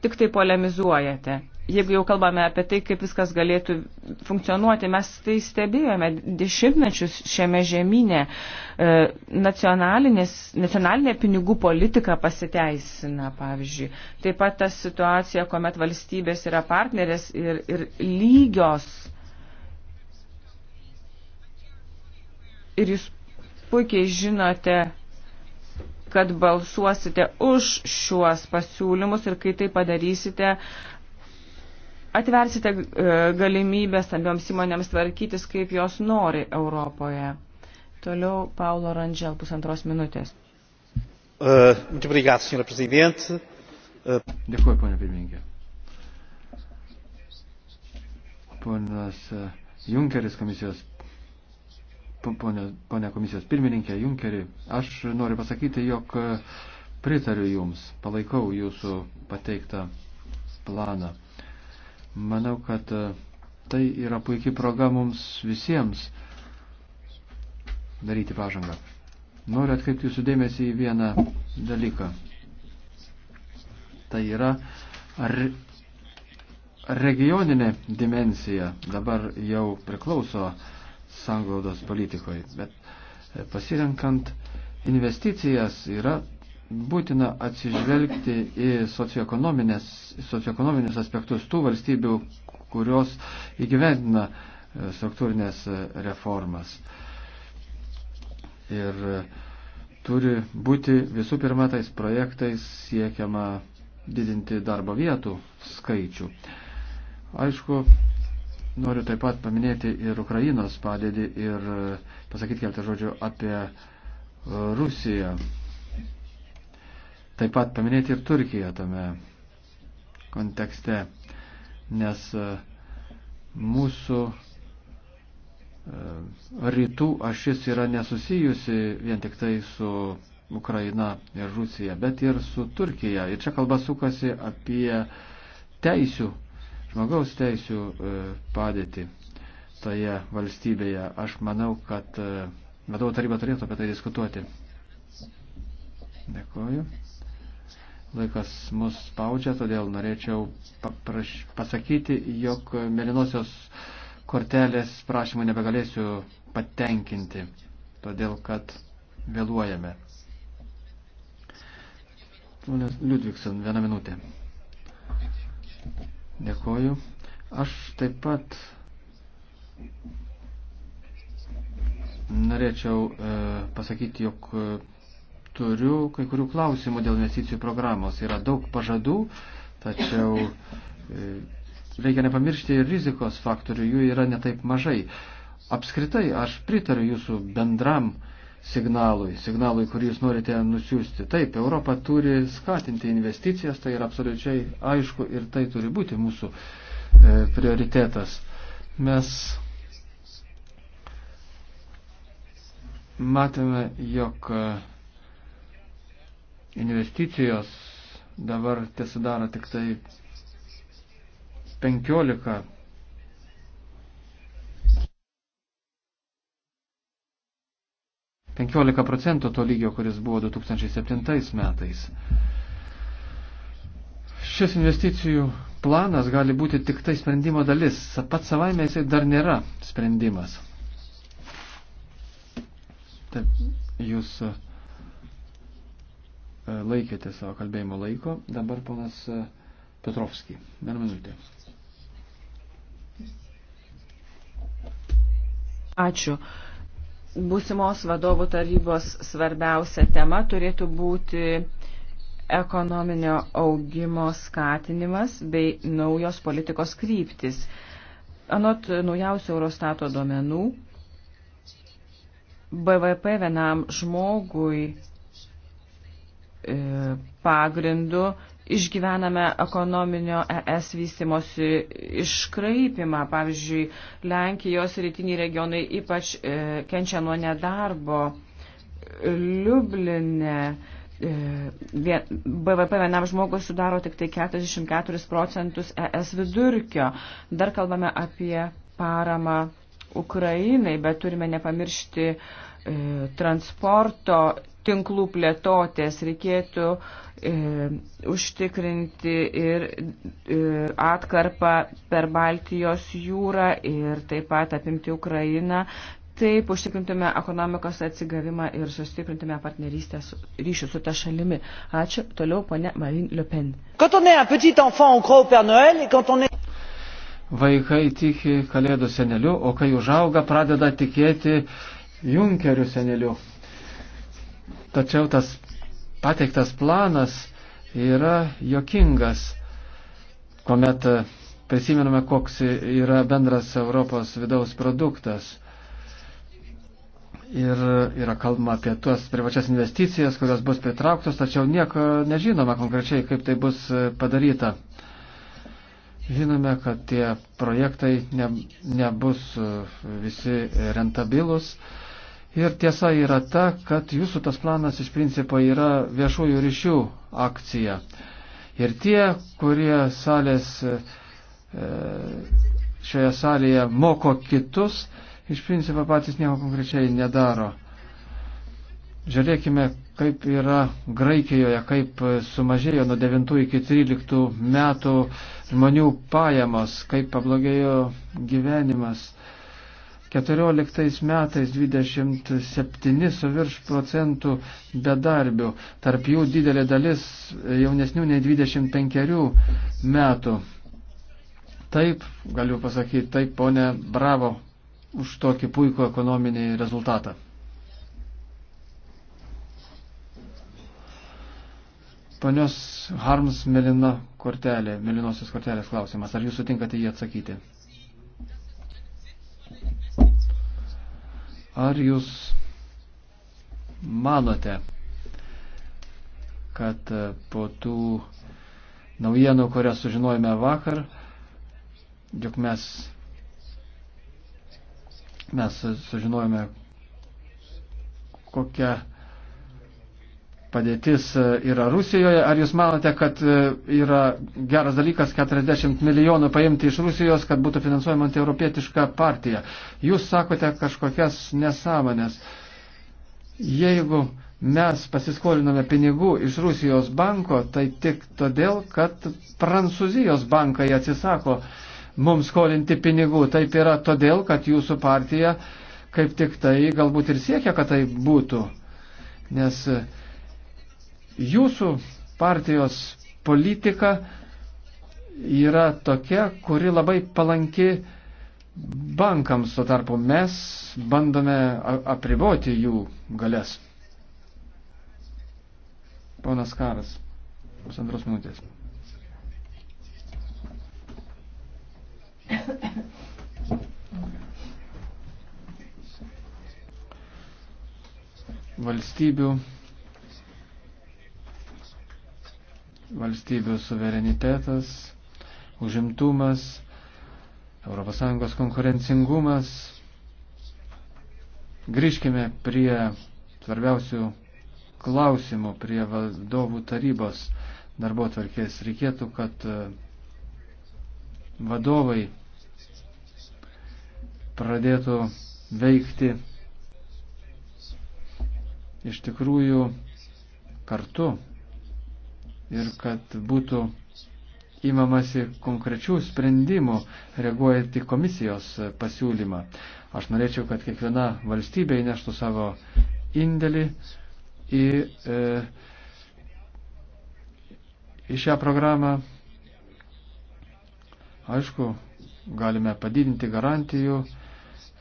tik tai polemizuojate jeigu jau kalbame apie tai, kaip viskas galėtų funkcionuoti, mes tai stebėjome dešimtmečius šiame žemynė. E, nacionalinė pinigų politika pasiteisina, pavyzdžiui. Taip pat ta situacija, kuomet valstybės yra partnerės ir, ir lygios. Ir jūs puikiai žinote, kad balsuosite už šiuos pasiūlymus ir kai tai padarysite, atversite e, galimybę stambioms įmonėms tvarkytis, kaip jos nori Europoje. Toliau Paulo Rangel, pusantros minutės. Uh, obrigado, senhora Presidente. Uh... Dėkuoju, ponia pirmininkė. Ponas Junkeris komisijos, ponia, ponia komisijos pirmininkė Junkeri, aš noriu pasakyti, jog pritariu Jums, palaikau Jūsų pateiktą planą. Manau, kad e, tai yra puikiai proga mums visiems daryti pažangą. Noriu atkreipti jūsų dėmesį į vieną dalyką. Tai yra re, regioninė dimensija dabar jau priklauso sanglaudos politikoje, bet e, pasirenkant investicijas yra būtina atsižvelgti į socioekonominius aspektus tų valstybių, kurios įgyvendina e, struktūrinės e, reformas. Ir e, turi būti visų pirma tais projektais siekiama didinti darbo vietų skaičių. Aišku, noriu taip pat paminėti ir Ukrainos padėdį ir pasakyti keletą žodžių apie Rusiją taip pat paminėti ir Turkiją tame kontekste, nes e, mūsų e, rytų ašis yra nesusijusi vien tik tai su Ukraina ir Rusija, bet ir su Turkija. Ir čia kalba sukasi apie teisių, žmogaus teisių e, padėtį toje valstybėje. Aš manau, kad vadovų taryba turėtų apie tai diskutuoti. Dėkuoju. Laikas mus spaudžia, todėl norėčiau papraš, pasakyti, jog mėlynosios kortelės prašymų nebegalėsiu patenkinti, todėl kad vėluojame. Ponas Liudvikson, vieną minutę. Dėkoju. Aš taip pat norėčiau e, pasakyti, jog e, turiu kai kurių klausimų dėl investicijų programos. Yra daug pažadų, tačiau e, reikia nepamiršti ir rizikos faktorių, jų yra netaip mažai. Apskritai, aš pritariu jūsų bendram signalui, signalui, kurį jūs norite nusiųsti. Taip, Europa turi skatinti investicijas, tai yra absoliučiai aišku ir tai turi būti mūsų e, prioritetas. Mes matėme, jog e, investicijos dabar tiesudaro tik tai 15 15 procentų to lygio, kuris buvo 2007 metais. Šis investicijų planas gali būti tik tai sprendimo dalis. Pats savaime jisai dar nėra sprendimas. Taip, jūs uh, E, laikėte savo kalbėjimo laiko. Dabar ponas e, Petrovski. Vieną minutę. Ačiū. Būsimos vadovų tarybos svarbiausia tema turėtų būti ekonominio augimo skatinimas bei naujos politikos kryptis. Anot naujausio Eurostato duomenų, BVP vienam žmogui E, pagrindu išgyvename ekonominio ES vystimosi iškraipimą. Pavyzdžiui, Lenkijos rytiniai regionai ypač e, kenčia nuo nedarbo. Liublinė e, BVP vienam žmogui sudaro tik tai 44 procentus ES vidurkio. Dar kalbame apie paramą Ukrainai, bet turime nepamiršti transporto tinklų plėtotės, reikėtų e, užtikrinti ir e, atkarpą per Baltijos jūrą ir taip pat apimti Ukrainą. Taip užtikrintume ekonomikos atsigavimą ir sustiprintume partnerystę su, ryšių su ta šalimi. Ačiū. Toliau ponė Marine Le Pen. Vaikai tiki kalėdų seneliu, o kai užauga, pradeda tikėti Junkerių seneliu. Tačiau tas pateiktas planas yra jokingas, kuomet prisimename, koks yra bendras Europos vidaus produktas. Ir yra kalbama apie tuos privačias investicijas, kurios bus pritrauktos, tačiau nieko nežinome konkrečiai, kaip tai bus padaryta. Žinome, kad tie projektai ne, nebus visi rentabilus. Ir tiesa yra ta, kad jūsų tas planas iš principo yra viešųjų ryšių akcija. Ir tie, kurie salės, e, šioje salėje moko kitus, iš principo patys nieko konkrečiai nedaro. Žiūrėkime, kaip yra Graikijoje, kaip sumažėjo nuo 9 iki 13 metų žmonių pajamos, kaip pablogėjo gyvenimas. 14 metais 27 su virš procentų bedarbių, tarp jų didelė dalis jaunesnių nei 25 metų. Taip, galiu pasakyti, taip, ponė, bravo už tokį puikų ekonominį rezultatą. Ponios Harms Melina kortelė, Melinosios kortelės klausimas. Ar jūs sutinkate jį atsakyti? Ar jūs manote, kad e, po tų naujienų, kurias sužinojome vakar, juk mes, mes sužinojome, kokia padėtis e, yra Rusijoje. Ar jūs manote, kad e, yra geras dalykas 40 milijonų paimti iš Rusijos, kad būtų finansuojama antieuropietiška partija? Jūs sakote kažkokias nesąmonės. Jeigu mes pasiskoliname pinigų iš Rusijos banko, tai tik todėl, kad Prancūzijos bankai atsisako mums skolinti pinigų. Taip yra todėl, kad jūsų partija kaip tik tai galbūt ir siekia, kad tai būtų. Nes uh, Jūsų partijos politika yra tokia, kuri labai palanki bankams, tuo tarpu mes bandome apriboti jų galės. Ponas Karas, pusantros minutės. Valstybių valstybių suverenitetas, užimtumas, ES konkurencingumas. Grįžkime prie svarbiausių klausimų, prie vadovų tarybos darbo tvarkės. Reikėtų, kad e, vadovai pradėtų veikti iš tikrųjų kartu ir kad būtų įmamasi konkrečių sprendimų reaguojant į komisijos pasiūlymą. Aš norėčiau, kad kiekviena valstybė įneštų savo indėlį į, e, į šią programą. Aišku, galime padidinti garantijų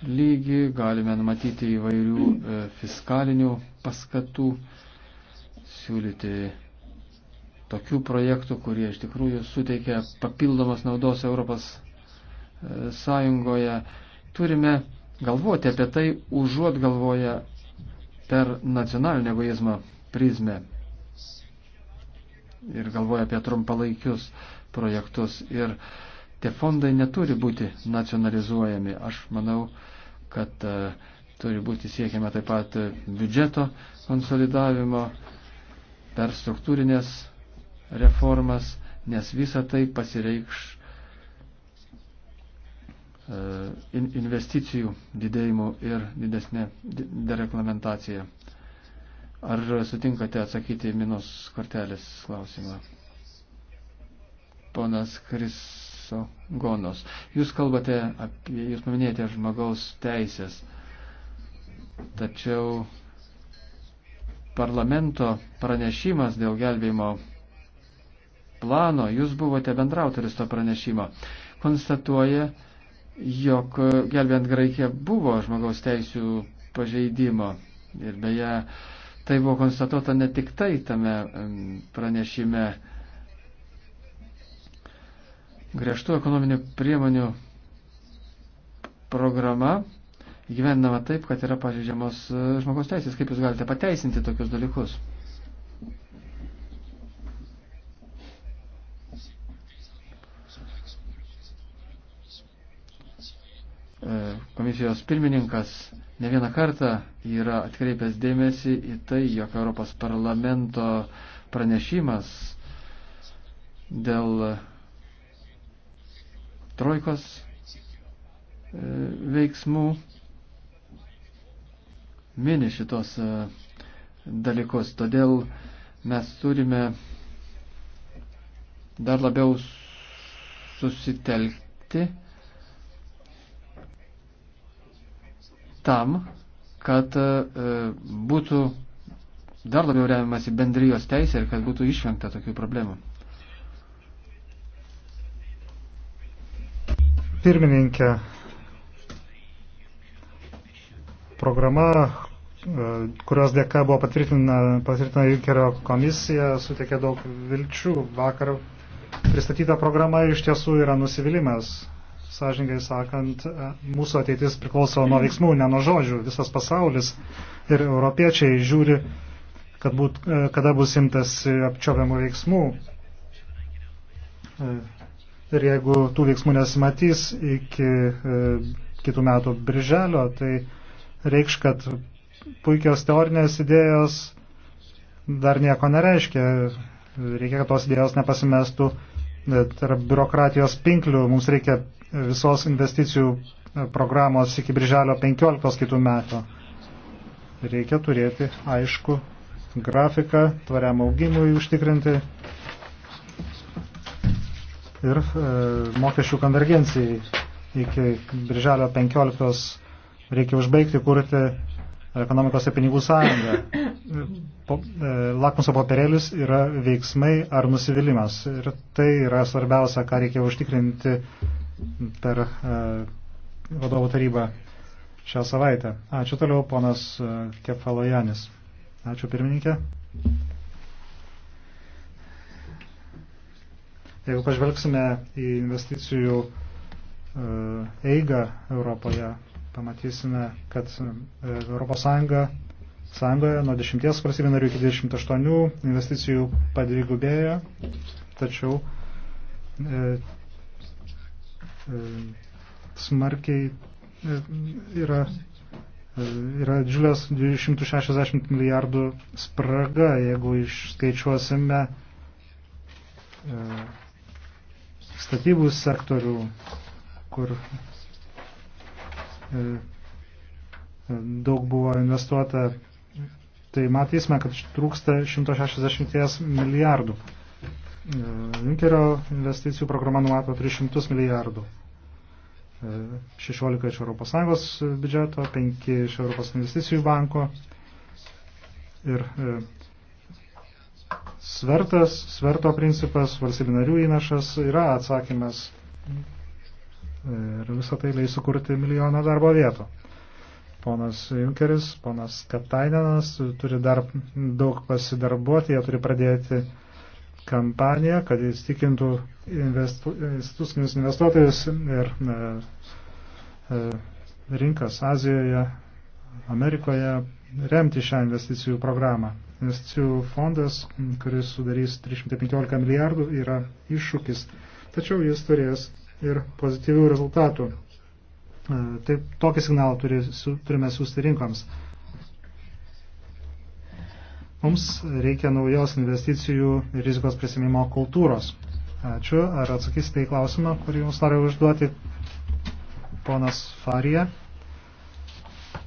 lygį, galime numatyti įvairių e, fiskalinių paskatų, siūlyti tokių projektų, kurie iš tikrųjų suteikia papildomas naudos Europos e, Sąjungoje. Turime galvoti apie tai, užuot galvoję per nacionalinį egoizmą prizmę ir galvoja apie trumpalaikius projektus. Ir tie fondai neturi būti nacionalizuojami. Aš manau, kad e, turi būti siekiama taip pat biudžeto konsolidavimo per struktūrinės reformas, nes visa tai pasireikš e, investicijų didėjimu ir didesnė dereglamentacija. Ar sutinkate atsakyti į minus kortelės klausimą? Ponas Kriso Gonos, jūs kalbate apie, jūs paminėjote žmogaus teisės, tačiau parlamento pranešimas dėl gelbėjimo plano, jūs buvote bendrautoris to pranešimo, konstatuoja, jog gelbėjant Graikiją buvo žmogaus teisų pažeidimo. Ir beje, tai buvo konstatuota ne tik tai tame pranešime griežtų ekonominių priemonių programa gyvenama taip, kad yra pažeidžiamos žmogaus teisės. Kaip jūs galite pateisinti tokius dalykus? E, komisijos pirmininkas ne vieną kartą yra atkreipęs dėmesį į tai, jog Europos parlamento pranešimas dėl trojkos e, veiksmų mini šitos e, dalykus. Todėl mes turime dar labiau susitelkti tam, kad e, būtų dar labiau remiamasi bendrijos teisė ir kad būtų išvengta tokių problemų. Pirmininkė, programa, e, kurios dėka buvo patvirtina, patvirtina Junkerio komisija, suteikė daug vilčių. Vakar pristatyta programa iš tiesų yra nusivylimas sąžininkai sakant, e, mūsų ateitis priklauso nuo veiksmų, ne nuo žodžių. Visas pasaulis ir europiečiai žiūri, kad būt, e, kada bus imtas apčiopiamų veiksmų. E, ir jeigu tų veiksmų nesimatys iki kitų metų birželio, tai reikš, kad puikios teorinės idėjos dar nieko nereiškia. Reikia, kad tos idėjos nepasimestų tarp biurokratijos pinklių. Mums reikia visos investicijų e, programos iki birželio 15 kitų metų. Reikia turėti aišku grafiką tvariam augimui užtikrinti ir e, mokesčių konvergencijai. Iki birželio 15 reikia užbaigti kurti ekonomikos ir pinigų sąjungą. Po, e, lakmuso popierėlis yra veiksmai ar nusivylimas. Ir tai yra svarbiausia, ką reikia užtikrinti per e, vadovų tarybą šią savaitę. Ačiū toliau, ponas e, Kefalojanis. Ačiū pirmininkė. Jeigu pažvelgsime į investicijų e, eigą Europoje, pamatysime, kad ES sąjungoje nuo 10 valstybių narių iki 28 investicijų padvigubėjo, tačiau E, smarkiai e, yra, e, yra didžiulės 260 milijardų spraga, jeigu išskaičiuosime statybų sektorių, kur daug buvo investuota, tai matysime, kad trūksta 160 milijardų. Junkerio investicijų programa numato 300 milijardų. 16 e, iš ES biudžeto, 5 iš ES investicijų banko ir e, svertas, sverto principas, valstybinarių įnašas yra atsakymas ir visą tai leis sukurti milijoną darbo vietų. Ponas Junkeris, ponas Katainenas turi dar daug pasidarbuoti, jie turi pradėti kampaniją, kad jis tikintų investu, institucinius investuotojus ir e, e, rinkas Azijoje, Amerikoje remti šią investicijų programą. Investicijų fondas, kuris sudarys 315 milijardų, yra iššūkis, tačiau jis turės ir pozityvių rezultatų. E, taip, tokį signalą turi, su, turime siūsti rinkoms. Mums reikia naujos investicijų ir rizikos prisimimo kultūros. Ačiū. Ar atsakysite į klausimą, kurį jums noriu užduoti? Ponas Farija.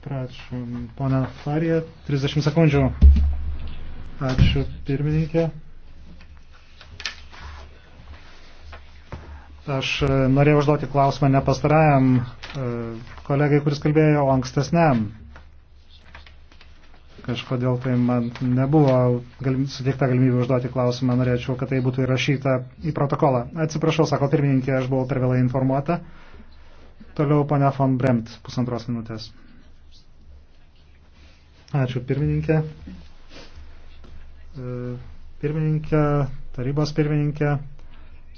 Prašau, pona Farija, 30 sekundžių. Ačiū, pirmininkė. Aš e, norėjau užduoti klausimą ne pastarajam e, kolegai, kuris kalbėjo, o ankstesniam kažkodėl tai man nebuvo galim, suteikta galimybė užduoti klausimą, norėčiau, kad tai būtų įrašyta į protokolą. Atsiprašau, sako pirmininkė, aš buvau per vėlai informuota. Toliau ponia von Bremt, pusantros minutės. Ačiū pirmininkė. E, pirmininkė, tarybos pirmininkė.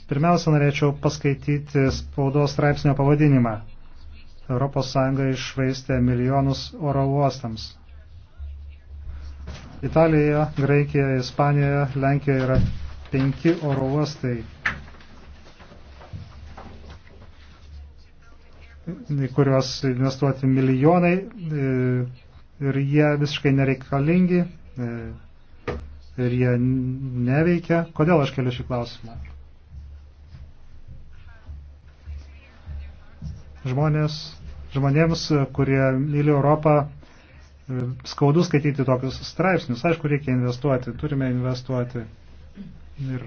Pirmiausia, norėčiau paskaityti spaudos straipsnio pavadinimą. ES išvaistė milijonus oro uostams. Italijoje, Graikijoje, Ispanijoje, Lenkijoje yra penki oro uostai, į kuriuos investuoti milijonai e, ir jie visiškai nereikalingi e, ir jie neveikia. Kodėl aš keliu šį klausimą? Žmonės, žmonėms, kurie myli Europą, skaudu skaityti tokius straipsnius. Aišku, reikia investuoti, turime investuoti. Ir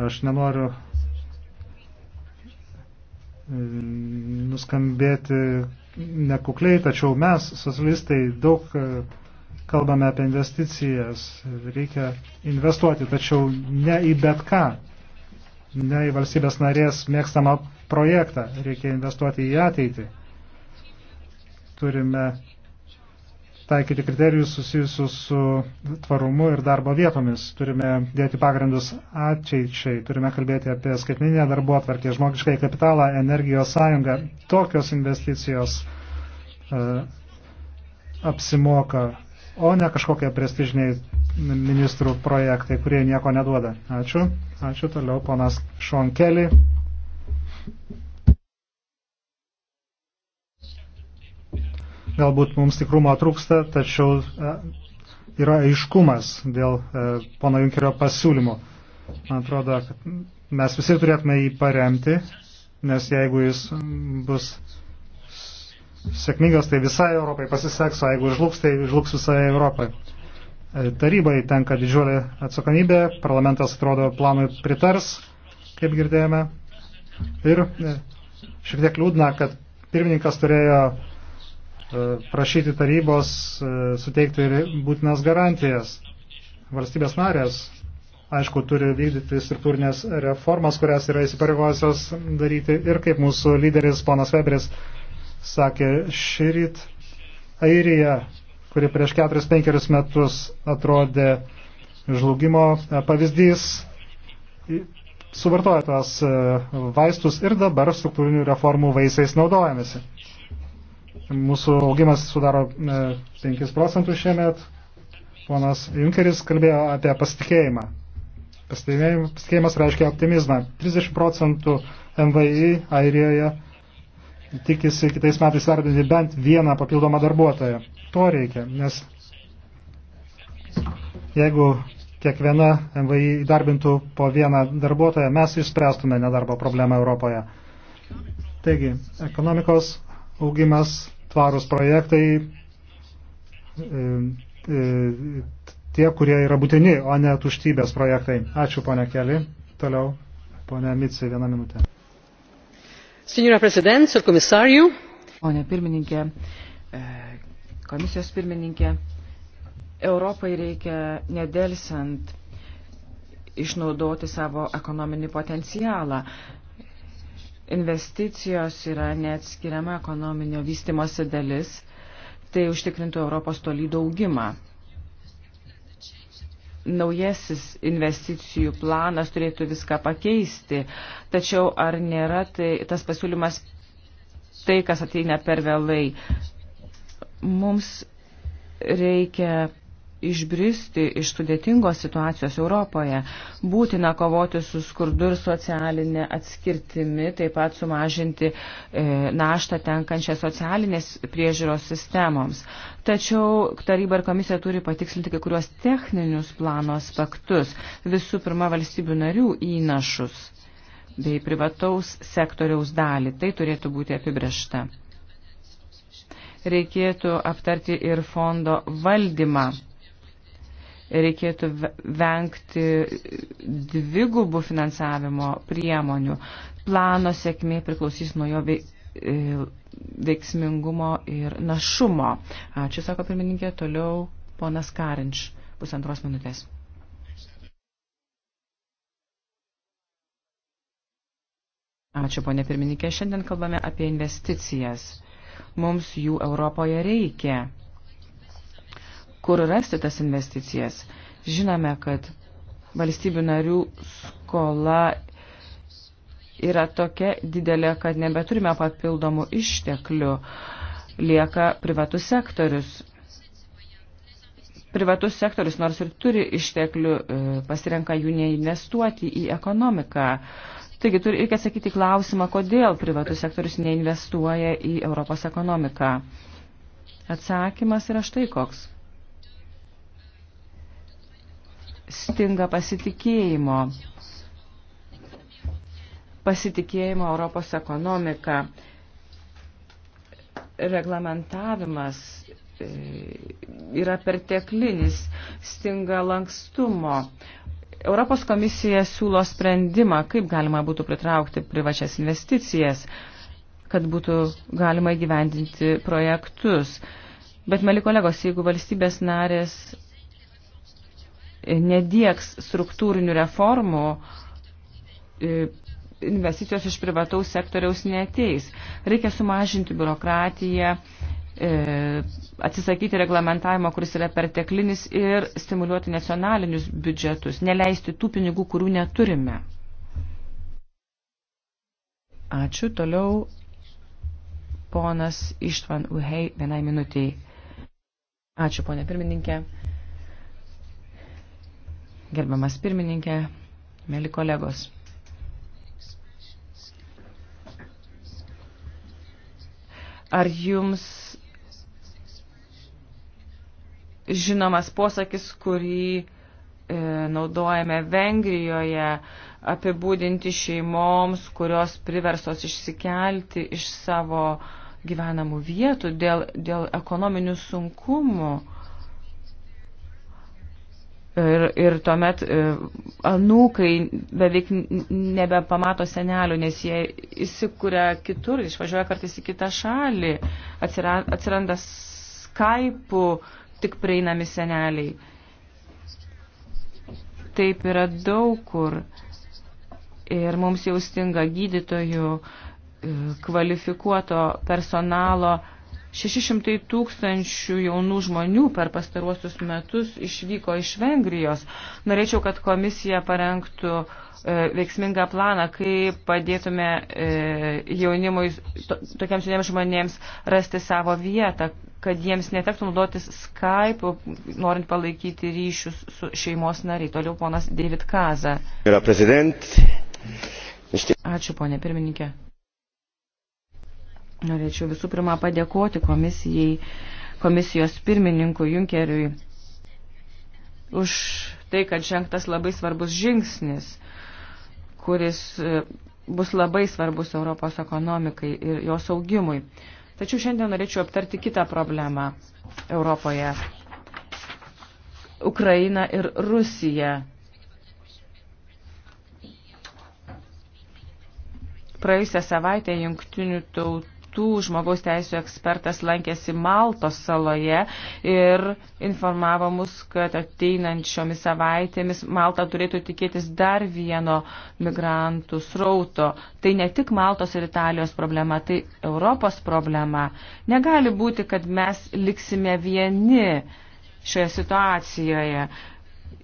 aš nenoriu e, nuskambėti nekukliai, tačiau mes, socialistai, daug e, kalbame apie investicijas, reikia investuoti, tačiau ne į bet ką, ne į valstybės narės mėgstamą projektą, reikia investuoti į ateitį turime taikyti kriterijus susijusius su tvarumu ir darbo vietomis. Turime dėti pagrindus ateičiai, turime kalbėti apie skaitminę darbo atvarkę, žmogiškai kapitalą, energijos sąjungą. Tokios investicijos uh, apsimoka, o ne kažkokie prestižiniai ministrų projektai, kurie nieko neduoda. Ačiū. Ačiū toliau, ponas Šonkeli. Galbūt mums tikrumo trūksta, tačiau e, yra aiškumas dėl e, pono Junkerio pasiūlymo. Man atrodo, kad mes visi turėtume jį paremti, nes jeigu jis bus sėkmingas, tai visai Europai pasiseks, o jeigu žlugs, tai žlugs visai Europai. E, tarybai tenka didžiulė atsakomybė, parlamentas atrodo planui pritars, kaip girdėjome. Ir šiek tiek liūdna, kad pirmininkas turėjo E, prašyti tarybos e, suteikti būtinas garantijas. Valstybės narės, aišku, turi vykdyti struktūrinės reformas, kurias yra įsipareigojusios daryti ir kaip mūsų lyderis ponas Weberis sakė šį ryt, Airija, kuri prieš 4-5 metus atrodė žlugimo e, pavyzdys, suvartoja tuos vaistus ir dabar struktūrinių reformų vaisiais naudojamasi. Mūsų augimas sudaro 5 e, procentus šiemet. Ponas Junkeris kalbėjo apie pasitikėjimą. Pasitikėjimas reiškia optimizmą. 30 procentų MVI Airijoje tikisi kitais metais vertinti bent vieną papildomą darbuotoją. To reikia, nes jeigu kiekviena MVI įdarbintų po vieną darbuotoją, mes išspręstume nedarbo problemą Europoje. Taigi, ekonomikos augimas, tvarus projektai, e, e, tie, kurie yra būtini, o ne tuštybės projektai. Ačiū, ponia Keli. Toliau, ponia Mitsi, vieną minutę. Signora President, sur komisariu. Pone pirmininkė, e, komisijos pirmininkė, Europai reikia nedelsant išnaudoti savo ekonominį potencialą investicijos yra neatskiriama ekonominio vystimosi dalis, tai užtikrintų Europos tolydų augimą. Naujasis investicijų planas turėtų viską pakeisti, tačiau ar nėra tai, tas pasiūlymas tai, kas ateina per vėlai. Mums reikia išbristi iš sudėtingos situacijos Europoje. Būtina kovoti su skurdu ir socialinė atskirtimi, taip pat sumažinti e, naštą tenkančią socialinės priežiūros sistemoms. Tačiau taryba ir komisija turi patikslinti kai kuriuos techninius plano aspektus, visų pirma valstybių narių įnašus bei privataus sektoriaus dalį. Tai turėtų būti apibriešta. Reikėtų aptarti ir fondo valdymą reikėtų vengti dvigubų finansavimo priemonių. Plano sėkmė priklausys nuo jo e, veiksmingumo ir našumo. Ačiū, sako pirmininkė, toliau ponas Karinč, pusantros minutės. Ačiū, ponė pirmininkė. Šiandien kalbame apie investicijas. Mums jų Europoje reikia kur rasti tas investicijas. Žinome, kad valstybių narių skola yra tokia didelė, kad nebeturime papildomų išteklių. Lieka privatus sektorius. Privatus sektorius, nors ir turi išteklių, e, pasirenka jų neinvestuoti į ekonomiką. Taigi turi reikia atsakyti klausimą, kodėl privatus sektorius neinvestuoja į Europos ekonomiką. Atsakymas yra štai koks stinga pasitikėjimo. Pasitikėjimo Europos ekonomika. Reglamentavimas e, yra perteklinis, stinga lankstumo. Europos komisija siūlo sprendimą, kaip galima būtų pritraukti privačias investicijas, kad būtų galima įgyvendinti projektus. Bet, meli kolegos, jeigu valstybės narės nedieks struktūrinių reformų, e, investicijos iš privataus sektoriaus neteis. Reikia sumažinti biurokratiją, e, atsisakyti reglamentavimo, kuris yra perteklinis ir stimuliuoti nacionalinius biudžetus, neleisti tų pinigų, kurių neturime. Ačiū. Toliau ponas Ištvan Uhei vienai minutiai. Ačiū, ponė pirmininkė. Gerbiamas pirmininkė, mėly kolegos. Ar jums žinomas posakis, kurį e, naudojame Vengrijoje apibūdinti šeimoms, kurios priversos išsikelti iš savo gyvenamų vietų dėl, dėl ekonominių sunkumų? Ir, ir tuomet e, anūkai beveik nebepamato senelių, nes jie įsikūrė kitur, išvažiuoja kartais į kitą šalį, atsiranda Skype'ų tik prieinami seneliai. Taip yra daug kur. Ir mums jau stinga gydytojų, e, kvalifikuoto personalo 600 tūkstančių jaunų žmonių per pastaruosius metus išvyko iš Vengrijos. Norėčiau, kad komisija parengtų e, veiksmingą planą, kaip padėtume e, jaunimui, to, tokiems jauniems žmonėms rasti savo vietą, kad jiems netektų naudotis Skype, norint palaikyti ryšius su šeimos nariai. Toliau ponas David Kaza. Ačiū, ponė pirmininkė. Norėčiau visų pirma padėkoti komisijai, komisijos pirmininkui Junkeriui už tai, kad žengtas labai svarbus žingsnis, kuris e, bus labai svarbus Europos ekonomikai ir jos augimui. Tačiau šiandien norėčiau aptarti kitą problemą Europoje. Ukraina ir Rusija. Praėjusią savaitę jungtinių tautų tautų žmogaus teisų ekspertas lankėsi Maltos saloje ir informavo mus, kad ateinančiomis savaitėmis Malta turėtų tikėtis dar vieno migrantų srauto. Tai ne tik Maltos ir Italijos problema, tai Europos problema. Negali būti, kad mes liksime vieni šioje situacijoje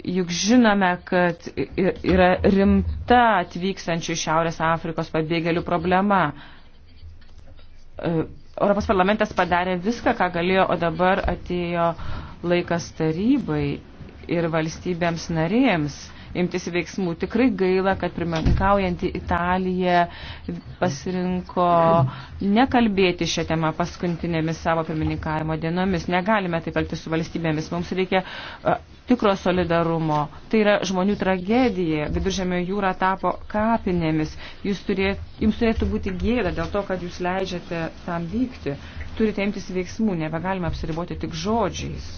juk žinome, kad yra rimta atvykstančių iš Šiaurės Afrikos pabėgėlių problema. E, Europos parlamentas padarė viską, ką galėjo, o dabar atėjo laikas tarybai ir valstybėms narėms imtis veiksmų. Tikrai gaila, kad pirmininkaujanti Italija pasirinko nekalbėti šią temą paskutinėmis savo pirmininkavimo dienomis. Negalime taip elgtis su valstybėmis. Mums reikia e, tikro solidarumo. Tai yra žmonių tragedija. Viduržėmio jūra tapo kapinėmis. Jūs turėt, jums turėtų būti gėda dėl to, kad jūs leidžiate tam vykti. Turite imtis veiksmų, nebegalime apsiriboti tik žodžiais.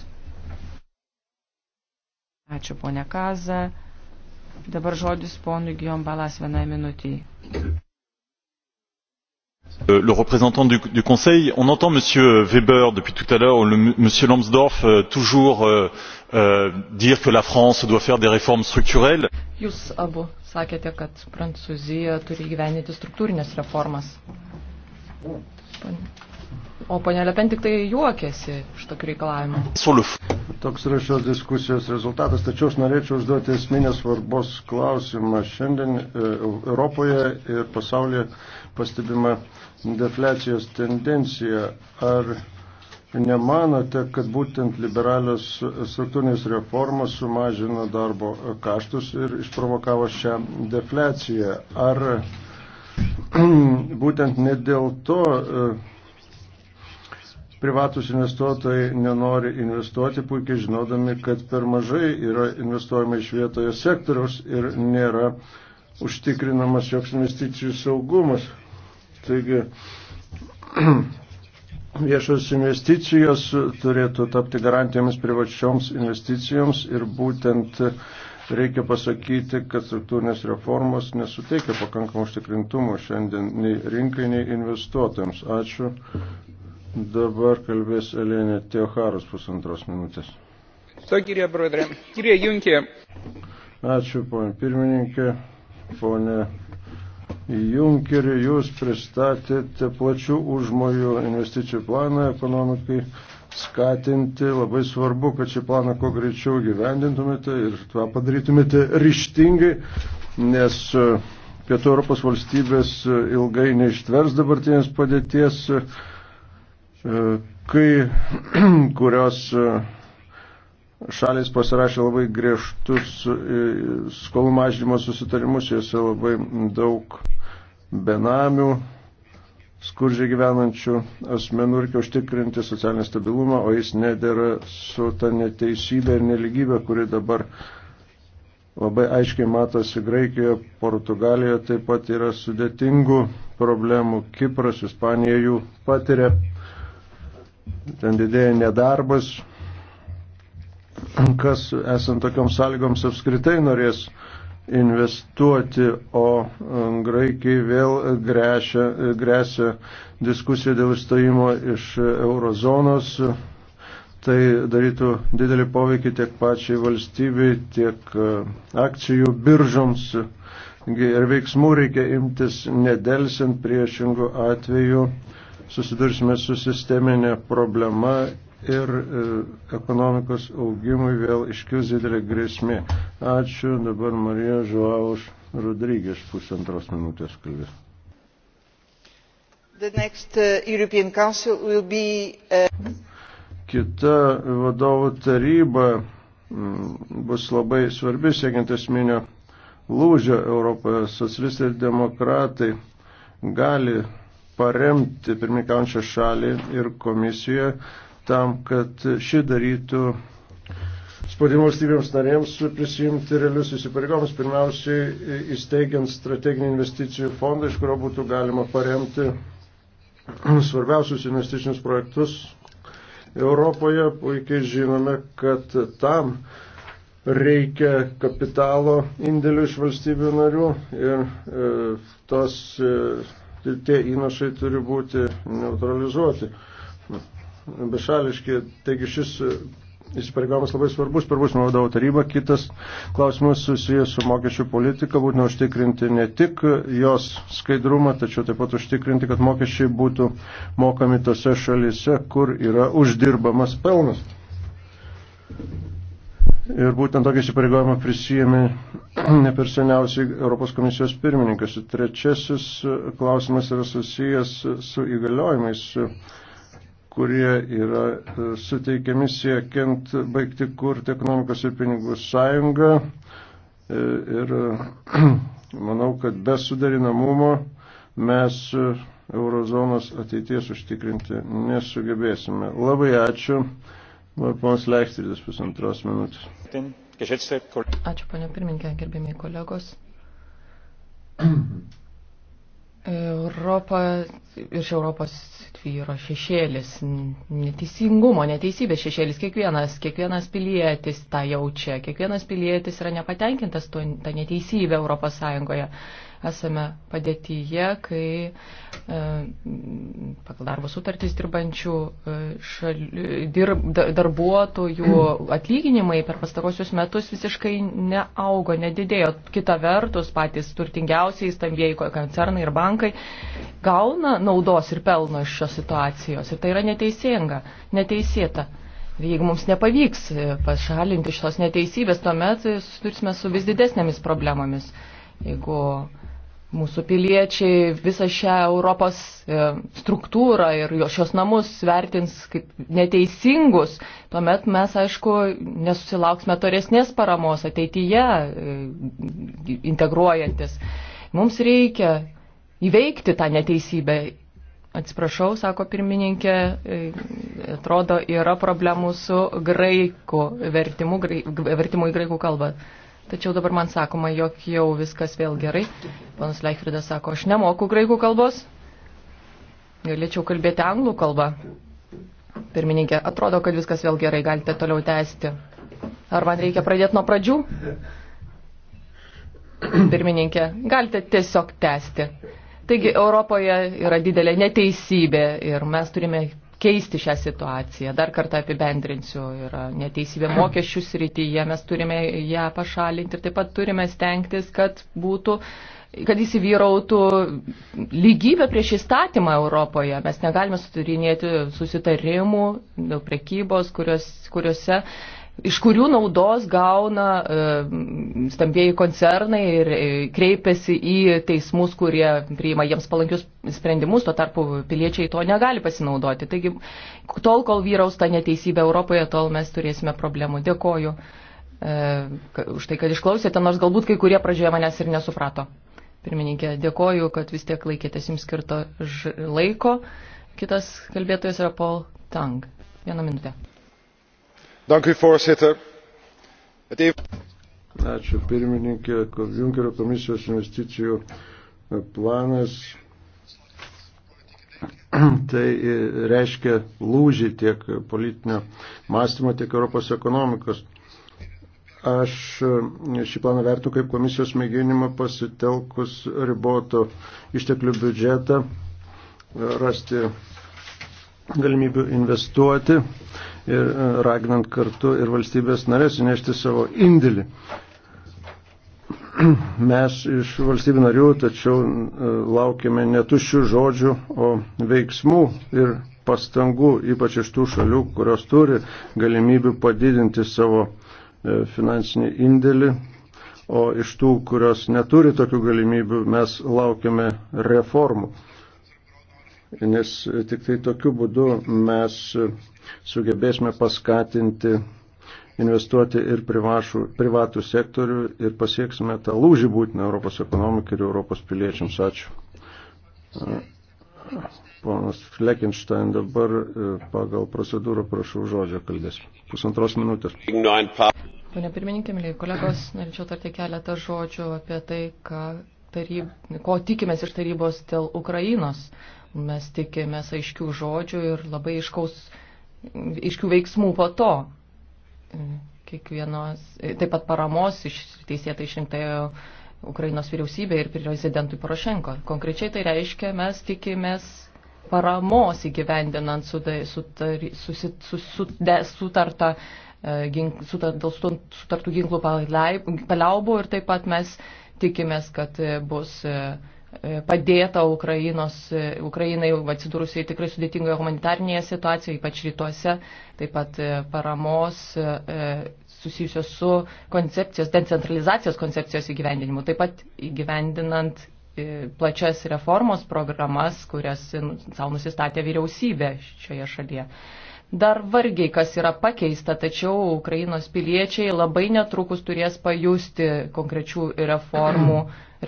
Ačiū, ponia Kaza. Dabar žodis ponui Gijom Balas vienai minutį. Euh, le représentant du, du Conseil, on entend M. Weber depuis tout à l'heure, M. Lambsdorff euh, toujours euh, euh, dire que la France doit faire des réformes structurelles. Jūs abu sakėte, kad Prancūzija turi gyveninti struktūrinės reformas. O ponia Lepen tik tai juokėsi iš tokių reikalavimų. Toks yra šios diskusijos rezultatas, tačiau aš norėčiau užduoti esminės svarbos klausimą. Šiandien e, Europoje ir pasaulyje pastebima deflecijos tendencija. Ar nemanote, kad būtent liberalios struktūrinės reformos sumažino darbo kaštus ir išprovokavo šią defliaciją? Ar *clears throat* būtent ne dėl to e, privatus investuotojai nenori investuoti, puikiai žinodami, kad per mažai yra investuojama iš vietojo sektoriaus ir nėra užtikrinamas joks investicijų saugumas. Taigi, *clears throat* viešos investicijos turėtų tapti garantijomis privačioms investicijoms ir būtent reikia pasakyti, kad struktūrinės reformos nesuteikia pakankamą užtikrintumą šiandien nei rinkai, nei investuotojams. Ačiū. Dabar kalbės Elenė Teoharas pusantros minutės. To, kirie brodrė. Kirie Junkė. Ačiū, ponė pirmininkė, ponė Junkerį, jūs pristatėte plačių užmojų investicijų planą ekonomikai skatinti. Labai svarbu, kad šį planą kuo greičiau gyvendintumėte ir tą padarytumėte ryštingai, nes e, Pietų Europos valstybės e, ilgai neištvers dabartinės padėties, e, kai *clears throat* kurios šalis pasirašė labai griežtus skolų mažinimo susitarimus, jose labai daug benamių, skurdžiai gyvenančių asmenų reikia užtikrinti socialinį stabilumą, o jis nedėra su ta neteisybė ir neligybė, kuri dabar labai aiškiai matosi Graikijoje, Portugalijoje taip pat yra sudėtingų problemų, Kipras, Ispanija jų patiria, ten didėja nedarbas, kas esant tokioms sąlygoms apskritai norės investuoti, o e, Graikijai vėl grėsia, grėsia diskusija dėl išstojimo iš eurozonos. Tai darytų didelį poveikį tiek pačiai valstybei, tiek e, akcijų biržoms. Ir veiksmų reikia imtis nedelsiant priešingų atveju. Susidursime su sisteminė problema ir e, ekonomikos augimui vėl iškius didelė grėsmė. Ačiū, dabar Marija Žuauš Rodrygės pusantros minutės kalbės. The next uh, European Council will be... Uh... Kita vadovų taryba mm, bus labai svarbi siekiant esminio lūžio Europoje. Socialistai ir demokratai gali paremti pirmikaujančią šalį ir komisiją tam, kad ši darytų spaudimą valstybėms narėms prisijimti realius įsipareigomus, pirmiausiai įsteigiant strateginį investicijų fondą, iš kurio būtų galima paremti svarbiausius investicinius projektus Europoje. Puikiai žinome, kad tam reikia kapitalo indėlių iš valstybių narių ir e, tos, e, tie įnašai turi būti neutralizuoti bešališki, taigi šis įsipareigojimas labai svarbus, per bus vadovų taryba. Kitas klausimas susijęs su mokesčių politika, būtina užtikrinti ne tik jos skaidrumą, tačiau taip pat užtikrinti, kad mokesčiai būtų mokami tose šalise, kur yra uždirbamas pelnas. Ir būtent tokį įsipareigojimą prisijėmė *clears throat* ne per seniausiai Europos komisijos pirmininkas. Trečiasis klausimas yra susijęs su įgaliojimais. Su kurie yra e, suteikiami siekiant baigti kurti ekonomikos ir pinigų sąjungą. E, ir *clears throat* manau, kad be sudarinamumo mes e, eurozonos ateities užtikrinti nesugebėsime. Labai ačiū. Ponas Leikstridis pusantros minutės. Ačiū, ponia pirmininkė, gerbėmiai kolegos. *clears throat* Europa iš Europos tvyro šešėlis, neteisingumo, neteisybės šešėlis. Kiekvienas, kiekvienas pilietis tą jaučia, kiekvienas pilietis yra nepatenkintas tuo, tą neteisybę Europos Sąjungoje esame padėtyje, kai e, pagal darbo sutartys dirbančių e, šal, dirb, darbuotojų *clears throat* atlyginimai per pastarosius metus visiškai neaugo, nedidėjo. Kita vertus, patys turtingiausiai stambėjai koncernai ir bankai gauna naudos ir pelno iš šios situacijos. Ir tai yra neteisinga, neteisėta. Jeigu mums nepavyks e, pašalinti šios neteisybės, tuomet susidursime su vis didesnėmis problemomis. Jeigu uh, mūsų piliečiai visą šią Europos e, struktūrą ir šios namus vertins kaip neteisingus, tuomet mes, aišku, nesusilauksime toresnės paramos ateityje e, integruojantis. Mums reikia įveikti tą neteisybę. Atsiprašau, sako pirmininkė, e, atrodo, yra problemų su graikų vertimu, vertimu į graikų kalbą. Tačiau dabar man sakoma, jog jau viskas vėl gerai. Panas Leichfridas sako, aš nemoku graikų kalbos. Galėčiau kalbėti anglų kalbą. Pirmininkė, atrodo, kad viskas vėl gerai, galite toliau tęsti. Ar man reikia pradėti nuo pradžių? Pirmininkė, galite tiesiog tęsti. Taigi Europoje yra didelė neteisybė ir mes turime keisti šią situaciją. Dar kartą apibendrinsiu, yra neteisybė mokesčių srityje, mes turime ją pašalinti ir taip pat turime stengtis, kad būtų kad įsivyrautų lygybė prieš įstatymą Europoje. Mes negalime sudarinėti susitarimų dėl prekybos, kurios, kuriuose iš kurių naudos gauna e, stambėjai koncernai ir e, kreipiasi į teismus, kurie priima jiems palankius sprendimus, tuo tarpu piliečiai to negali pasinaudoti. Taigi, tol, kol vyraus ta neteisybė Europoje, tol mes turėsime problemų. Dėkoju e, už tai, kad išklausėte, nors galbūt kai kurie pradžioje manęs ir nesuprato. Pirmininkė, dėkoju, kad vis tiek laikėtės jums skirto laiko. Kitas kalbėtojas yra Paul Tang. Vieną minutę ačiū pirmininke junkerio komisijos investicijų e, planas *clears throat* tai e, reiškia lūžį tiek politinio mąstymo, tiek Europos ekonomikos. Aš e, šį planą vertinu kaip komisijos mėginimą pasitelkus riboto išteklių biudžetą rasti galimybių investuoti ir e, raginant kartu ir valstybės narės įnešti savo indėlį. *clears throat* Mes iš valstybių narių tačiau e, laukiame netuščių žodžių, o veiksmų ir pastangų, ypač iš tų šalių, kurios turi galimybių padidinti savo e, finansinį indėlį, o iš tų, kurios neturi tokių galimybių, mes laukiame reformų. Nes tik tai tokiu būdu mes sugebėsime paskatinti investuoti ir privašų, privatų sektorių ir pasieksime tą lūžį būtiną Europos ekonomikai ir Europos piliečiams. Ačiū. Ponas Fleckenstein dabar e, pagal procedūrą prašau žodžio kalbės. Pusantros minutės. Pane pirmininkė, mėlyje kolegos, norėčiau tarti keletą žodžių apie tai, ką taryb, ko tikimės iš tarybos dėl Ukrainos. Mes tikimės aiškių žodžių ir labai iškaus iškių veiksmų po to. Kiekvienos, taip pat paramos iš teisėtai išrinktojo Ukrainos vyriausybė ir prezidentui Porošenko. Konkrečiai tai reiškia, mes tikimės paramos įgyvendinant sutartą e, dėl sutartų ginklų paliaubų ir taip pat mes tikimės, kad bus e, E, padėta Ukrainos, e, Ukrainai atsidūrusiai tikrai sudėtingoje humanitarnėje situacijoje, ypač rytuose, taip pat e, paramos susijusios su koncepcijos, decentralizacijos koncepcijos įgyvendinimu, taip pat įgyvendinant plačias reformos programas, kurias nu, savo nusistatė vyriausybė šioje šalyje. Dar vargiai kas yra pakeista, tačiau Ukrainos piliečiai labai netrukus turės pajusti konkrečių reformų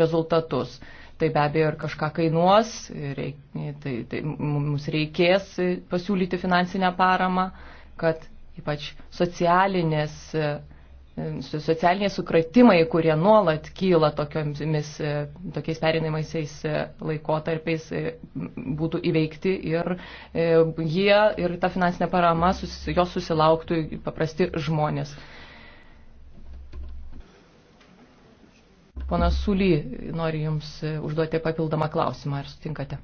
rezultatus tai be abejo ir kažką kainuos, reik, tai, tai mums reikės pasiūlyti finansinę paramą, kad ypač socialinės, e, socialiniai sukratimai, kurie nuolat kyla tokiomis, e, tokiais perinaisiais e, laikotarpiais, būtų įveikti ir jie ir ta finansinė parama, jos susilauktų paprasti žmonės. Ponas Suly nori Jums e, užduoti papildomą klausimą. Ar sutinkate?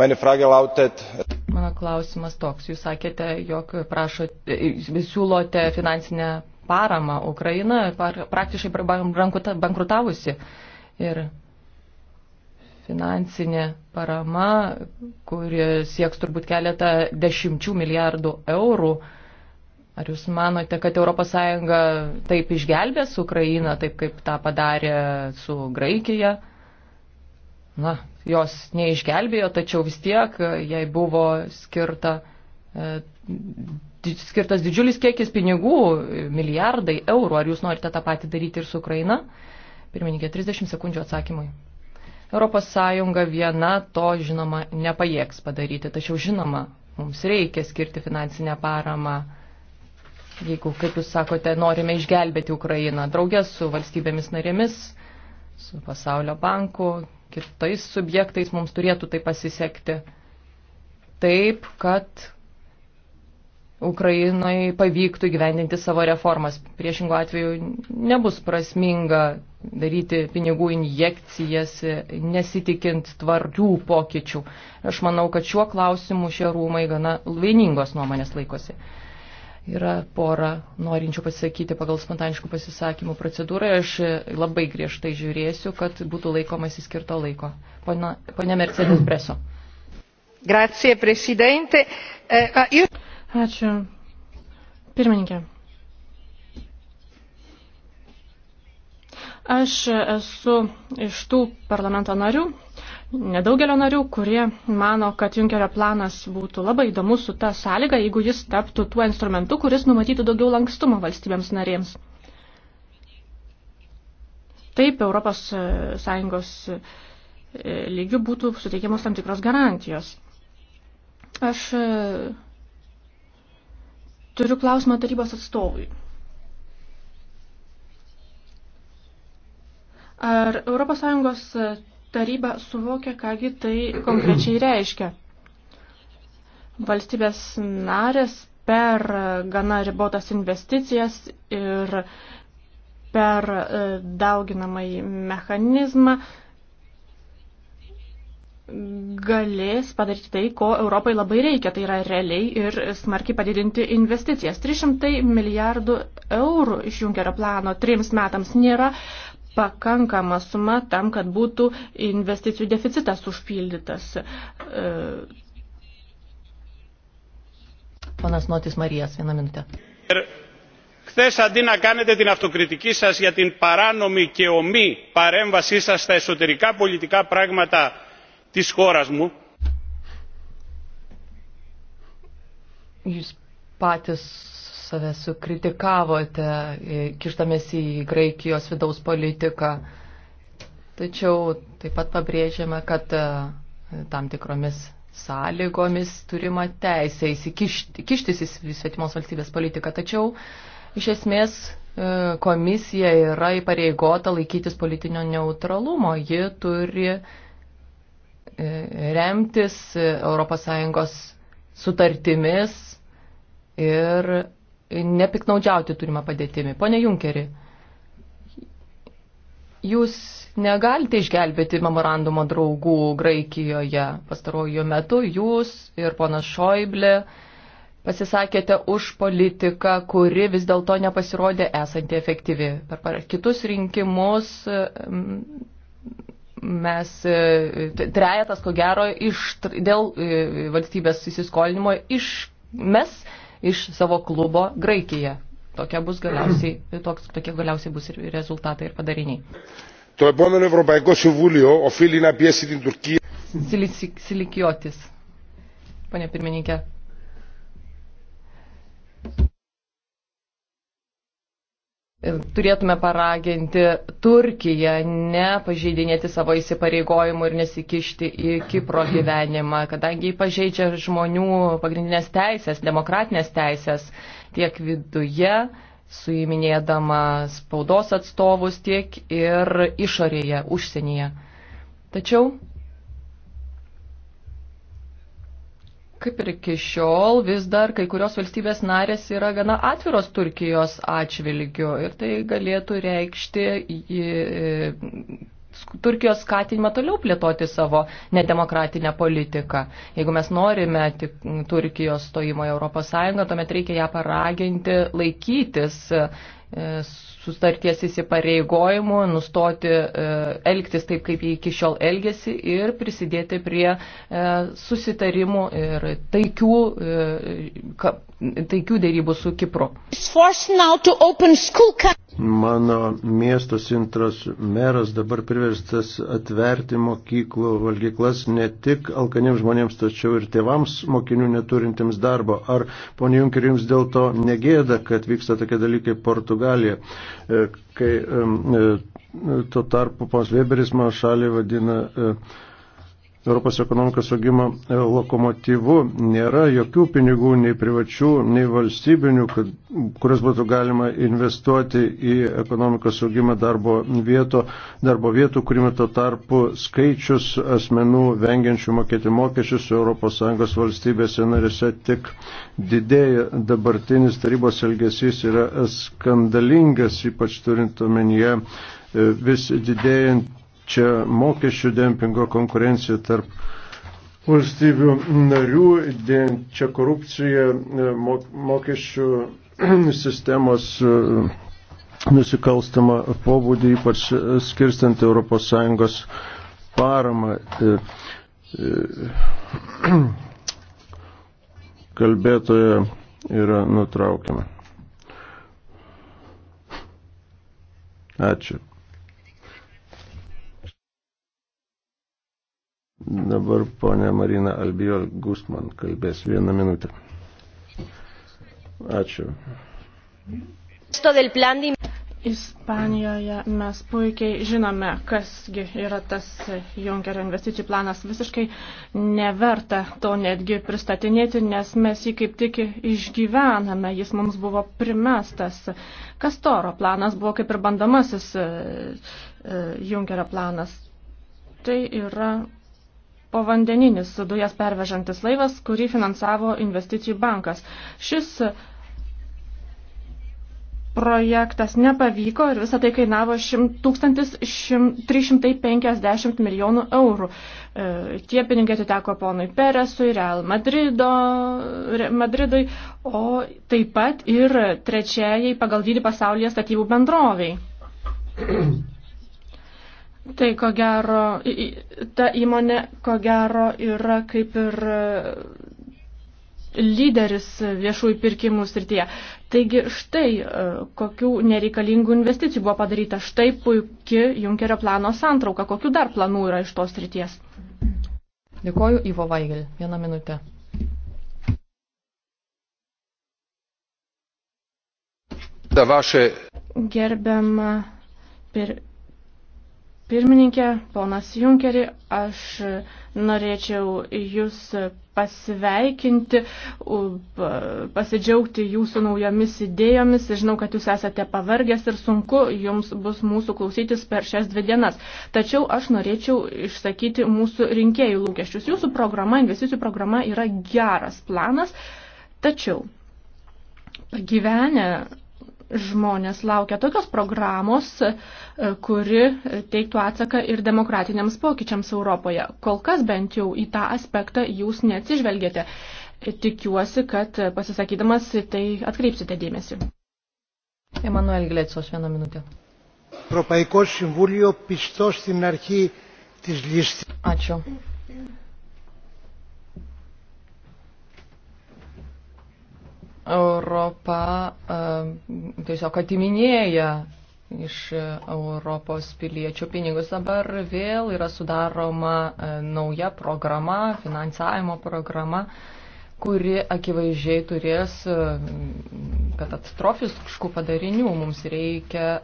Mano klausimas toks. Jūs sakėte, jog prašote, e, siūlote finansinę paramą Ukrainą, praktiškai bankrutavusi. Ir finansinė parama, kuri sieks turbūt keletą dešimčių milijardų eurų, Ar jūs manote, kad ES taip išgelbės Ukrainą, taip kaip tą padarė su Graikija? Na, jos neišgelbėjo, tačiau vis tiek jai buvo skirta, e, skirtas didžiulis kiekis pinigų, milijardai eurų. Ar jūs norite tą patį daryti ir su Ukraina? Pirmininkė, 30 sekundžių atsakymui. ES viena to, žinoma, nepajėgs padaryti, tačiau, žinoma, mums reikia skirti finansinę paramą jeigu, kaip jūs sakote, norime išgelbėti Ukrainą draugės su valstybėmis narėmis, su pasaulio banku, kitais subjektais mums turėtų tai pasisekti. Taip, kad Ukrainai pavyktų gyvendinti savo reformas. Priešingų atveju nebus prasminga daryti pinigų injekcijas, nesitikint tvarių pokyčių. Aš manau, kad šiuo klausimu šie rūmai gana vieningos nuomonės laikosi. Yra pora norinčių pasisakyti pagal spontaniškų pasisakymų procedūrą. Aš labai griežtai žiūrėsiu, kad būtų laikomasi skirto laiko. Pone, pone Mercedes Breso. Grazie, prezidente. Eh, Ačiū. Pirmininkė. Aš esu iš tų parlamento narių, nedaugelio narių, kurie mano, kad Junkerio planas būtų labai įdomus su ta sąlyga, jeigu jis taptų tuo instrumentu, kuris numatytų daugiau lankstumo valstybėms narėms. Taip, Europos e, Sąjungos e, lygių būtų suteikiamos tam tikros garantijos. Aš e, turiu klausimą tarybos atstovui. Ar ES taryba suvokia, kągi tai konkrečiai reiškia. Valstybės narės per gana ribotas investicijas ir per e, dauginamąjį mechanizmą galės padaryti tai, ko Europai labai reikia, tai yra realiai ir smarkiai padidinti investicijas. 300 milijardų eurų iš Junkerio plano trims metams nėra pakankama suma tam, kad būtų investicijų deficitas užpildytas. E, Panas Notis Marijas, vieną minutę. Ir er, χθες αντί να κάνετε την αυτοκριτική σας για την παράνομη και ομή παρέμβασή σας στα εσωτερικά πολιτικά πράγματα της χώρας μου, Jūs patys save sukritikavote, kištamės į Graikijos vidaus politiką. Tačiau taip pat pabrėžiama, kad e, tam tikromis sąlygomis turima teisė įsikištis į svetimos valstybės politiką. Tačiau iš esmės e, komisija yra įpareigota laikytis politinio neutralumo. Ji turi e, remtis ES sutartimis ir nepiknaudžiauti turimą padėtimi. Pone Junkeri, jūs negalite išgelbėti memorandumo draugų Graikijoje. Pastarojo metu jūs ir ponas Šoiblė pasisakėte už politiką, kuri vis dėlto nepasirodė esanti efektyvi. Per kitus rinkimus mes, trejetas ko gero, iš, dėl e, valstybės įsiskolinimo iš mes iš savo klubo Graikiją. Tokia bus galiausiai, toks, tokie galiausiai bus ir rezultatai ir padariniai. Το επόμενο Ευρωπαϊκό Συμβούλιο οφείλει να πιέσει την Τουρκία. Silikijotis, ponia pirmininkė. turėtume paraginti Turkiją nepažeidinėti savo įsipareigojimų ir nesikišti į Kipro gyvenimą, kadangi jį pažeidžia žmonių pagrindinės teisės, demokratinės teisės tiek viduje, suiminėdama spaudos atstovus, tiek ir išorėje, užsienyje. Tačiau kaip ir iki šiol, vis dar kai kurios valstybės narės yra gana atviros Turkijos atžvilgiu ir tai galėtų reikšti e, Turkijos skatinimą toliau plėtoti savo nedemokratinę politiką. Jeigu mes norime tik Turkijos stojimo į ES, tuomet reikia ją paraginti laikytis e, sustarties įsipareigojimų, nustoti e, elgtis taip, kaip jie iki šiol elgėsi ir prisidėti prie e, susitarimų ir taikių, e, taikių dėrybų su Kipru. Mano miestas intras meras dabar priverstas atverti mokyklų valgyklas ne tik alkaniems žmonėms, tačiau ir tėvams mokinių neturintiems darbo. Ar, ponė Junker, jums dėl to negėda, kad vyksta tokie dalykai Portugalijoje? E, kai e, tuo tarpu pons Weberis mano šalį vadina e, Europos ekonomikos augimo e, lokomotyvu. Nėra jokių pinigų, nei privačių, nei valstybinių, kad, kurias būtų galima investuoti į ekonomikos augimą darbo, vieto, darbo vietų, kuriame tuo tarpu skaičius asmenų vengiančių mokėti mokesčius ES valstybėse narėse tik didėja. Dabartinis tarybos elgesys yra skandalingas, ypač turint omenyje e, vis didėjant čia mokesčių dempingo konkurencija tarp valstybių narių, čia korupcija, e, mokesčių *clears throat* sistemos e, nusikalstama pobūdį, ypač skirstant ES paramą. E, *clears throat* kalbėtoje yra nutraukiama. Ačiū. Dabar ponia Marina Albijo Gustman kalbės vieną minutę. Ačiū. Ispanijoje mes puikiai žinome, kasgi yra tas Junkerio investicijų planas. Visiškai neverta to netgi pristatinėti, nes mes jį kaip tik išgyvename, jis mums buvo primestas. Kastoro planas buvo kaip ir bandamasis e, e, Junkerio planas. Tai yra povandeninis dujas pervežantis laivas, kurį finansavo investicijų bankas. Šis projektas nepavyko ir visą tai kainavo 1350 milijonų eurų. E, tie pinigai atiteko ponui Peresui, Real Madrido, Madridui, o taip pat ir trečiajai pagal dydį pasaulyje statybų bendroviai. *coughs* Tai ko gero, ta įmonė ko gero yra kaip ir e, lyderis viešųjų pirkimų srityje. Taigi štai e, kokių nereikalingų investicijų buvo padaryta. Štai puikia Junkerio plano santrauka. Kokių dar planų yra iš tos srities? Dėkoju, Ivo Vaigel. Vieną minutę. Vaše... Gerbiama pir pirmininkė, ponas Junkeri, aš norėčiau Jūs pasveikinti, pasidžiaugti Jūsų naujomis idėjomis. Žinau, kad Jūs esate pavargęs ir sunku Jums bus mūsų klausytis per šias dvi dienas. Tačiau aš norėčiau išsakyti mūsų rinkėjų lūkesčius. Jūsų programa, investicijų programa yra geras planas, tačiau gyvenę žmonės laukia tokios programos, e, kuri teiktų atsaką ir demokratiniams pokyčiams Europoje. Kol kas bent jau į tą aspektą jūs neatsižvelgėte. Tikiuosi, kad pasisakydamas tai atkreipsite dėmesį. Emanuel Glecos, vieną minutę. Ačiū. Europa e, tiesiog atiminėja iš Europos piliečių pinigus. Dabar vėl yra sudaroma e, nauja programa, finansavimo programa, kuri akivaizdžiai turės e, katastrofiškų padarinių. Mums reikia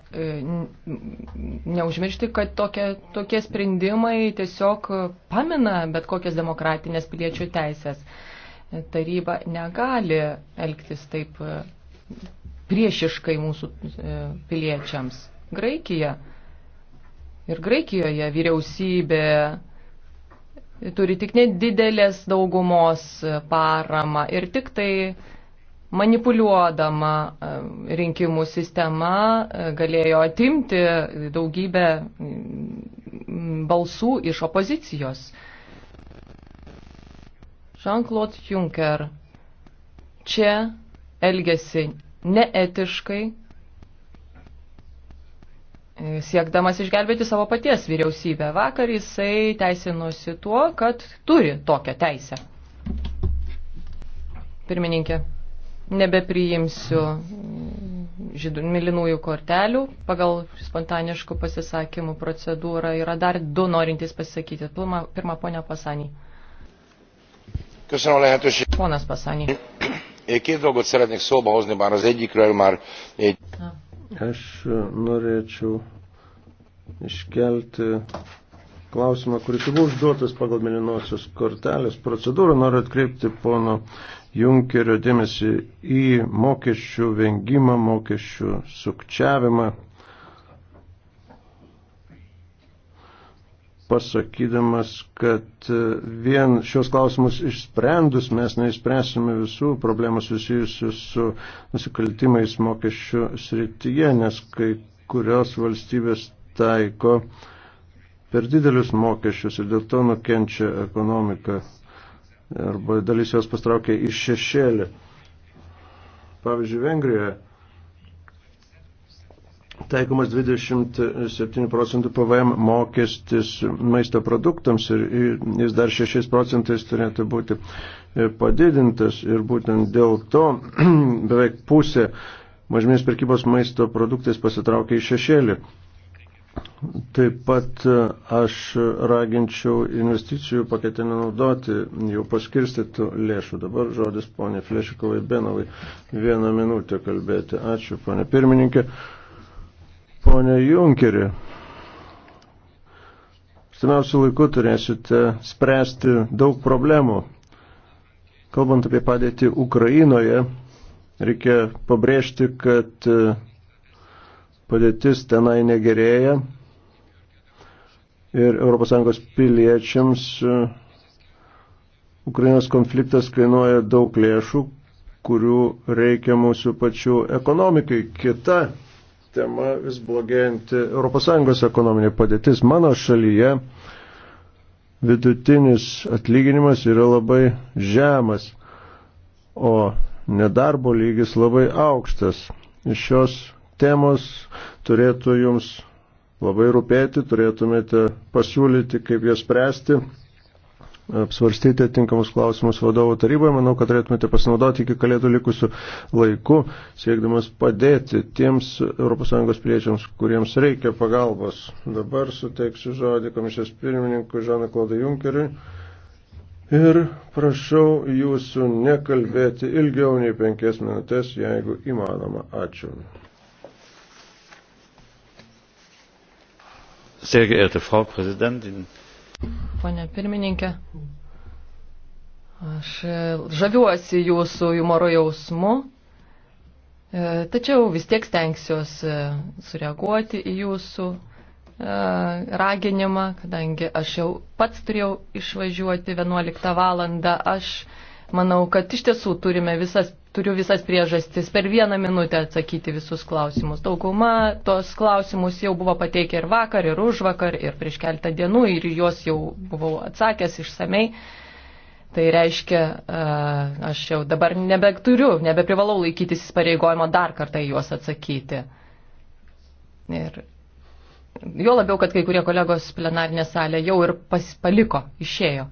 neužmiršti, kad tokie, tokie sprendimai tiesiog pamina bet kokias demokratinės piliečių teisės taryba negali elgtis taip e, priešiškai mūsų e, piliečiams. Graikija ir Graikijoje vyriausybė turi tik nedidelės daugumos e, paramą ir tik tai manipuliuodama rinkimų sistema galėjo atimti daugybę balsų iš opozicijos. Jean-Claude Juncker čia elgesi neetiškai, siekdamas išgelbėti savo paties vyriausybę. Vakar jisai teisinosi tuo, kad turi tokią teisę. Pirmininkė, nebepriimsiu žydų milinųjų kortelių. Pagal spontaniškų pasisakymų procedūrą yra dar du norintys pasisakyti. Pirma, pirma ponia Pasanį. Köszönöm a lehetőséget. Ponas Pasanyi. Két dolgot szeretnék szóba hozni, bár az egyikről már... Egy... Aš norėčiau iškelti klausimą, kuris buvo užduotas pagal mėlynosios kortelės procedūrą. Noriu atkreipti pono Junkerio dėmesį į mokesčių vengimą, mokesčių sukčiavimą pasakydamas, kad e, vien šios klausimus išsprendus mes neišspręsime visų problemų susijusių su nusikaltimais mokesčių srityje, nes kai kurios valstybės taiko per didelius mokesčius ir dėl to nukenčia ekonomika arba dalis jos pastraukia iš šešėlį. Pavyzdžiui, Vengrijoje taikomas 27 procentų PVM mokestis maisto produktams ir jis dar 6 procentais turėtų būti e, padidintas ir būtent dėl to *clears throat* beveik pusė mažmės prekybos maisto produktais pasitraukia į šešėlį. Taip pat e, aš raginčiau investicijų paketę nenaudoti jau paskirstytų lėšų. Dabar žodis ponė Flešikovai Benovai vieną minutę kalbėti. Ačiū, ponė pirmininkė. Pone Junkeri, artimiausių laikų turėsite spręsti daug problemų. Kalbant apie padėtį Ukrainoje, reikia pabrėžti, kad e, padėtis tenai negerėja ir ES piliečiams e, Ukrainos konfliktas kainuoja daug lėšų, kurių reikia mūsų pačių ekonomikai. Kita tema vis blogėjanti ES ekonominė padėtis. Mano šalyje vidutinis atlyginimas yra labai žemas, o nedarbo lygis labai aukštas. Iš šios temos turėtų jums labai rūpėti, turėtumėte pasiūlyti, kaip jas spręsti apsvarstyti tinkamus klausimus vadovo taryboje. Manau, kad turėtumėte pasinaudoti iki kalėdų likusių laikų, siekdamas padėti tiems ES piliečiams, kuriems reikia pagalbos. Dabar suteiksiu žodį komisijos pirmininkui Žanui Klaudai Junkeriui. Ir prašau jūsų nekalbėti ilgiau nei penkias minutės, jeigu įmanoma. Ačiū. Sehr geehrte Frau Präsidentin, Pone pirmininkė, aš e, žaviuosi jūsų humoro jausmu, e, tačiau vis tiek stengsiuosi e, sureaguoti į jūsų raginimą, kadangi aš jau pats turėjau išvažiuoti 11 valandą. Aš manau, kad iš tiesų turime visas turiu visas priežastis per vieną minutę atsakyti visus klausimus. Dauguma tos klausimus jau buvo pateikę ir vakar, ir už vakar, ir prieš keltą dienų, ir juos jau buvau atsakęs išsamei. Tai reiškia, e, aš jau dabar nebeturiu, nebeprivalau laikytis įsipareigojimo dar kartą juos atsakyti. Ir jo labiau, kad kai kurie kolegos plenarinė salė jau ir paliko, išėjo.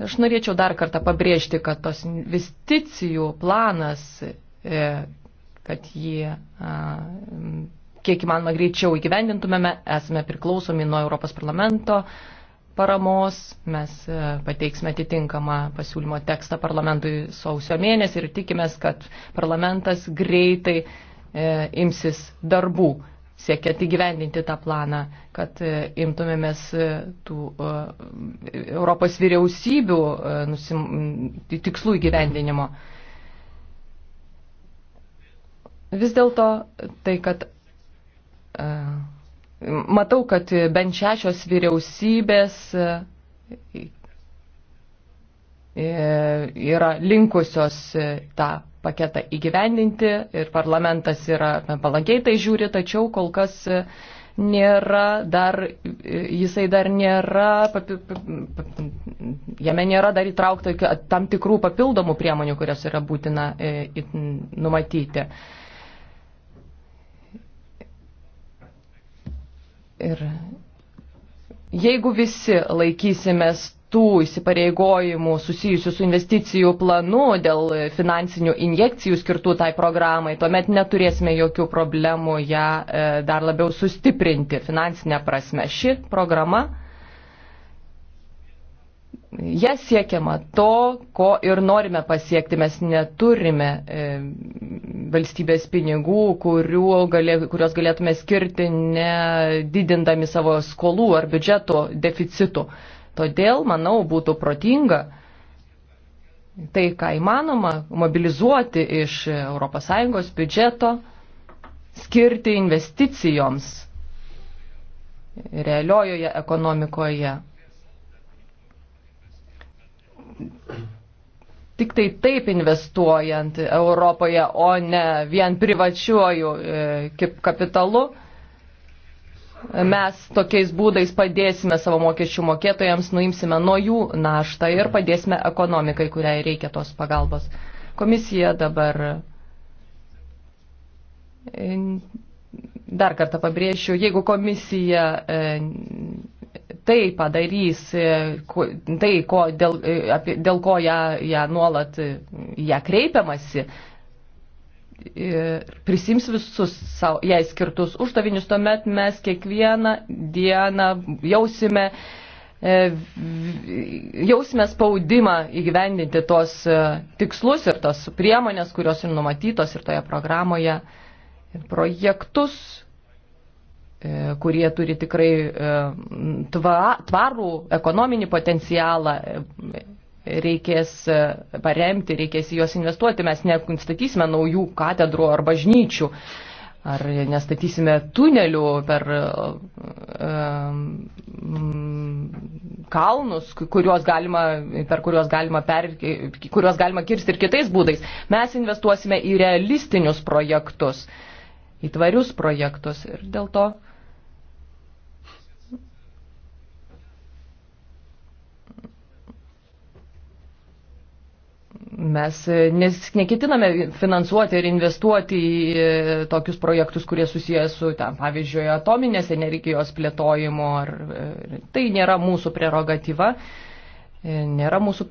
Aš norėčiau dar kartą pabrėžti, kad tos investicijų planas, e, kad jie kiek įmanoma greičiau įgyvendintumėme, esame priklausomi nuo Europos parlamento paramos, mes e, pateiksime atitinkamą pasiūlymo tekstą parlamentui sausio mėnesį ir tikimės, kad parlamentas greitai e, imsis darbų siekiant įgyvendinti tą planą, kad e, imtumėmės e, tų e, Europos vyriausybių nusim, tikslų įgyvendinimo. Vis dėlto tai, kad matau, kad bent šešios vyriausybės yra linkusios tą paketą įgyvendinti ir parlamentas yra palankiai tai žiūri, tačiau kol kas e, nėra dar, e, jisai dar nėra, jame nėra dar įtraukta tam tikrų papildomų priemonių, kurias yra būtina e, numatyti. Ir jeigu visi laikysimės tų įsipareigojimų susijusių su investicijų planu dėl finansinių injekcijų skirtų tai programai, tuomet neturėsime jokių problemų ją e, dar labiau sustiprinti finansinę prasme. Ši programa, ją siekiama to, ko ir norime pasiekti. Mes neturime e, valstybės pinigų, galė, kurios galėtume skirti nedidindami savo skolų ar biudžeto deficitų. Todėl, manau, būtų protinga tai, ką įmanoma, mobilizuoti iš ES biudžeto, skirti investicijoms realiojoje ekonomikoje. Tik tai taip investuojant Europoje, o ne vien privačiuoju e, kapitalu, mes tokiais būdais padėsime savo mokesčių mokėtojams, nuimsime nuo jų naštą ir padėsime ekonomikai, kuriai reikia tos pagalbos. Komisija dabar e, dar kartą pabrėšiu, jeigu komisija e, tai padarys, e, tai ko, dėl, dėl ko ją, ją nuolat ją kreipiamasi, prisims visus savo, jai skirtus uždavinius, tuomet mes kiekvieną dieną jausime, e, jausime spaudimą įgyvendinti tos e, tikslus ir tos priemonės, kurios ir numatytos ir toje programoje, ir projektus, e, kurie turi tikrai tvarų ekonominį potencialą reikės e, paremti, reikės į juos investuoti, mes nestatysime naujų katedrų ar bažnyčių, ar nestatysime tunelių per um, kalnus, kuriuos galima, per kuriuos galima, per, kuriuos galima kirsti ir kitais būdais. Mes investuosime į realistinius projektus, į tvarius projektus ir dėl to Mes e, nes, neketiname finansuoti ir investuoti į e, tokius projektus, kurie susijęs su, ten, pavyzdžiui, atominės energijos plėtojimu. Ar, e, tai nėra mūsų prerogatyva, nėra mūsų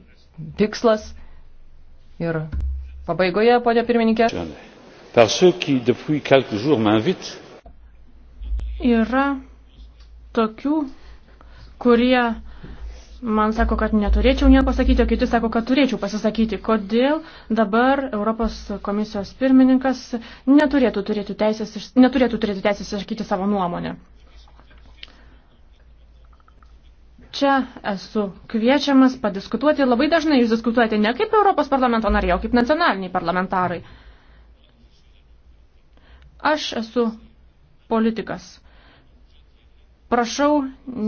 tikslas. Ir pabaigoje, ponia pirmininkė. Yra tokių, kurie man sako, kad neturėčiau nieko sakyti, o kiti sako, kad turėčiau pasisakyti, kodėl dabar Europos komisijos pirmininkas neturėtų turėti teisės, neturėtų turėti teisės išsakyti savo nuomonę. Čia esu kviečiamas padiskutuoti. Labai dažnai jūs diskutuojate ne kaip Europos parlamento nariai, o kaip nacionaliniai parlamentarai. Aš esu politikas Prašau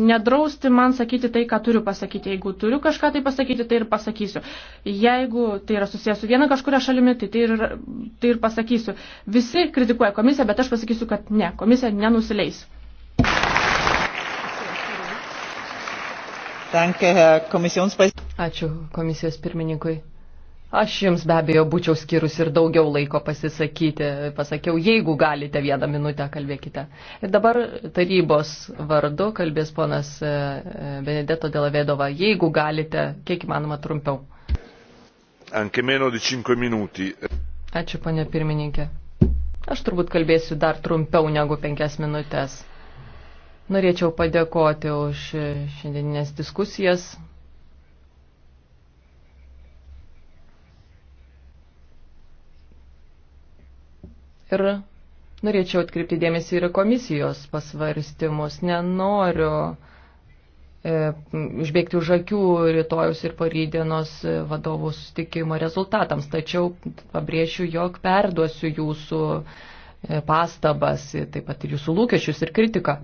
nedrausti man sakyti tai, ką turiu pasakyti. Jeigu turiu kažką tai pasakyti, tai ir pasakysiu. Jeigu tai yra susijęs su viena kažkuria šalimi, tai, tai, ir, tai ir pasakysiu. Visi kritikuoja komisiją, bet aš pasakysiu, kad ne, komisija nenusileis. Danke, Herr Kommissionspräsident. Ačiū komisijos pirmininkui. Aš jums be abejo būčiau skirus ir daugiau laiko pasisakyti. Pasakiau, jeigu galite vieną minutę, kalbėkite. Ir dabar tarybos vardu kalbės ponas e, e, Benedeto Delavedova. Jeigu galite, kiek įmanoma trumpiau. Anche meno di 5 minuti. Ačiū, ponė pirmininkė. Aš turbūt kalbėsiu dar trumpiau negu penkias minutės. Norėčiau padėkoti už šiandieninės diskusijas, Ir norėčiau atkreipti dėmesį ir komisijos pasvarstymus. Nenoriu e, išbėgti už akių rytojus ir parydienos vadovų sustikimo rezultatams. Tačiau pabrėšiu, jog perduosiu jūsų e, pastabas, taip pat ir jūsų lūkesčius ir kritiką.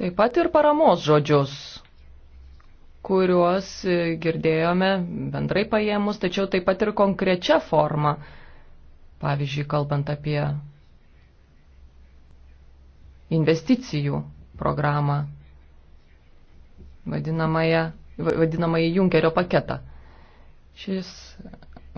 Taip pat ir paramos žodžius, kuriuos girdėjome bendrai paėmus, tačiau taip pat ir konkrečia forma Pavyzdžiui, kalbant apie investicijų programą, vadinamąjį Junkerio paketą. Šis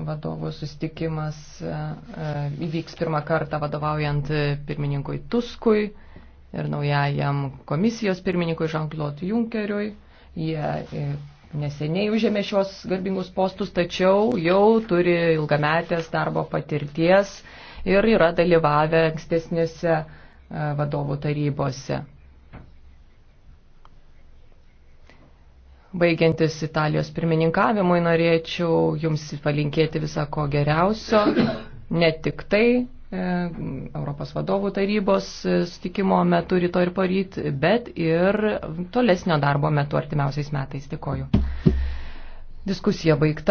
vadovų susitikimas e, e, įvyks pirmą kartą vadovaujant pirmininkui Tuskui ir naujajam komisijos pirmininkui Jean-Claude Junkeriui. Jie e, neseniai užėmė šios garbingus postus, tačiau jau turi ilgametės darbo patirties ir yra dalyvavę ankstesnėse e, vadovų tarybose. Baigiantis Italijos pirmininkavimui norėčiau Jums palinkėti visą ko geriausio, ne tik tai E, Europos vadovų tarybos e, sutikimo metu rytoj ir poryt, bet ir tolesnio darbo metu artimiausiais metais. Dėkoju. Diskusija baigta.